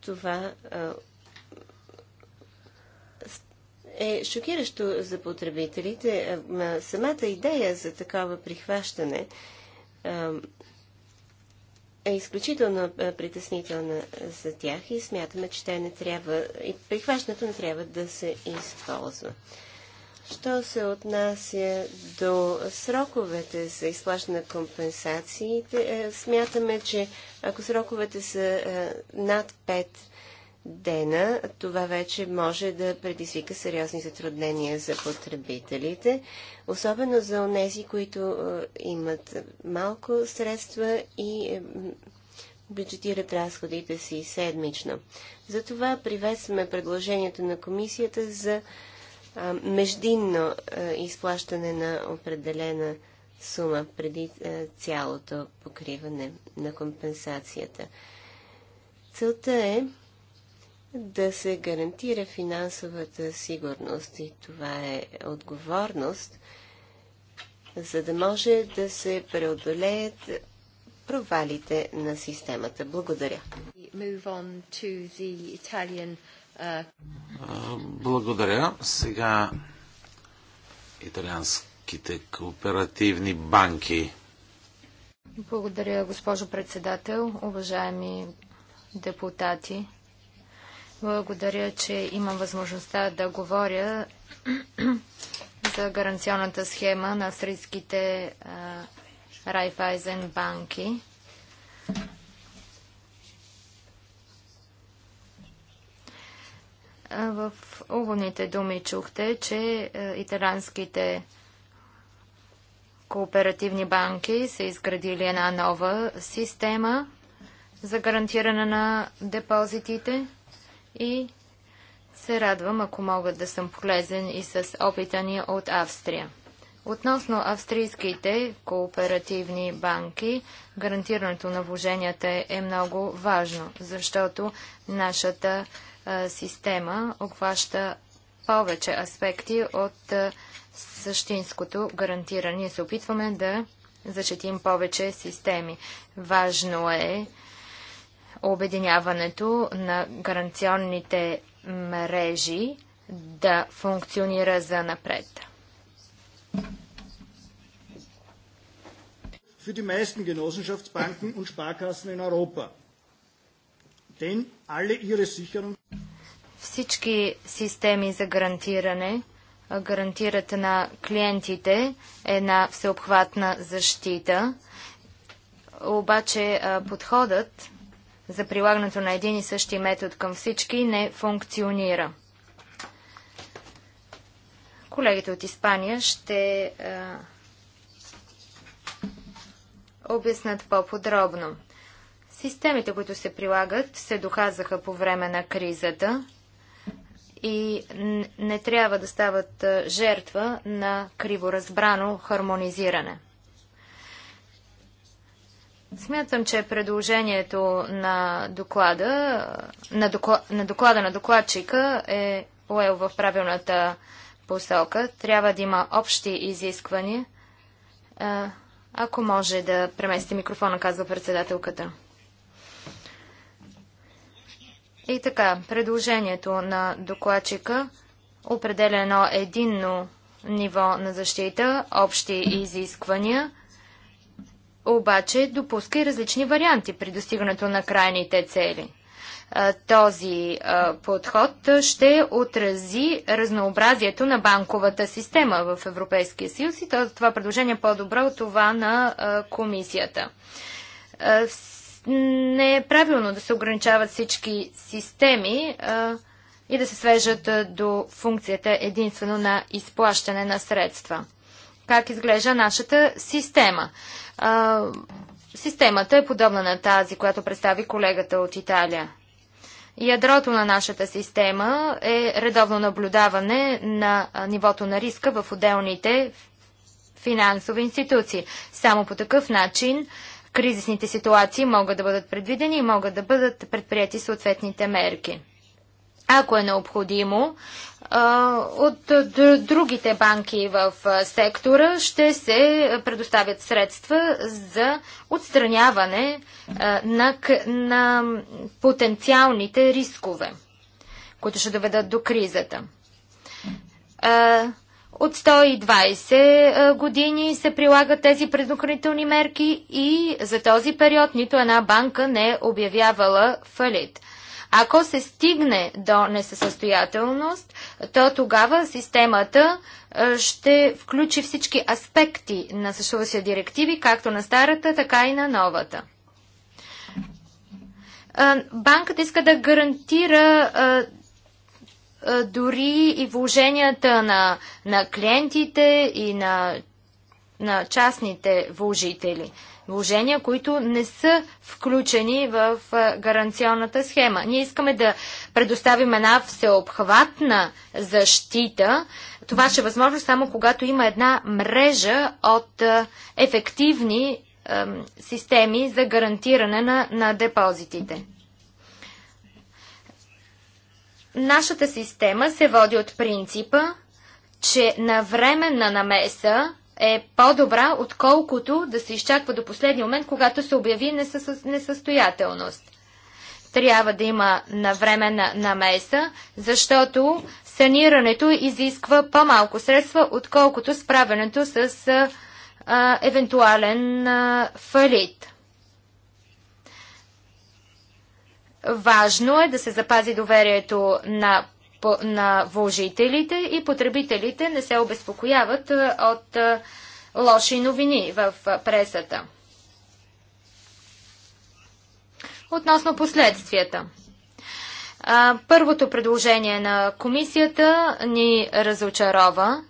Това а, е шокиращо за потребителите. Самата идея за такова прихващане е изключително притеснителна за тях и смятаме, че те не трябва, и прихващането не трябва да се използва. Що се отнася до сроковете за изплащане на компенсациите, е, смятаме, че ако сроковете са е, над 5 дена, това вече може да предизвика сериозни затруднения за потребителите, особено за онези, които е, имат малко средства и е, бюджетират разходите си седмично. Затова приветстваме предложението на комисията за междинно е, изплащане на определена сума преди цялото покриване на компенсацията. Целта е да се гарантира финансовата сигурност и това е отговорност, за да може да се преодолеят провалите на системата. Благодаря. Italian, uh... Благодаря. Сега италианските кооперативни банки. Благодаря, госпожо председател, уважаеми депутати. Благодаря, че имам възможността да говоря за гаранционната схема на австрийските Райфайзен банки. В уголните думи чухте, че италянските кооперативни банки са изградили една нова система за гарантиране на депозитите – и се радвам, ако мога да съм полезен и с опита ни от Австрия. Относно австрийските кооперативни банки, гарантирането на вложенията е много важно, защото нашата система обхваща повече аспекти от същинското гарантиране. Се опитваме да защитим повече системи. Важно е обединяването на гаранционните мрежи да функционира за напред. für die meisten Genossenschaftsbanken und Sparkassen in Europa. Denn alle ihre Sicherung... Всички системи за гарантиране гарантират на клиентите една всеобхватна защита. Обаче подходът за прилагането на един и същи метод към всички не функционира. Колегите от Испания ще а, обяснат по-подробно. Системите, които се прилагат, се доказаха по време на кризата и не трябва да стават жертва на криворазбрано хармонизиране. Смятам, че предложението на доклада на, докла, на доклада на докладчика е поел в правилната посока. Трябва да има общи изисквания. Ако може да премести микрофона, казва председателката. И така, предложението на докладчика определено единно ниво на защита, общи изисквания – обаче допуска и различни варианти при достигането на крайните цели. Този подход ще отрази разнообразието на банковата система в Европейския съюз и това предложение е по-добро от това на комисията. Не е правилно да се ограничават всички системи и да се свежат до функцията единствено на изплащане на средства как изглежда нашата система. А, системата е подобна на тази, която представи колегата от Италия. Ядрото на нашата система е редовно наблюдаване на нивото на риска в отделните финансови институции. Само по такъв начин кризисните ситуации могат да бъдат предвидени и могат да бъдат предприяти съответните мерки ако е необходимо, от другите банки в сектора ще се предоставят средства за отстраняване на, на потенциалните рискове, които ще доведат до кризата. От 120 години се прилагат тези предохранителни мерки и за този период нито една банка не е обявявала фалит – ако се стигне до несъстоятелност, то тогава системата ще включи всички аспекти на съществуващите директиви, както на старата, така и на новата. Банката иска да гарантира дори и вложенията на, на клиентите и на, на частните вложители вложения, които не са включени в гаранционната схема. Ние искаме да предоставим една всеобхватна защита. Това ще е възможно само когато има една мрежа от ефективни системи за гарантиране на, на депозитите. Нашата система се води от принципа, че на време на намеса е по-добра, отколкото да се изчаква до последния момент, когато се обяви несъстоятелност. Трябва да има навременна намеса, защото санирането изисква по-малко средства, отколкото справянето с а, евентуален а, фалит. Важно е да се запази доверието на на вложителите и потребителите не се обезпокояват е, от е, лоши новини в е, пресата. Относно последствията. Първото предложение на комисията ни разочарова.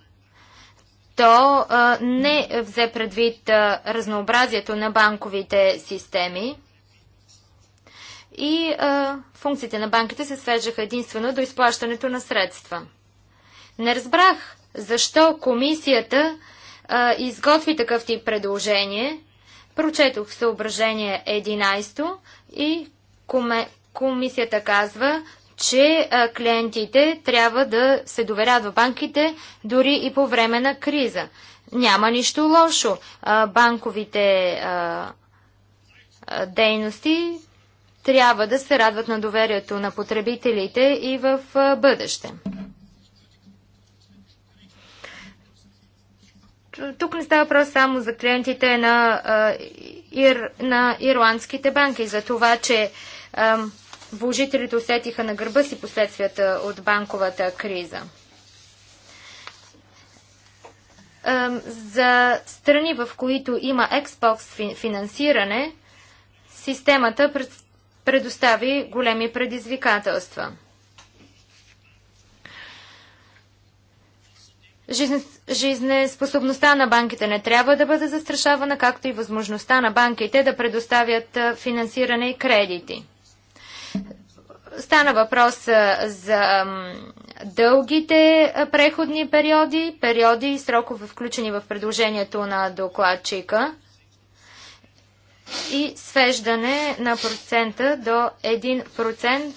То не взе предвид разнообразието на банковите системи и а, функциите на банките се свеждаха единствено до изплащането на средства. Не разбрах защо комисията а, изготви такъв тип предложение. Прочетох съображение 11 и коме, комисията казва, че а, клиентите трябва да се доверят в банките дори и по време на криза. Няма нищо лошо. А, банковите а, дейности трябва да се радват на доверието на потребителите и в бъдеще. Тук не става въпрос само за клиентите на, ир, на ирландските банки, за това, че вложителите усетиха на гърба си последствията от банковата криза. За страни, в които има експокс финансиране, системата предостави големи предизвикателства. Жизнеспособността на банките не трябва да бъде застрашавана, както и възможността на банките да предоставят финансиране и кредити. Стана въпрос за дългите преходни периоди, периоди и срокове включени в предложението на докладчика и свеждане на процента до 1%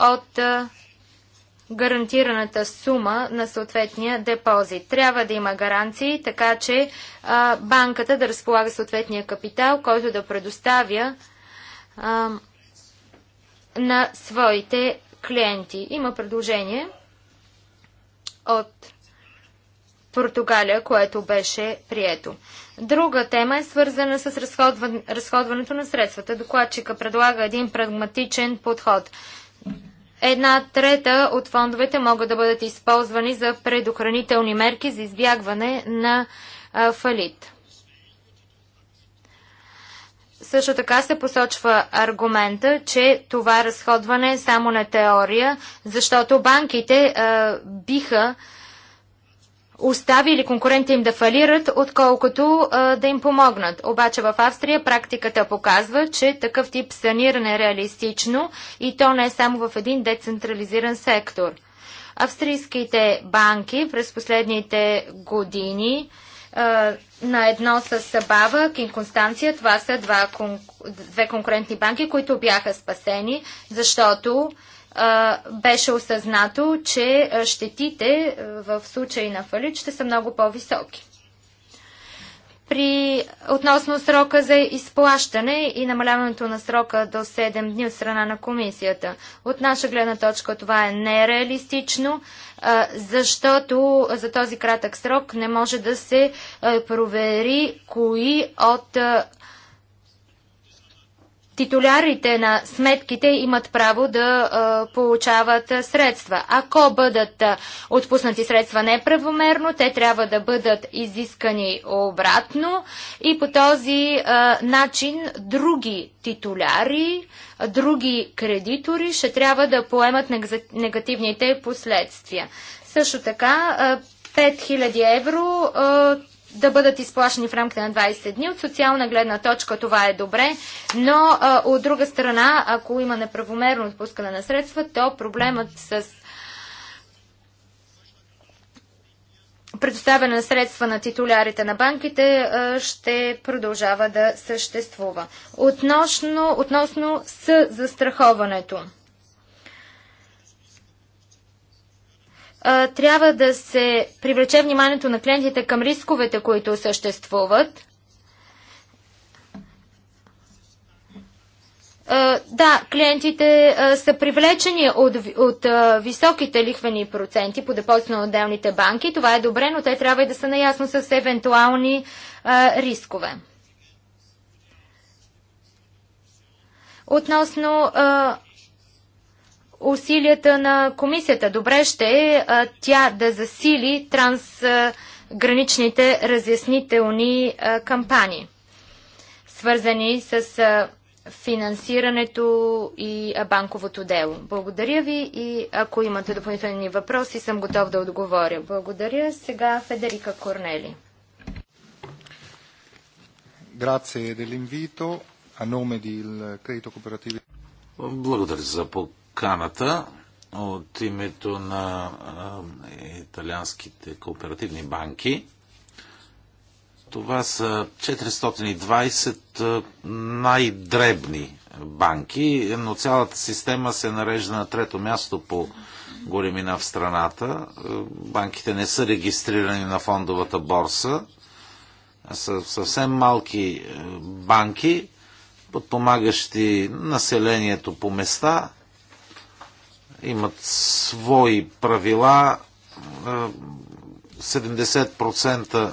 от гарантираната сума на съответния депозит. Трябва да има гаранции, така че а, банката да разполага съответния капитал, който да предоставя а, на своите клиенти. Има предложение от Португалия, което беше прието. Друга тема е свързана с разходван... разходването на средствата. Докладчика предлага един прагматичен подход. Една трета от фондовете могат да бъдат използвани за предохранителни мерки за избягване на а, фалит. Също така се посочва аргумента, че това разходване е само на теория, защото банките а, биха оставили конкурентите им да фалират, отколкото а, да им помогнат. Обаче в Австрия практиката показва, че такъв тип саниране е реалистично и то не е само в един децентрализиран сектор. Австрийските банки през последните години а, на едно с Сабава, Кин Констанция, това са два, две конкурентни банки, които бяха спасени, защото беше осъзнато, че щетите в случай на фалит ще са много по-високи. При относно срока за изплащане и намаляването на срока до 7 дни от страна на комисията. От наша гледна точка това е нереалистично, защото за този кратък срок не може да се провери кои от титулярите на сметките имат право да а, получават средства. Ако бъдат а, отпуснати средства неправомерно, те трябва да бъдат изискани обратно и по този а, начин други титуляри, други кредитори ще трябва да поемат негативните последствия. Също така, 5000 евро да бъдат изплашени в рамките на 20 дни. От социална гледна точка това е добре, но а, от друга страна, ако има неправомерно отпускане на средства, то проблемът с предоставяне на средства на титулярите на банките ще продължава да съществува. Относно, относно с застраховането. трябва да се привлече вниманието на клиентите към рисковете, които съществуват. Да, клиентите са привлечени от, от високите лихвени проценти по депозит на отделните банки. Това е добре, но те трябва и да са наясно с евентуални рискове. Относно а, усилията на комисията. Добре ще е тя да засили трансграничните разяснителни кампании, свързани с финансирането и банковото дело. Благодаря ви и ако имате допълнителни въпроси, съм готов да отговоря. Благодаря. Сега Федерика Корнели. Благодаря за поканата от името на италианските кооперативни банки. Това са 420 най-дребни банки, но цялата система се нарежда на трето място по големина в страната. Банките не са регистрирани на фондовата борса. Са съвсем малки банки, подпомагащи населението по места – имат свои правила. 70% е,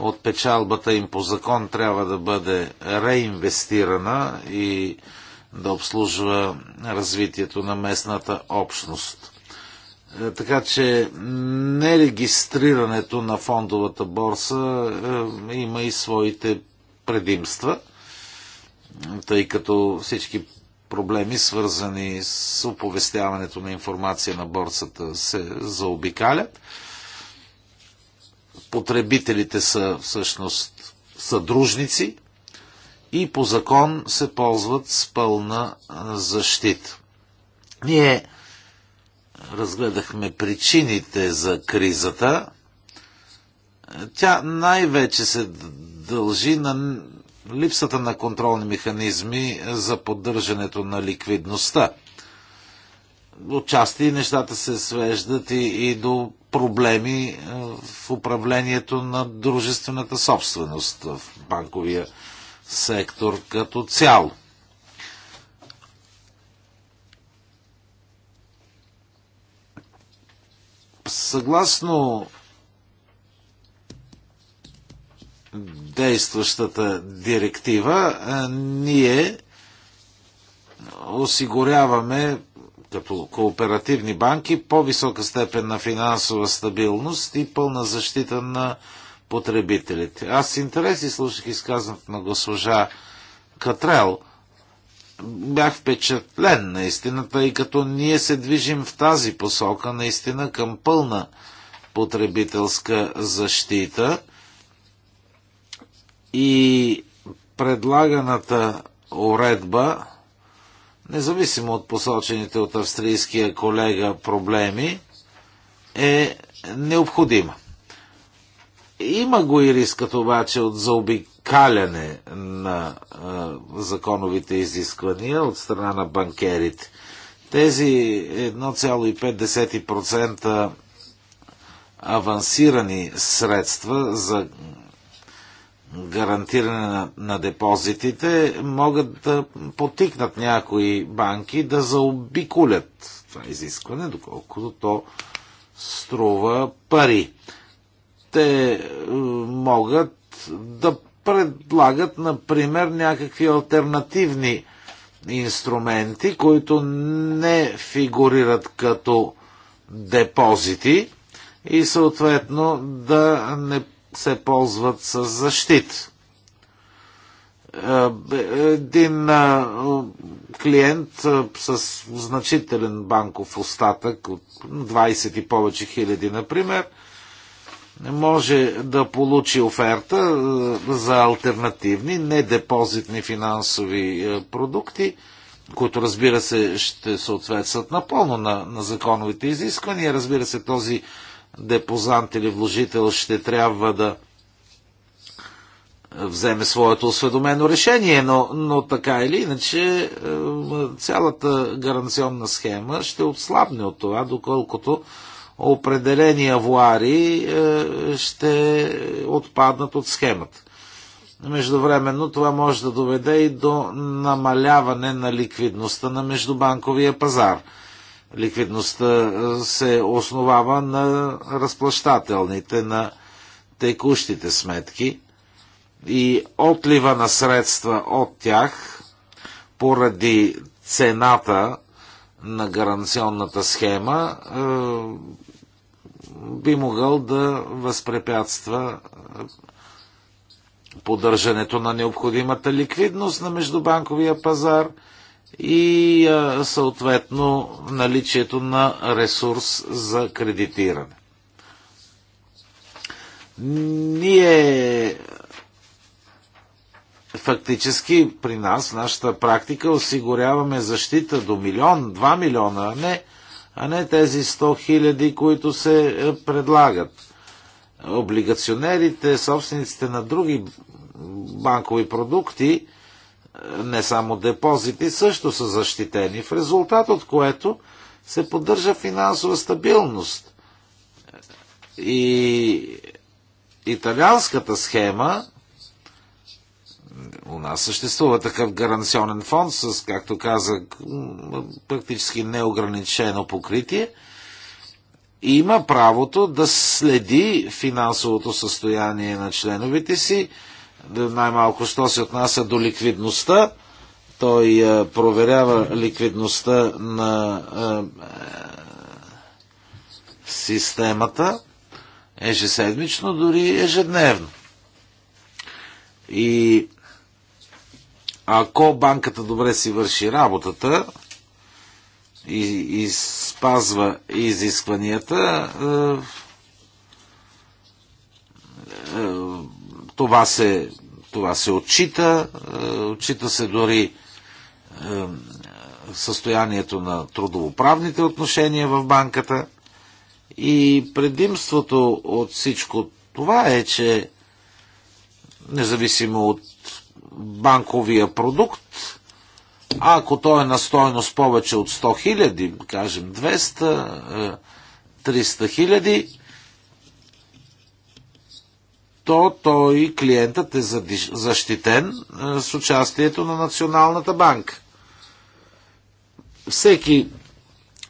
от печалбата им по закон трябва да бъде реинвестирана и да обслужва развитието на местната общност. Е, така че нерегистрирането на фондовата борса е, има и своите предимства, тъй като всички проблеми, свързани с оповестяването на информация на борцата, се заобикалят. Потребителите са всъщност съдружници и по закон се ползват с пълна защита. Ние разгледахме причините за кризата. Тя най-вече се дължи на липсата на контролни механизми за поддържането на ликвидността. Отчасти нещата се свеждат и, и до проблеми е, в управлението на дружествената собственост в банковия сектор като цяло. Съгласно действащата директива, ние осигуряваме като кооперативни банки по-висока степен на финансова стабилност и пълна защита на потребителите. Аз с интерес и слушах изказването на госпожа Катрел. Бях впечатлен наистина, тъй като ние се движим в тази посока наистина към пълна потребителска защита и предлаганата уредба, независимо от посочените от австрийския колега проблеми, е необходима. Има го и рискът обаче от заобикаляне на а, законовите изисквания от страна на банкерите. Тези 1,5% авансирани средства за гарантиране на, на депозитите могат да потикнат някои банки да заобиколят това изискване, доколкото то струва пари. Те е, могат да предлагат, например, някакви альтернативни инструменти, които не фигурират като депозити и съответно да не се ползват с защита. Е, един е, клиент е, с значителен банков остатък от 20 и повече хиляди, например, може да получи оферта за альтернативни, недепозитни финансови продукти, които разбира се ще съответстват напълно на, на законовите изисквания. Разбира се, този депозант или вложител ще трябва да вземе своето осведомено решение, но, но така или иначе е, цялата гаранционна схема ще отслабне от това, доколкото определени авуари е, ще отпаднат от схемата. Междувременно това може да доведе и до намаляване на ликвидността на междубанковия пазар – ликвидността е, се основава на разплащателните, на текущите сметки и отлива на средства от тях поради цената на гаранционната схема е, би могъл да възпрепятства поддържането на необходимата ликвидност на междубанковия пазар – и съответно наличието на ресурс за кредитиране. Ние фактически при нас, в нашата практика, осигуряваме защита до милион, 2 милиона, а не, а не тези 100 хиляди, които се е, предлагат. Облигационерите, собствениците на други банкови продукти – не само депозити, също са защитени, в резултат от което се поддържа финансова стабилност. И италианската схема, у нас съществува такъв гаранционен фонд с, както казах, практически неограничено покритие, и има правото да следи финансовото състояние на членовете си, най-малко що се отнася до ликвидността. Той е, проверява ликвидността на е, е, системата ежеседмично, дори ежедневно. И ако банката добре си върши работата и, и спазва изискванията, това се, това се отчита, е, отчита се дори е, състоянието на трудовоправните отношения в банката. И предимството от всичко това е, че независимо от банковия продукт, а ако той е на стойност повече от 100 хиляди, кажем 200, 300 е, хиляди, то той клиентът е защитен е, с участието на Националната банка. Всеки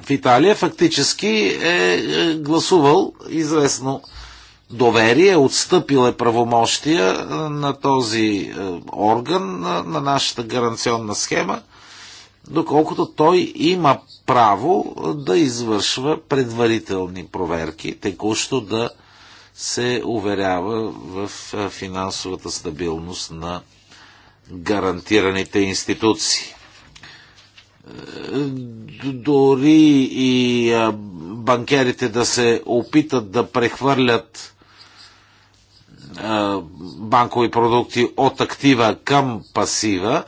в Италия фактически е, е гласувал известно доверие, отстъпил е правомощия е, на този орган, на нашата гаранционна схема, доколкото той има право да извършва предварителни проверки, текущо да се уверява в финансовата стабилност на гарантираните институции. Е, дори и банкерите да се опитат да прехвърлят банкови продукти от актива към пасива,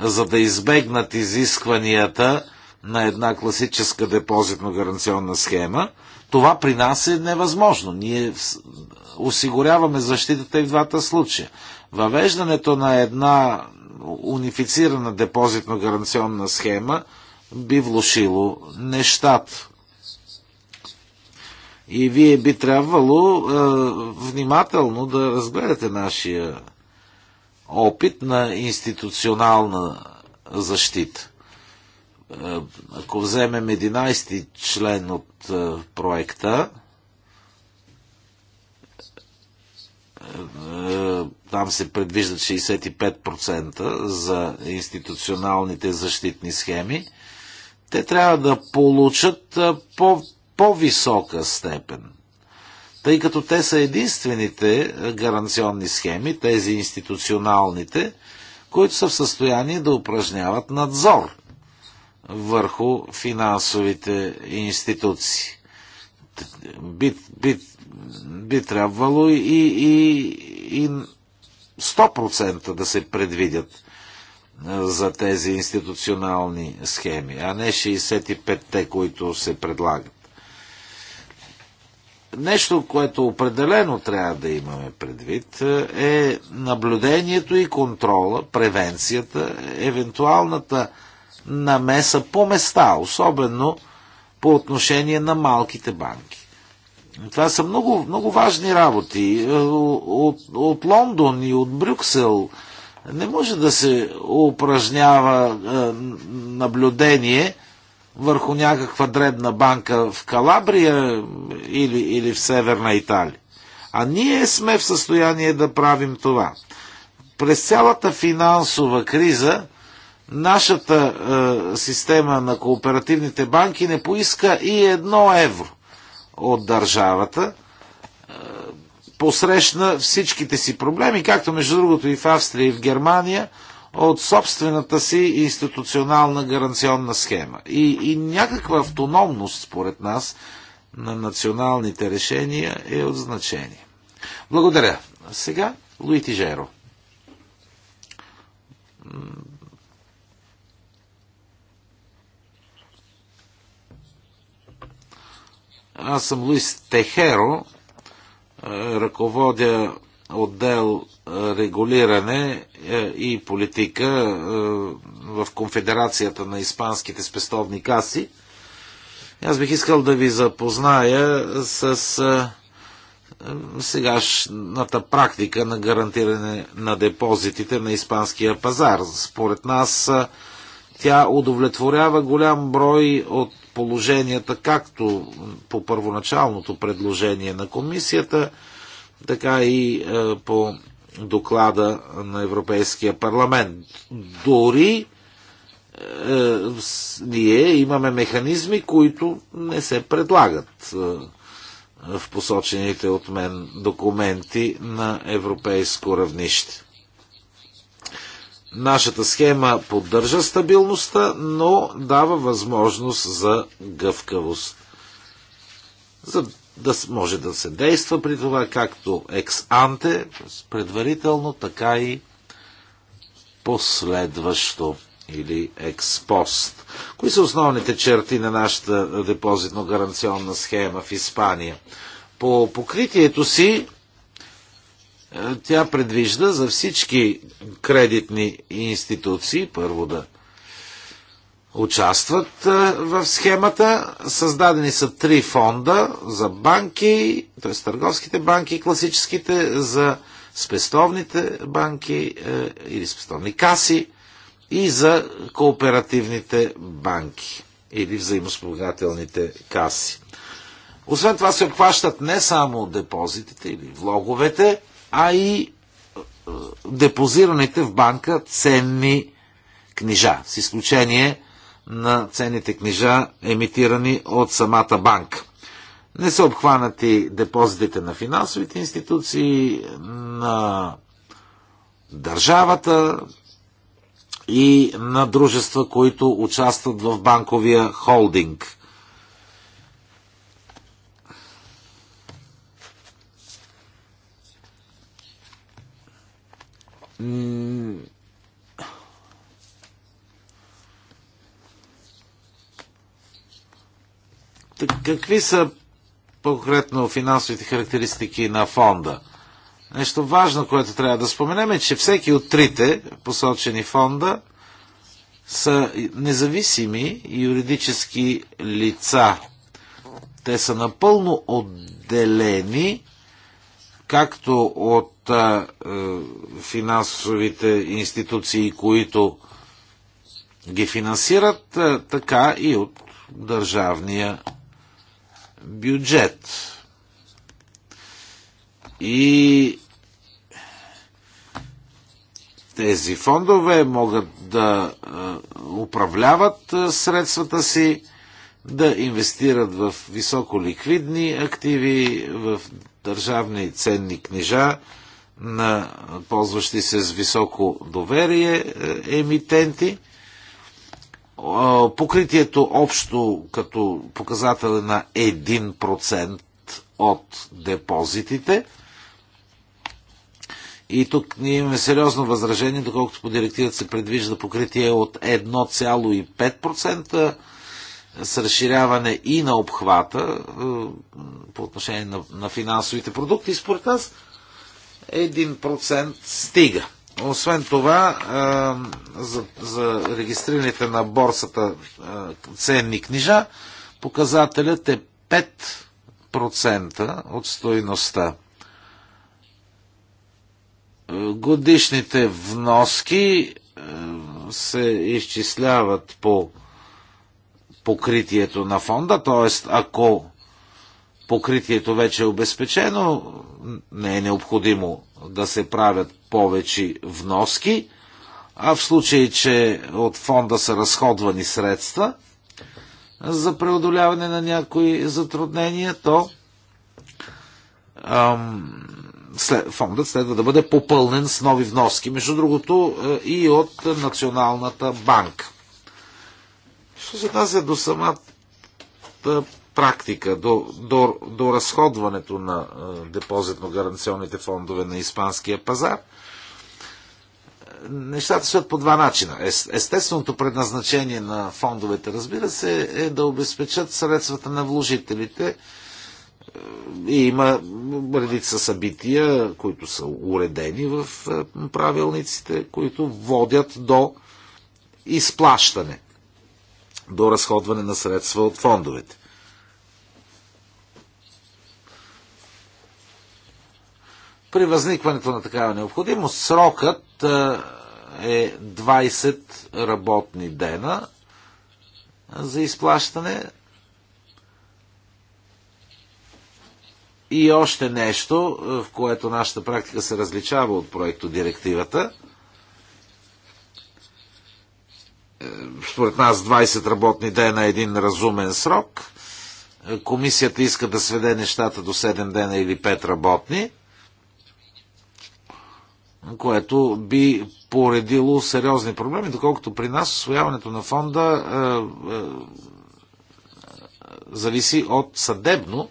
за да избегнат изискванията на една класическа депозитно-гаранционна схема, това при нас е невъзможно. Ние осигуряваме защитата и в двата случая. Въвеждането на една унифицирана депозитно-гаранционна схема би влушило нещата. И вие би трябвало е, внимателно да разгледате нашия опит на институционална защита. Е, ако вземем 11 ти член от е, проекта, е, там се предвиждат 65% за институционалните защитни схеми, те трябва да получат по, по-висока степен. Тъй като те са единствените гаранционни схеми, тези институционалните, които са в състояние да упражняват надзор върху финансовите институции. Би, би, би трябвало и, и, и 100% да се предвидят за тези институционални схеми, а не 65-те, които се предлагат. Нещо, което определено трябва да имаме предвид, е наблюдението и контрола, превенцията, евентуалната намеса по места, особено по отношение на малките банки. Това са много, много важни работи. Е, от, от Лондон и от Брюксел не може да се упражнява е, наблюдение върху някаква дребна банка в Калабрия или, или в Северна Италия. А ние сме в състояние да правим това. През цялата финансова криза Нашата е, система на кооперативните банки не поиска и едно евро от държавата. Е, посрещна всичките си проблеми, както между другото и в Австрия и в Германия, от собствената си институционална гаранционна схема. И, и някаква автономност, според нас, на националните решения е от значение. Благодаря. Сега Луити Жеро. Аз съм Луис Техеро, е, ръководя отдел е, регулиране е, и политика в Конфедерацията на испанските спестовни каси. Аз бих искал да ви запозная с сегашната практика на гарантиране на депозитите на испанския пазар. Според нас тя удовлетворява голям брой от положенията както по първоначалното предложение на комисията, така и е, по доклада на Европейския парламент. Дори е, ние имаме механизми, които не се предлагат е, в посочените от мен документи на европейско равнище. Нашата схема поддържа стабилността, но дава възможност за гъвкавост. За да може да се действа при това както екс-анте, предварително, така и последващо или експост. Кои са основните черти на нашата депозитно-гаранционна схема в Испания? По покритието си е, тя предвижда за всички кредитни институции първо да участват е, в схемата. Създадени са три фонда за банки, т.е. търговските банки, класическите, за спестовните банки е, или спестовни каси и за кооперативните банки или взаимоспомагателните каси. Освен това се обхващат не само депозитите или влоговете, а и е, депозираните в банка ценни книжа, с изключение на ценните книжа, емитирани от самата банка. Не са обхванати депозитите на финансовите институции, на държавата и на дружества, които участват в банковия холдинг. Какви са по-конкретно финансовите характеристики на фонда? Нещо важно, което трябва да споменем е, че всеки от трите посочени фонда са независими юридически лица. Те са напълно отделени както от е, финансовите институции, които ги финансират, е, така и от държавния бюджет. И тези фондове могат да е, управляват средствата си, да инвестират в високо ликвидни активи, в държавни ценни книжа, на ползващи се с високо доверие е, емитенти. Покритието общо като показател е на 1% от депозитите. И тук ние имаме сериозно възражение, доколкото по директивата се предвижда покритие от 1,5% с разширяване и на обхвата по отношение на, на финансовите продукти. според нас 1% стига. Освен това, за, за регистрираните на борсата ценни книжа, показателят е 5% от стоиността. Годишните вноски се изчисляват по покритието на фонда, т.е. ако покритието вече е обезпечено, не е необходимо да се правят повече вноски, а в случай, че от фонда са разходвани средства за преодоляване на някои затруднения, то ам, след, фондът следва да бъде попълнен с нови вноски, между другото е, и от Националната банка. Що се отнася до самата практика, до, до, до разходването на депозитно-гаранционните фондове на испанския пазар, нещата са по два начина. Естественото предназначение на фондовете, разбира се, е да обезпечат средствата на вложителите. Е, и има редица събития, които са уредени в е, правилниците, които водят до изплащане, до разходване на средства от фондовете. При възникването на такава необходимост срокът е 20 работни дена за изплащане. И още нещо, в което нашата практика се различава от проекто директивата. Според нас 20 работни дена е един разумен срок. Комисията иска да сведе нещата до 7 дена или 5 работни което би поредило сериозни проблеми, доколкото при нас освояването на фонда е, е, зависи от съдебно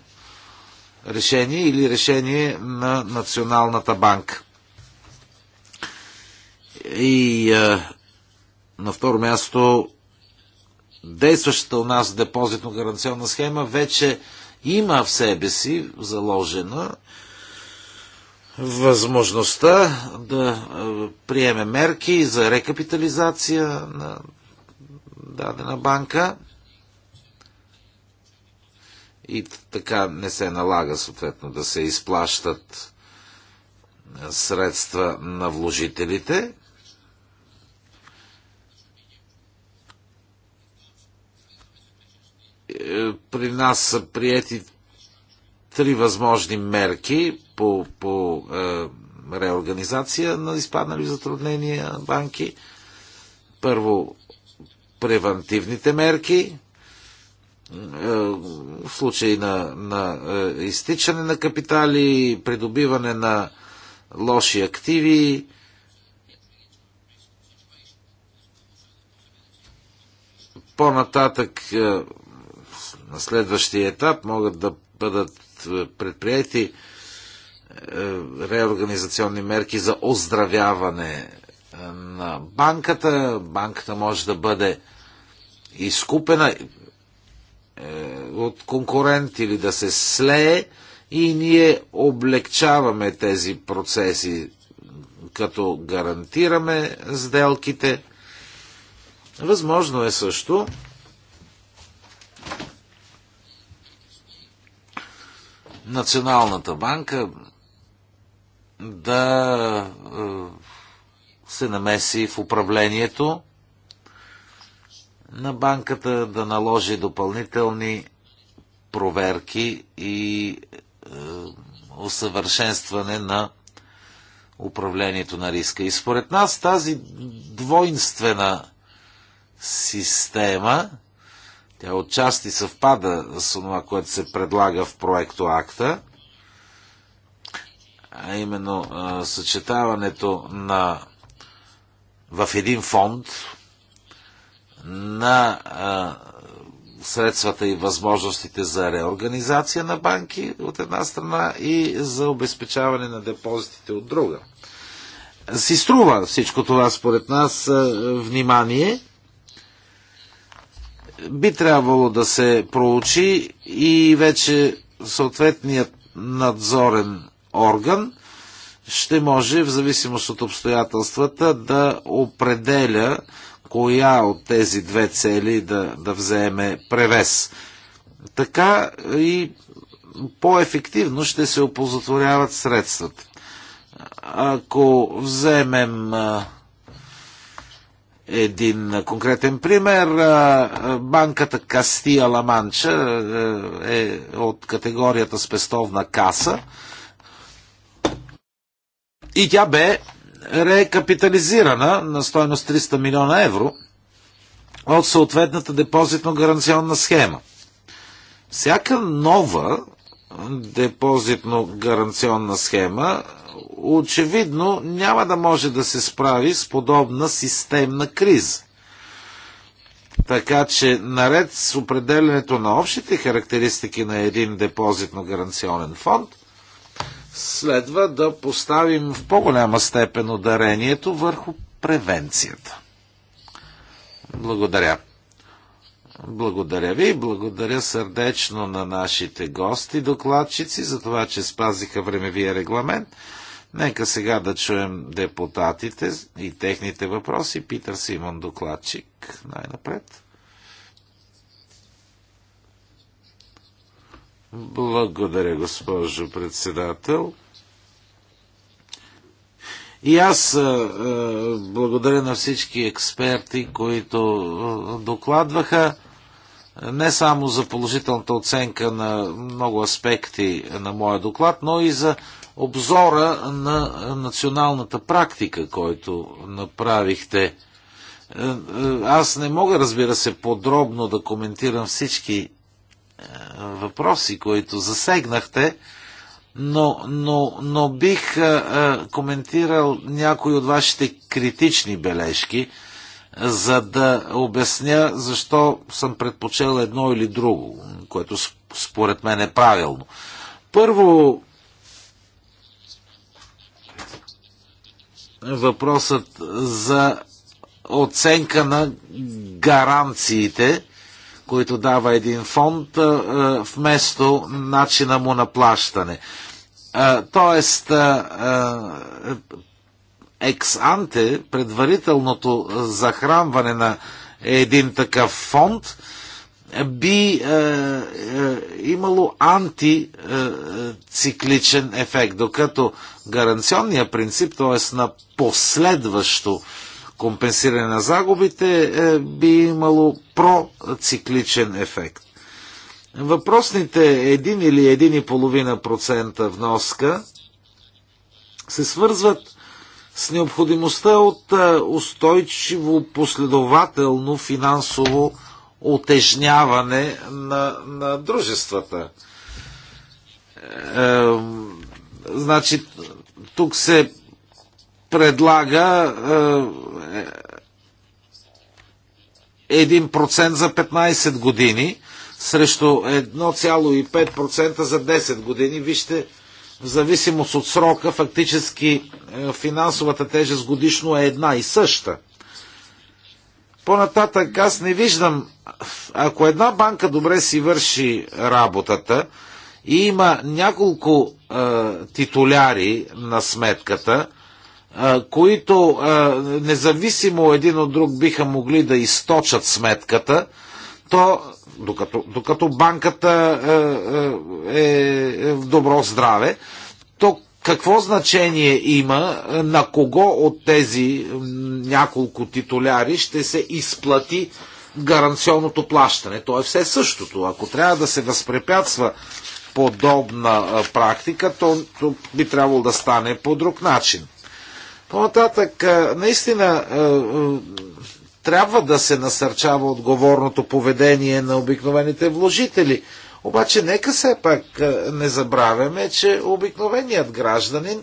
решение или решение на Националната банка. И е, на второ място, действащата у нас депозитно-гаранционна схема вече има в себе си заложена възможността да приеме мерки за рекапитализация на дадена банка и така не се налага съответно да се изплащат средства на вложителите. Е, при нас са приети три възможни мерки по, по е, реорганизация на изпаднали затруднения банки. Първо, превантивните мерки, е, в случай на, на е, изтичане на капитали, придобиване на лоши активи. По-нататък, е, на следващия етап, могат да бъдат предприяти е, реорганизационни мерки за оздравяване е, на банката. Банката може да бъде изкупена е, от конкурент или да се слее и ние облегчаваме тези процеси, като гарантираме сделките. Възможно е също Националната банка да е, се намеси в управлението на банката, да наложи допълнителни проверки и е, усъвършенстване на управлението на риска. И според нас тази двойнствена система, тя отчасти съвпада с това, което се предлага в проекто акта, а именно а, съчетаването на в един фонд на а, средствата и възможностите за реорганизация на банки от една страна и за обезпечаване на депозитите от друга. Си струва всичко това според нас внимание. Би трябвало да се проучи и вече съответният надзорен орган ще може в зависимост от обстоятелствата да определя коя от тези две цели да, да вземе превес. Така и по-ефективно ще се опозотворяват средствата. Ако вземем един конкретен пример. Банката Кастия Ламанча е от категорията спестовна каса и тя бе рекапитализирана на стоеност 300 милиона евро от съответната депозитно-гаранционна схема. Всяка нова депозитно-гаранционна схема очевидно няма да може да се справи с подобна системна криза. Така че, наред с определенето на общите характеристики на един депозитно-гаранционен фонд – следва да поставим в по-голяма степен ударението върху превенцията. Благодаря. Благодаря ви, и благодаря сърдечно на нашите гости, докладчици, за това, че спазиха времевия регламент. Нека сега да чуем депутатите и техните въпроси. Питър Симон, докладчик, най-напред. Благодаря, госпожо председател. И аз е, благодаря на всички експерти, които докладваха не само за положителната оценка на много аспекти на моя доклад, но и за обзора на националната практика, който направихте. Е, е, аз не мога, разбира се, подробно да коментирам всички въпроси, които засегнахте, но, но, но бих а, коментирал някои от вашите критични бележки, за да обясня защо съм предпочел едно или друго, което според мен е правилно. Първо, въпросът за оценка на гаранциите които дава един фонд, вместо начина му на плащане. Тоест, екс-анте, предварителното захранване на един такъв фонд, би е, е, имало антицикличен ефект, докато гаранционния принцип, т.е. на последващо е, компенсиране на загубите е, би имало процикличен ефект. Въпросните 1 или 1,5% вноска се свързват с необходимостта от е, устойчиво последователно финансово отежняване на, на дружествата. Е, значи, тук се предлага е, 1% за 15 години срещу 1,5% за 10 години. Вижте, в зависимост от срока, фактически е, финансовата тежест годишно е една и съща. По-нататък аз не виждам, ако една банка добре си върши работата и има няколко е, титуляри на сметката, които независимо един от друг биха могли да източат сметката, то докато, докато банката е, е в добро здраве, то какво значение има на кого от тези няколко титуляри ще се изплати гаранционното плащане. То е все същото. Ако трябва да се възпрепятства подобна практика, то, то би трябвало да стане по друг начин. По-нататък, наистина, трябва да се насърчава отговорното поведение на обикновените вложители. Обаче нека все пак не забравяме, че обикновеният гражданин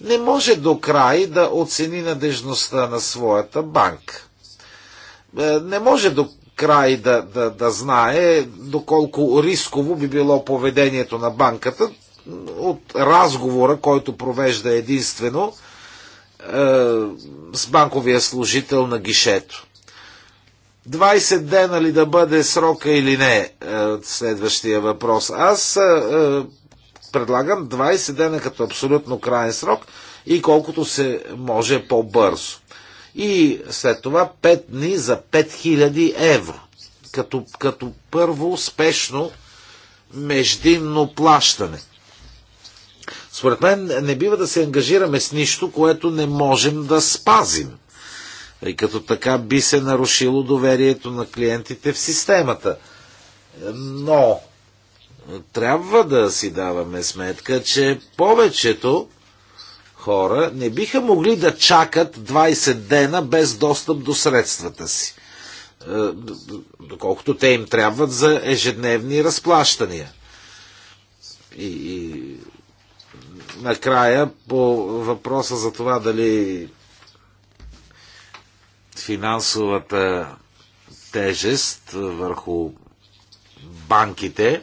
не може до край да оцени надежността на своята банка. Не може до край да, да, да знае доколко рисково би било поведението на банката от разговора, който провежда единствено е, с банковия служител на гишето. 20 дена ли да бъде срока или не, е, следващия въпрос. Аз е, предлагам 20 дена като абсолютно крайен срок и колкото се може по-бързо. И след това 5 дни за 5000 евро. Като, като първо спешно междинно плащане. Според мен не бива да се ангажираме с нищо, което не можем да спазим. И като така би се нарушило доверието на клиентите в системата. Но трябва да си даваме сметка, че повечето хора не биха могли да чакат 20 дена без достъп до средствата си, е, доколкото те им трябват за ежедневни разплащания. И, и накрая по въпроса за това дали финансовата тежест върху банките,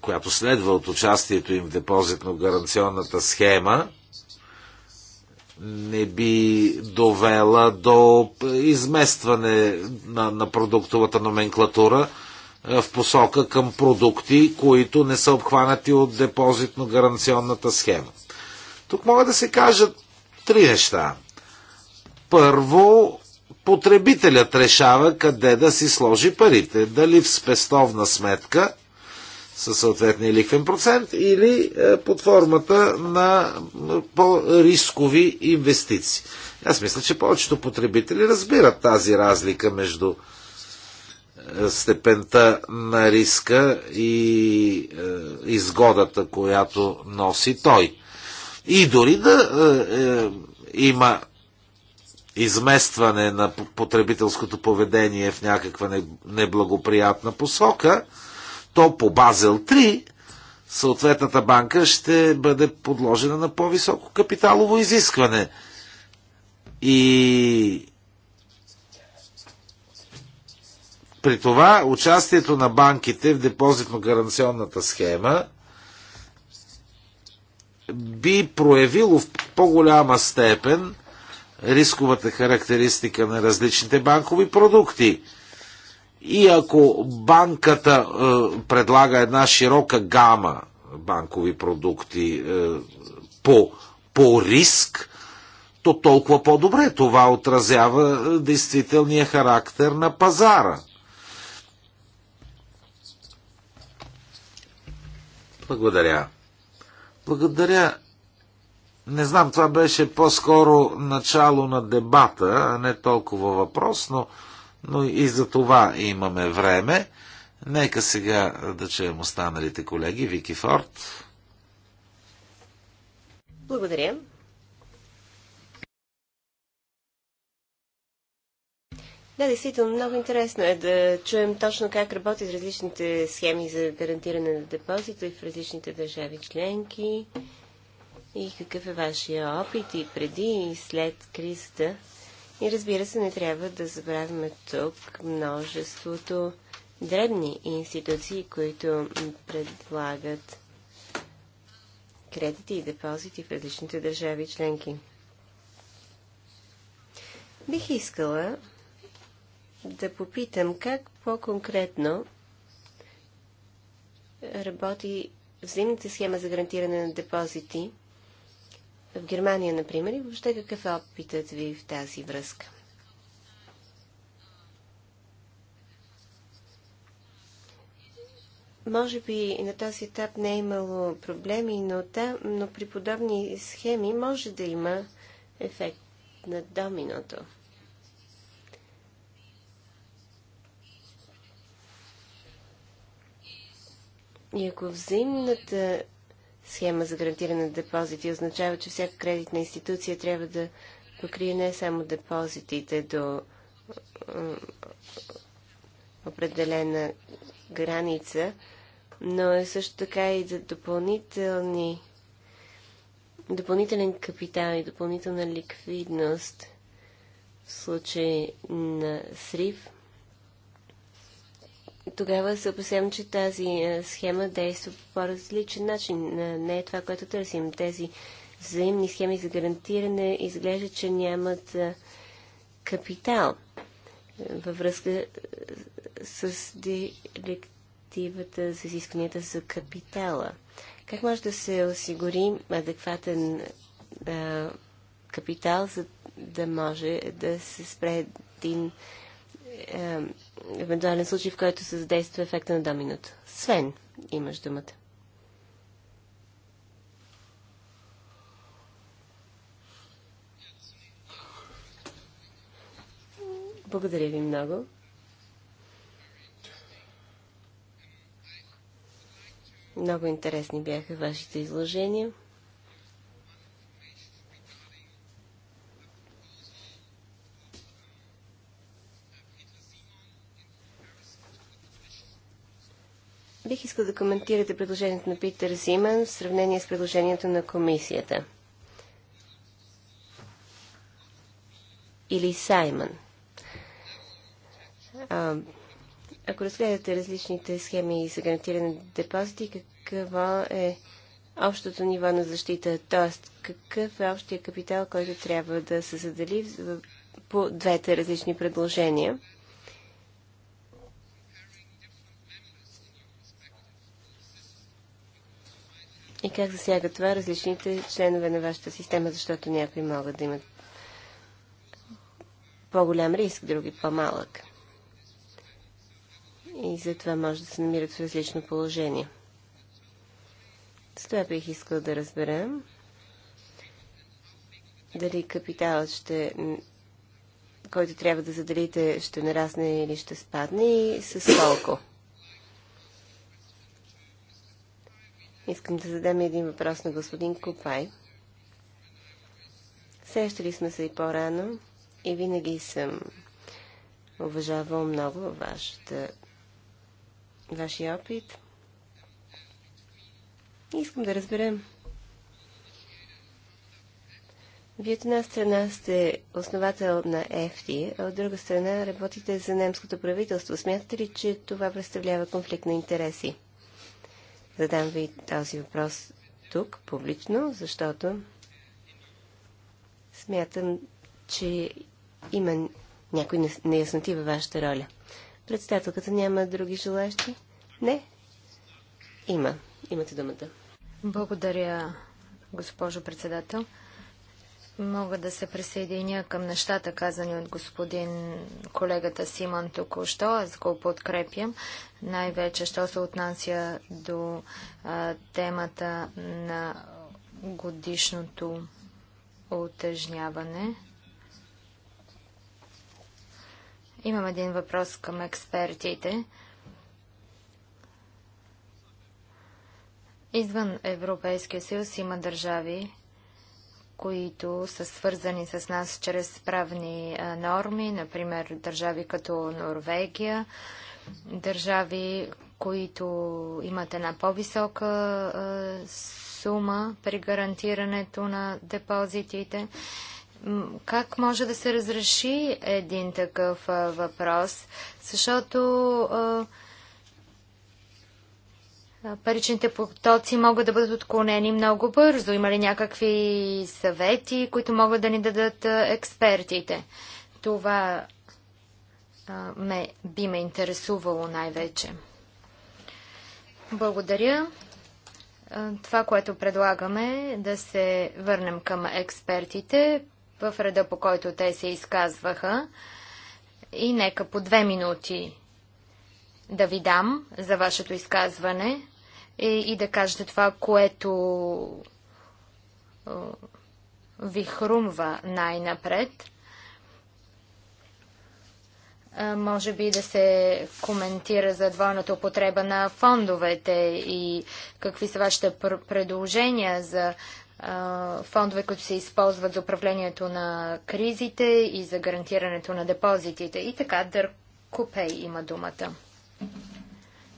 която следва от участието им в депозитно-гаранционната схема, не би довела до изместване на, на продуктовата номенклатура е, в посока към продукти, които не са обхванати от депозитно-гаранционната схема. Тук могат да се кажат три неща. Първо, потребителят решава къде да си сложи парите. Дали в спестовна сметка със съответния лихвен процент или е, под формата на е, по-рискови инвестиции. Аз мисля, че повечето потребители разбират тази разлика между степента на риска и е, изгодата, която носи той. И дори да е, е, има изместване на потребителското поведение в някаква неблагоприятна посока, то по Базел 3 съответната банка ще бъде подложена на по-високо капиталово изискване. И При това участието на банките в депозитно-гаранционната схема би проявило в по-голяма степен рисковата характеристика на различните банкови продукти. И ако банката е, предлага една широка гама банкови продукти е, по, по риск, то толкова по-добре това отразява е, действителния характер на пазара. Благодаря. Благодаря. Не знам, това беше по-скоро начало на дебата, а не толкова въпрос, но, но и за това имаме време. Нека сега да чуем останалите колеги. Вики Форд. Благодаря. Да, действително много интересно е да чуем точно как работят различните схеми за гарантиране на депозита и в различните държави членки и какъв е вашия опит и преди и след кризата. И разбира се, не трябва да забравяме тук множеството дребни институции, които предлагат кредити и депозити в различните държави членки. Бих искала да попитам как по-конкретно работи взаимната схема за гарантиране на депозити в Германия, например, и въобще какъв е опитът ви в тази връзка? Може би на този етап не е имало проблеми, но, та, но при подобни схеми може да има ефект на доминото. И ако взаимната схема за гарантиране на депозити означава, че всяка кредитна институция трябва да покрие не само депозитите до определена граница, но е също така и за допълнителни допълнителен капитал и допълнителна ликвидност в случай на срив – тогава се опасявам, че тази е, схема действа по различен начин. Е, не е това, което търсим. Тези взаимни схеми за гарантиране изглежда, че нямат е, капитал във връзка с директивата за изискванията за капитала. Как може да се осигури адекватен а, капитал, за да може да се спре един а, евентуален случай, в който се задейства ефекта на доминото. Свен, имаш думата. Благодаря ви много. Много интересни бяха вашите изложения. Бих искал да коментирате предложението на Питер Зимен в сравнение с предложението на комисията. Или Саймън. А, ако разгледате различните схеми за гарантиране на депозити, какво е общото ниво на защита, т.е. какъв е общия капитал, който трябва да се задели по двете различни предложения? И как засяга това различните членове на вашата система, защото някои могат да имат по-голям риск, други по-малък. И затова може да се намират в различно положение. С това бих искал да разбера дали капиталът ще който трябва да заделите, ще нарасне или ще спадне и с колко. Искам да задам един въпрос на господин Купай. Сещали сме се и по-рано и винаги съм уважавал много вашата, вашия опит. Искам да разберем. Вие от една страна сте основател на ЕФТИ, а от друга страна работите за немското правителство. Смятате ли, че това представлява конфликт на интереси? задам ви този въпрос тук, публично, защото смятам, че има някои неясноти във вашата роля. Председателката няма други желащи? Не? Има. Имате думата. Благодаря, госпожо председател. Мога да се присъединя към нещата, казани от господин колегата Симон току-що. Аз го подкрепям. Най-вече, що се отнася до а, темата на годишното отъжняване. Имам един въпрос към експертите. Извън Европейския съюз има държави, които са свързани с нас чрез правни норми, например държави като Норвегия, държави, които имат една по-висока сума при гарантирането на депозитите. Как може да се разреши един такъв въпрос? Защото а, паричните потоци могат да бъдат отклонени много бързо? Има ли някакви съвети, които могат да ни дадат експертите? Това а, ме, би ме интересувало най-вече. Благодаря. Това, което предлагаме е да се върнем към експертите в реда по който те се изказваха и нека по две минути да ви дам за вашето изказване и, е, и да кажете това, което ви хрумва най-напред. Може би да се коментира за двойната употреба на фондовете и какви са вашите предложения за фондове, които се използват за управлението на кризите и за гарантирането на депозитите. И така, купей има думата.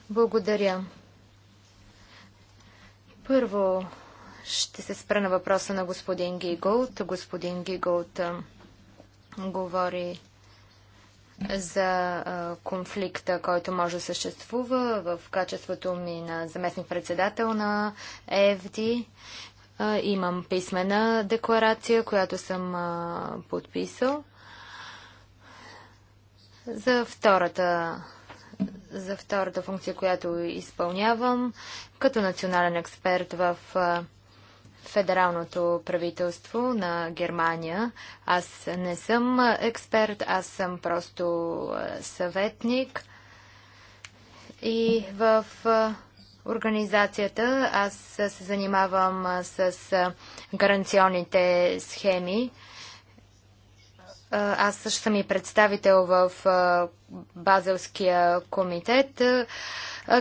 Благодаря. Първо ще се спра на въпроса на господин Гиголт. Господин Гиголт говори за конфликта, който може да съществува в качеството ми на заместник-председател на ЕФДИ. Имам писмена декларация, която съм подписал. За втората за втората функция, която изпълнявам като национален експерт в федералното правителство на Германия. Аз не съм експерт, аз съм просто съветник. И в организацията аз се занимавам с гаранционните схеми. Аз също съм и представител в Базелския комитет,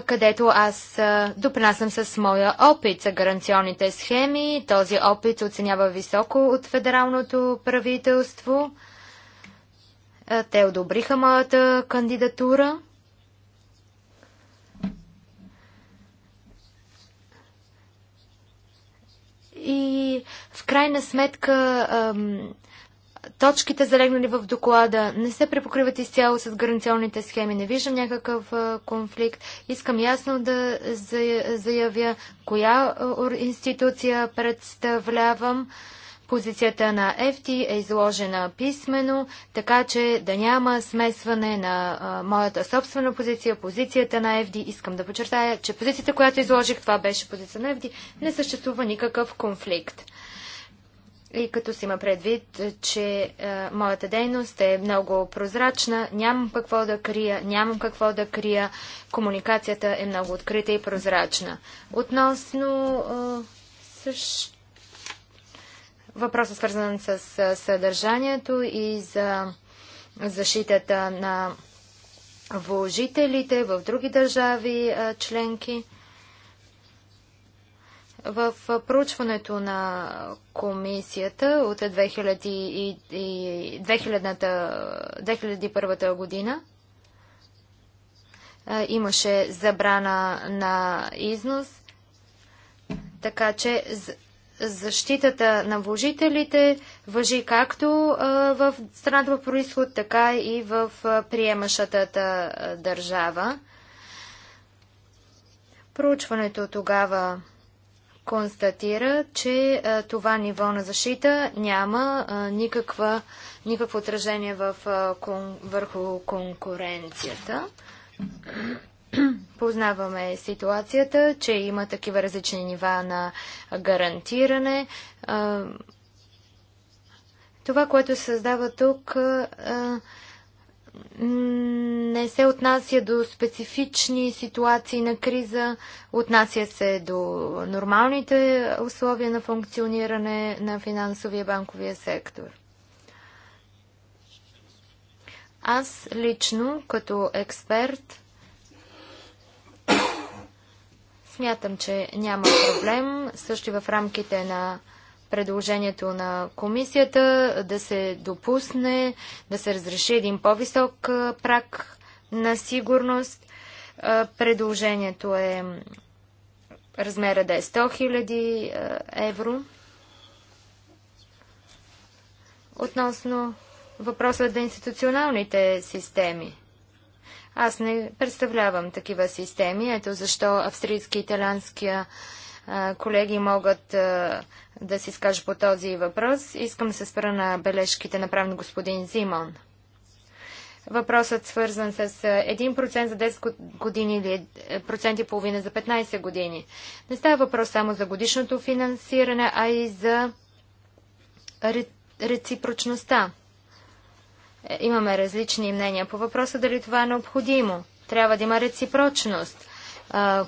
където аз допринасям с моя опит за гаранционните схеми. Този опит оценява високо от федералното правителство. Те одобриха моята кандидатура. И в крайна сметка точките залегнали в доклада не се препокриват изцяло с гаранционните схеми. Не виждам някакъв конфликт. Искам ясно да заявя коя институция представлявам. Позицията на ЕФТИ е изложена писменно, така че да няма смесване на а, моята собствена позиция, позицията на ЕФДИ. Искам да подчертая, че позицията, която изложих, това беше позиция на ЕФДИ, не съществува никакъв конфликт. И като си има предвид, че а, е, моята дейност е много прозрачна, нямам какво да крия, нямам какво да крия, комуникацията е много открита и прозрачна. Относно а, е, същ... въпроса свързан с е, съдържанието и за защитата на вложителите в други държави а, членки – в проучването на комисията от 2001 година имаше забрана на износ, така че защитата на вложителите въжи както в страната в происход, така и в приемащата държава. Проучването тогава констатира, че това ниво на защита няма никаква, никакво отражение в, върху конкуренцията. Познаваме ситуацията, че има такива различни нива на гарантиране. Това, което се създава тук, не се отнася до специфични ситуации на криза, отнася се до нормалните условия на функциониране на финансовия банковия сектор. Аз лично, като експерт, смятам, че няма проблем, също в рамките на предложението на комисията да се допусне, да се разреши един по-висок прак на сигурност. Предложението е размера да е 100 000 евро. Относно въпроса за институционалните системи. Аз не представлявам такива системи. Ето защо австрийски и италянския колеги могат да се изкажат по този въпрос. Искам да се спра на бележките, направени господин Зимон. Въпросът свързан с 1% за 10 години или е, процент и половина за 15 години. Не става въпрос само за годишното финансиране, а и за реципрочността. Е, имаме различни мнения по въпроса дали това е необходимо. Трябва да има реципрочност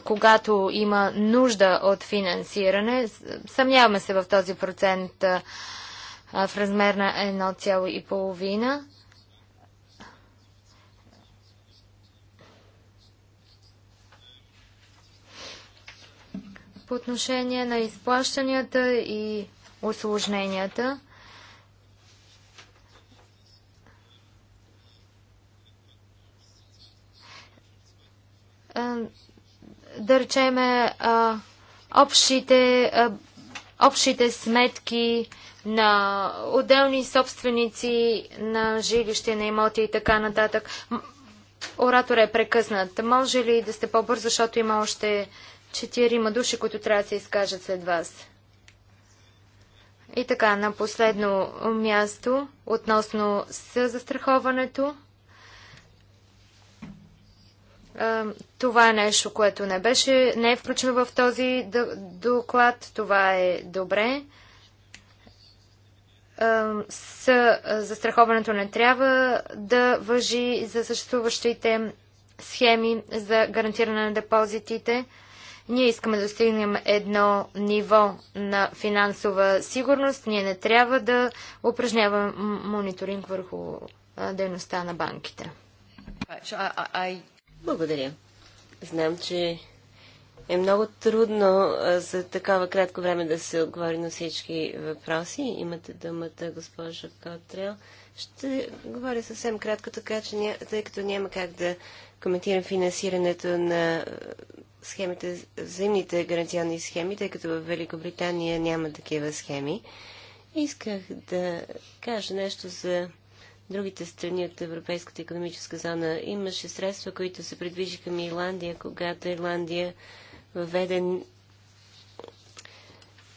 когато има нужда от финансиране. Съмняваме се в този процент в размер на 1,5. По отношение на изплащанията и осложненията, да речеме, общите, общите сметки на отделни собственици на жилище, на имоти и така нататък. Оратора е прекъснат. Може ли да сте по-бързо, защото има още четирима души, които трябва да се изкажат след вас? И така, на последно място, относно съзастраховането. Това е нещо, което не беше, не е включено в този доклад. Това е добре. С застраховането не трябва да въжи за съществуващите схеми за гарантиране на депозитите. Ние искаме да достигнем едно ниво на финансова сигурност. Ние не трябва да упражняваме мониторинг върху дейността на банките. I, I, благодаря. Знам, че е много трудно за такова кратко време да се отговори на всички въпроси. Имате думата, госпожа Котрел. Ще говоря съвсем кратко, така че ня... тъй като няма как да коментирам финансирането на схемите, взаимните гаранционни схеми, тъй като в Великобритания няма такива схеми. Исках да кажа нещо за другите страни от Европейската економическа зона. Имаше средства, които се придвижиха към Ирландия, когато Ирландия въведе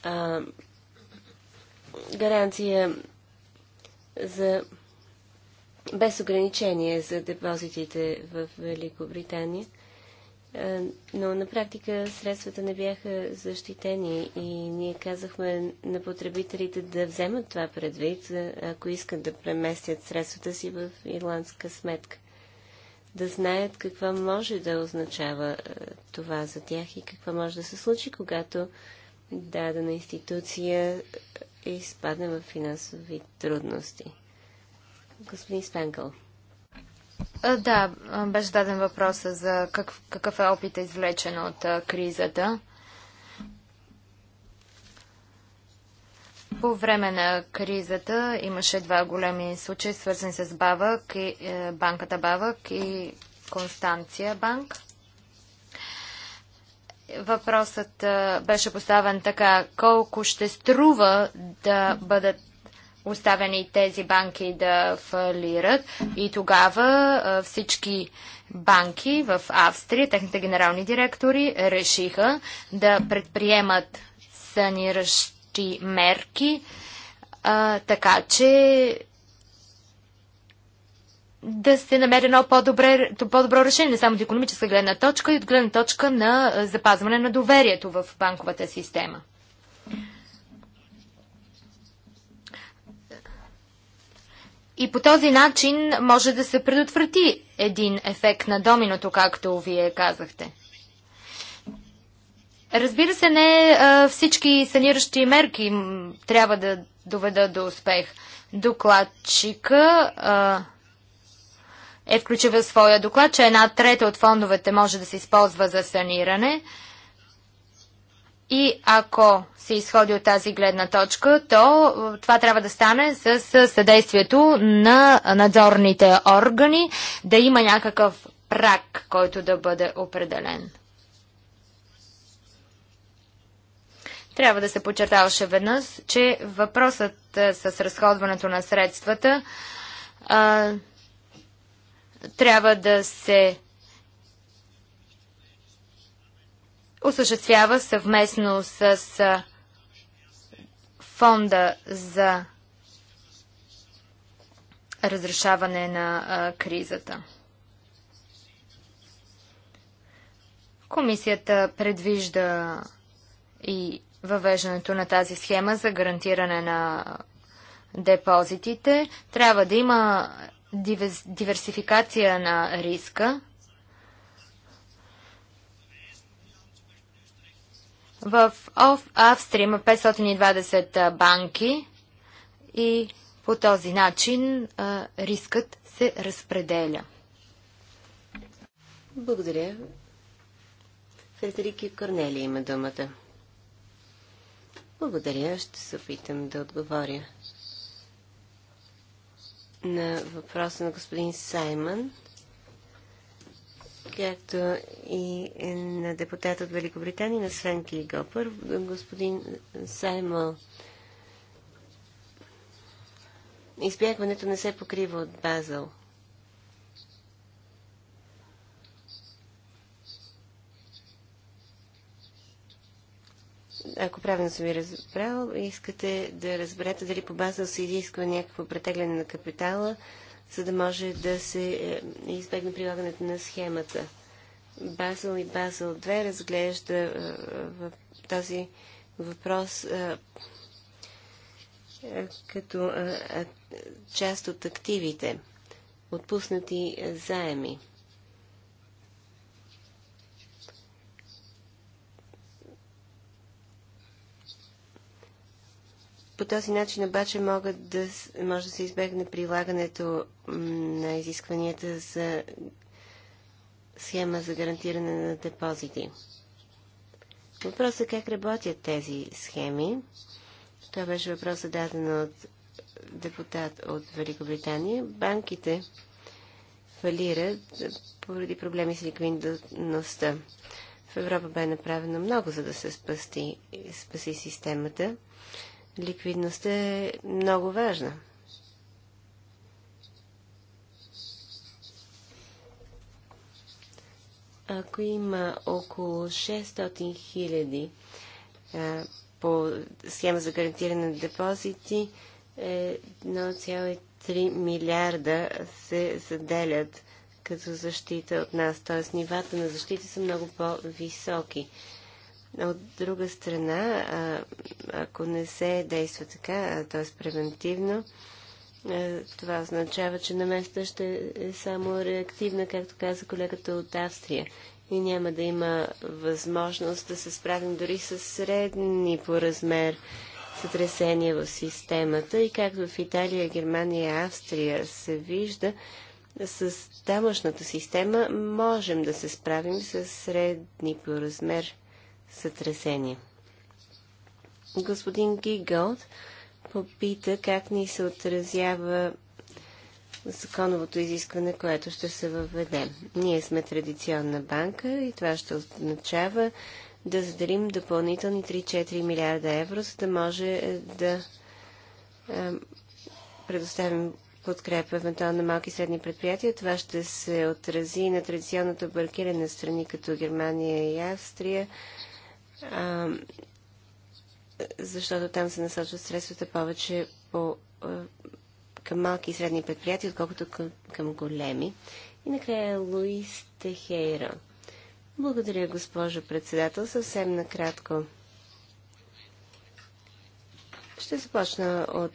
а, гаранция за без ограничение за депозитите в Великобритания. Е, но на практика средствата не бяха защитени и ние казахме на потребителите да вземат това предвид, е, ако искат да преместят средствата си в ирландска сметка. Да знаят какво може да означава е, това за тях и какво може да се случи, когато дадена институция изпадне в финансови трудности. Господин Спенкъл. Да, беше даден въпроса за какъв, какъв е опит е извлечен от а, кризата. По време на кризата имаше два големи случаи, свързани с Бавък и, е, банката Бавък и Констанция банк. Въпросът а, беше поставен така, колко ще струва да бъдат оставени тези банки да фалират и тогава всички банки в Австрия, техните генерални директори решиха да предприемат саниращи мерки, така че да се намери едно по по-добро решение, не само от економическа гледна точка, и от гледна точка на запазване на доверието в банковата система. И по този начин може да се предотврати един ефект на доминото, както вие казахте. Разбира се, не всички саниращи мерки трябва да доведат до успех. Докладчика е включил в своя доклад, че една трета от фондовете може да се използва за саниране. И ако се изходи от тази гледна точка, то е, това трябва да стане с съдействието на надзорните органи, да има някакъв прак, който да бъде определен. Трябва да се подчертаваше веднъж, че въпросът е, с разходването на средствата а, е, трябва да се осъществява съвместно с фонда за разрешаване на кризата. Комисията предвижда и въвеждането на тази схема за гарантиране на депозитите. Трябва да има диверсификация на риска. В Австрия има 520 банки и по този начин рискът се разпределя. Благодаря. Фредерики Корнели има думата. Благодаря. Ще се опитам да отговоря на въпроса на господин Саймън както и е на депутат от Великобритания, на Свен Кигъл. Първо, господин Саймо, избягването не се покрива от Базъл. ако правилно съм ви разбрал, искате да разберете дали по база се изисква някакво претегляне на капитала за да може да се е, избегне прилагането на схемата. Базел и Базел 2 разглежда е, този въпрос е, като част от активите, отпуснати заеми. По този начин обаче могат да, може да се избегне прилагането на изискванията за схема за гарантиране на депозити. Въпросът е как работят тези схеми. Това беше въпрос даден от депутат от Великобритания. Банките фалират поради проблеми с ликвидността. В Европа бе направено много, за да се спасти, спаси системата ликвидността е много важна. Ако има около 600 хиляди по схема за гарантиране на депозити, 1,3 милиарда се заделят като защита от нас. Т.е. нивата на защита са много по-високи. От друга страна, ако не се действа така, т.е. превентивно, това означава, че на места ще е само реактивна, както каза колегата от Австрия. И няма да има възможност да се справим дори с средни по размер сътресения в системата. И както в Италия, Германия и Австрия се вижда, с тамошната система можем да се справим с средни по размер сътресение. Господин Гиголд попита как ни се отразява законовото изискване, което ще се въведе. Ние сме традиционна банка и това ще означава да заделим допълнителни 3-4 милиарда евро, за да може е, да е, предоставим подкрепа евентуално на малки и средни предприятия. Това ще се отрази на традиционното баркиране на страни като Германия и Австрия, а, защото там се насочват средствата повече по, а, към малки и средни предприятия, отколкото към, към големи. И накрая Луис Техейра. Благодаря, госпожо председател. Съвсем накратко. Ще започна от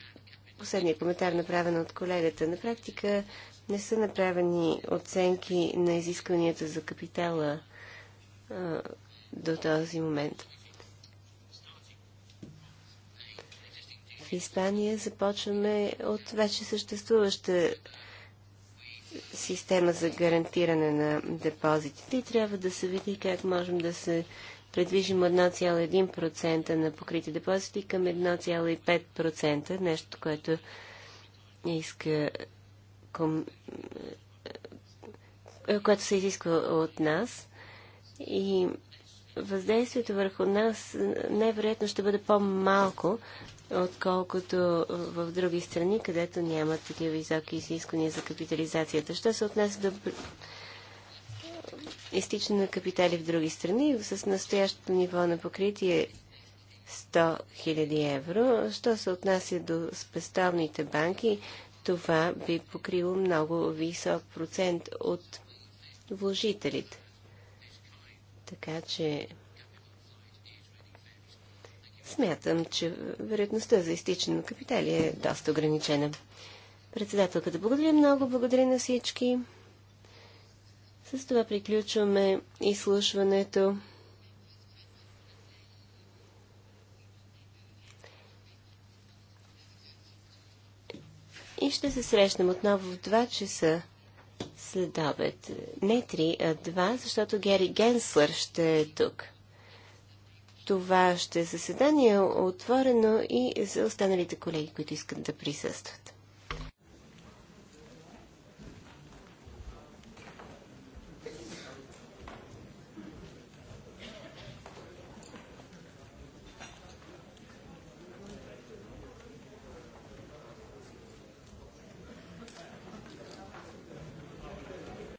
последния коментар, направен от колегата. На практика не са направени оценки на изискванията за капитала а, до този момент. В Испания започваме от вече съществуваща система за гарантиране на депозитите и трябва да се види как можем да се предвижим 1,1% на покрити депозити към 1,5%, нещо, което иска ком... Е, е, което се изисква от нас. И въздействието върху нас най-вероятно ще бъде по-малко, отколкото в други страни, където няма такива високи изисквания за капитализацията. Що се отнася до изтичане на капитали в други страни, с настоящото ниво на покритие 100 000 евро. Що се отнася до спестовните банки, това би покрило много висок процент от вложителите. Така че смятам, че вероятността за изтичане на капитали е доста ограничена. Председателката, благодаря много, благодаря на всички. С това приключваме изслушването. И ще се срещнем отново в 2 часа след обед. Не три, а два, защото Гери Генслър ще е тук. Това ще е заседание отворено и за останалите колеги, които искат да присъстват.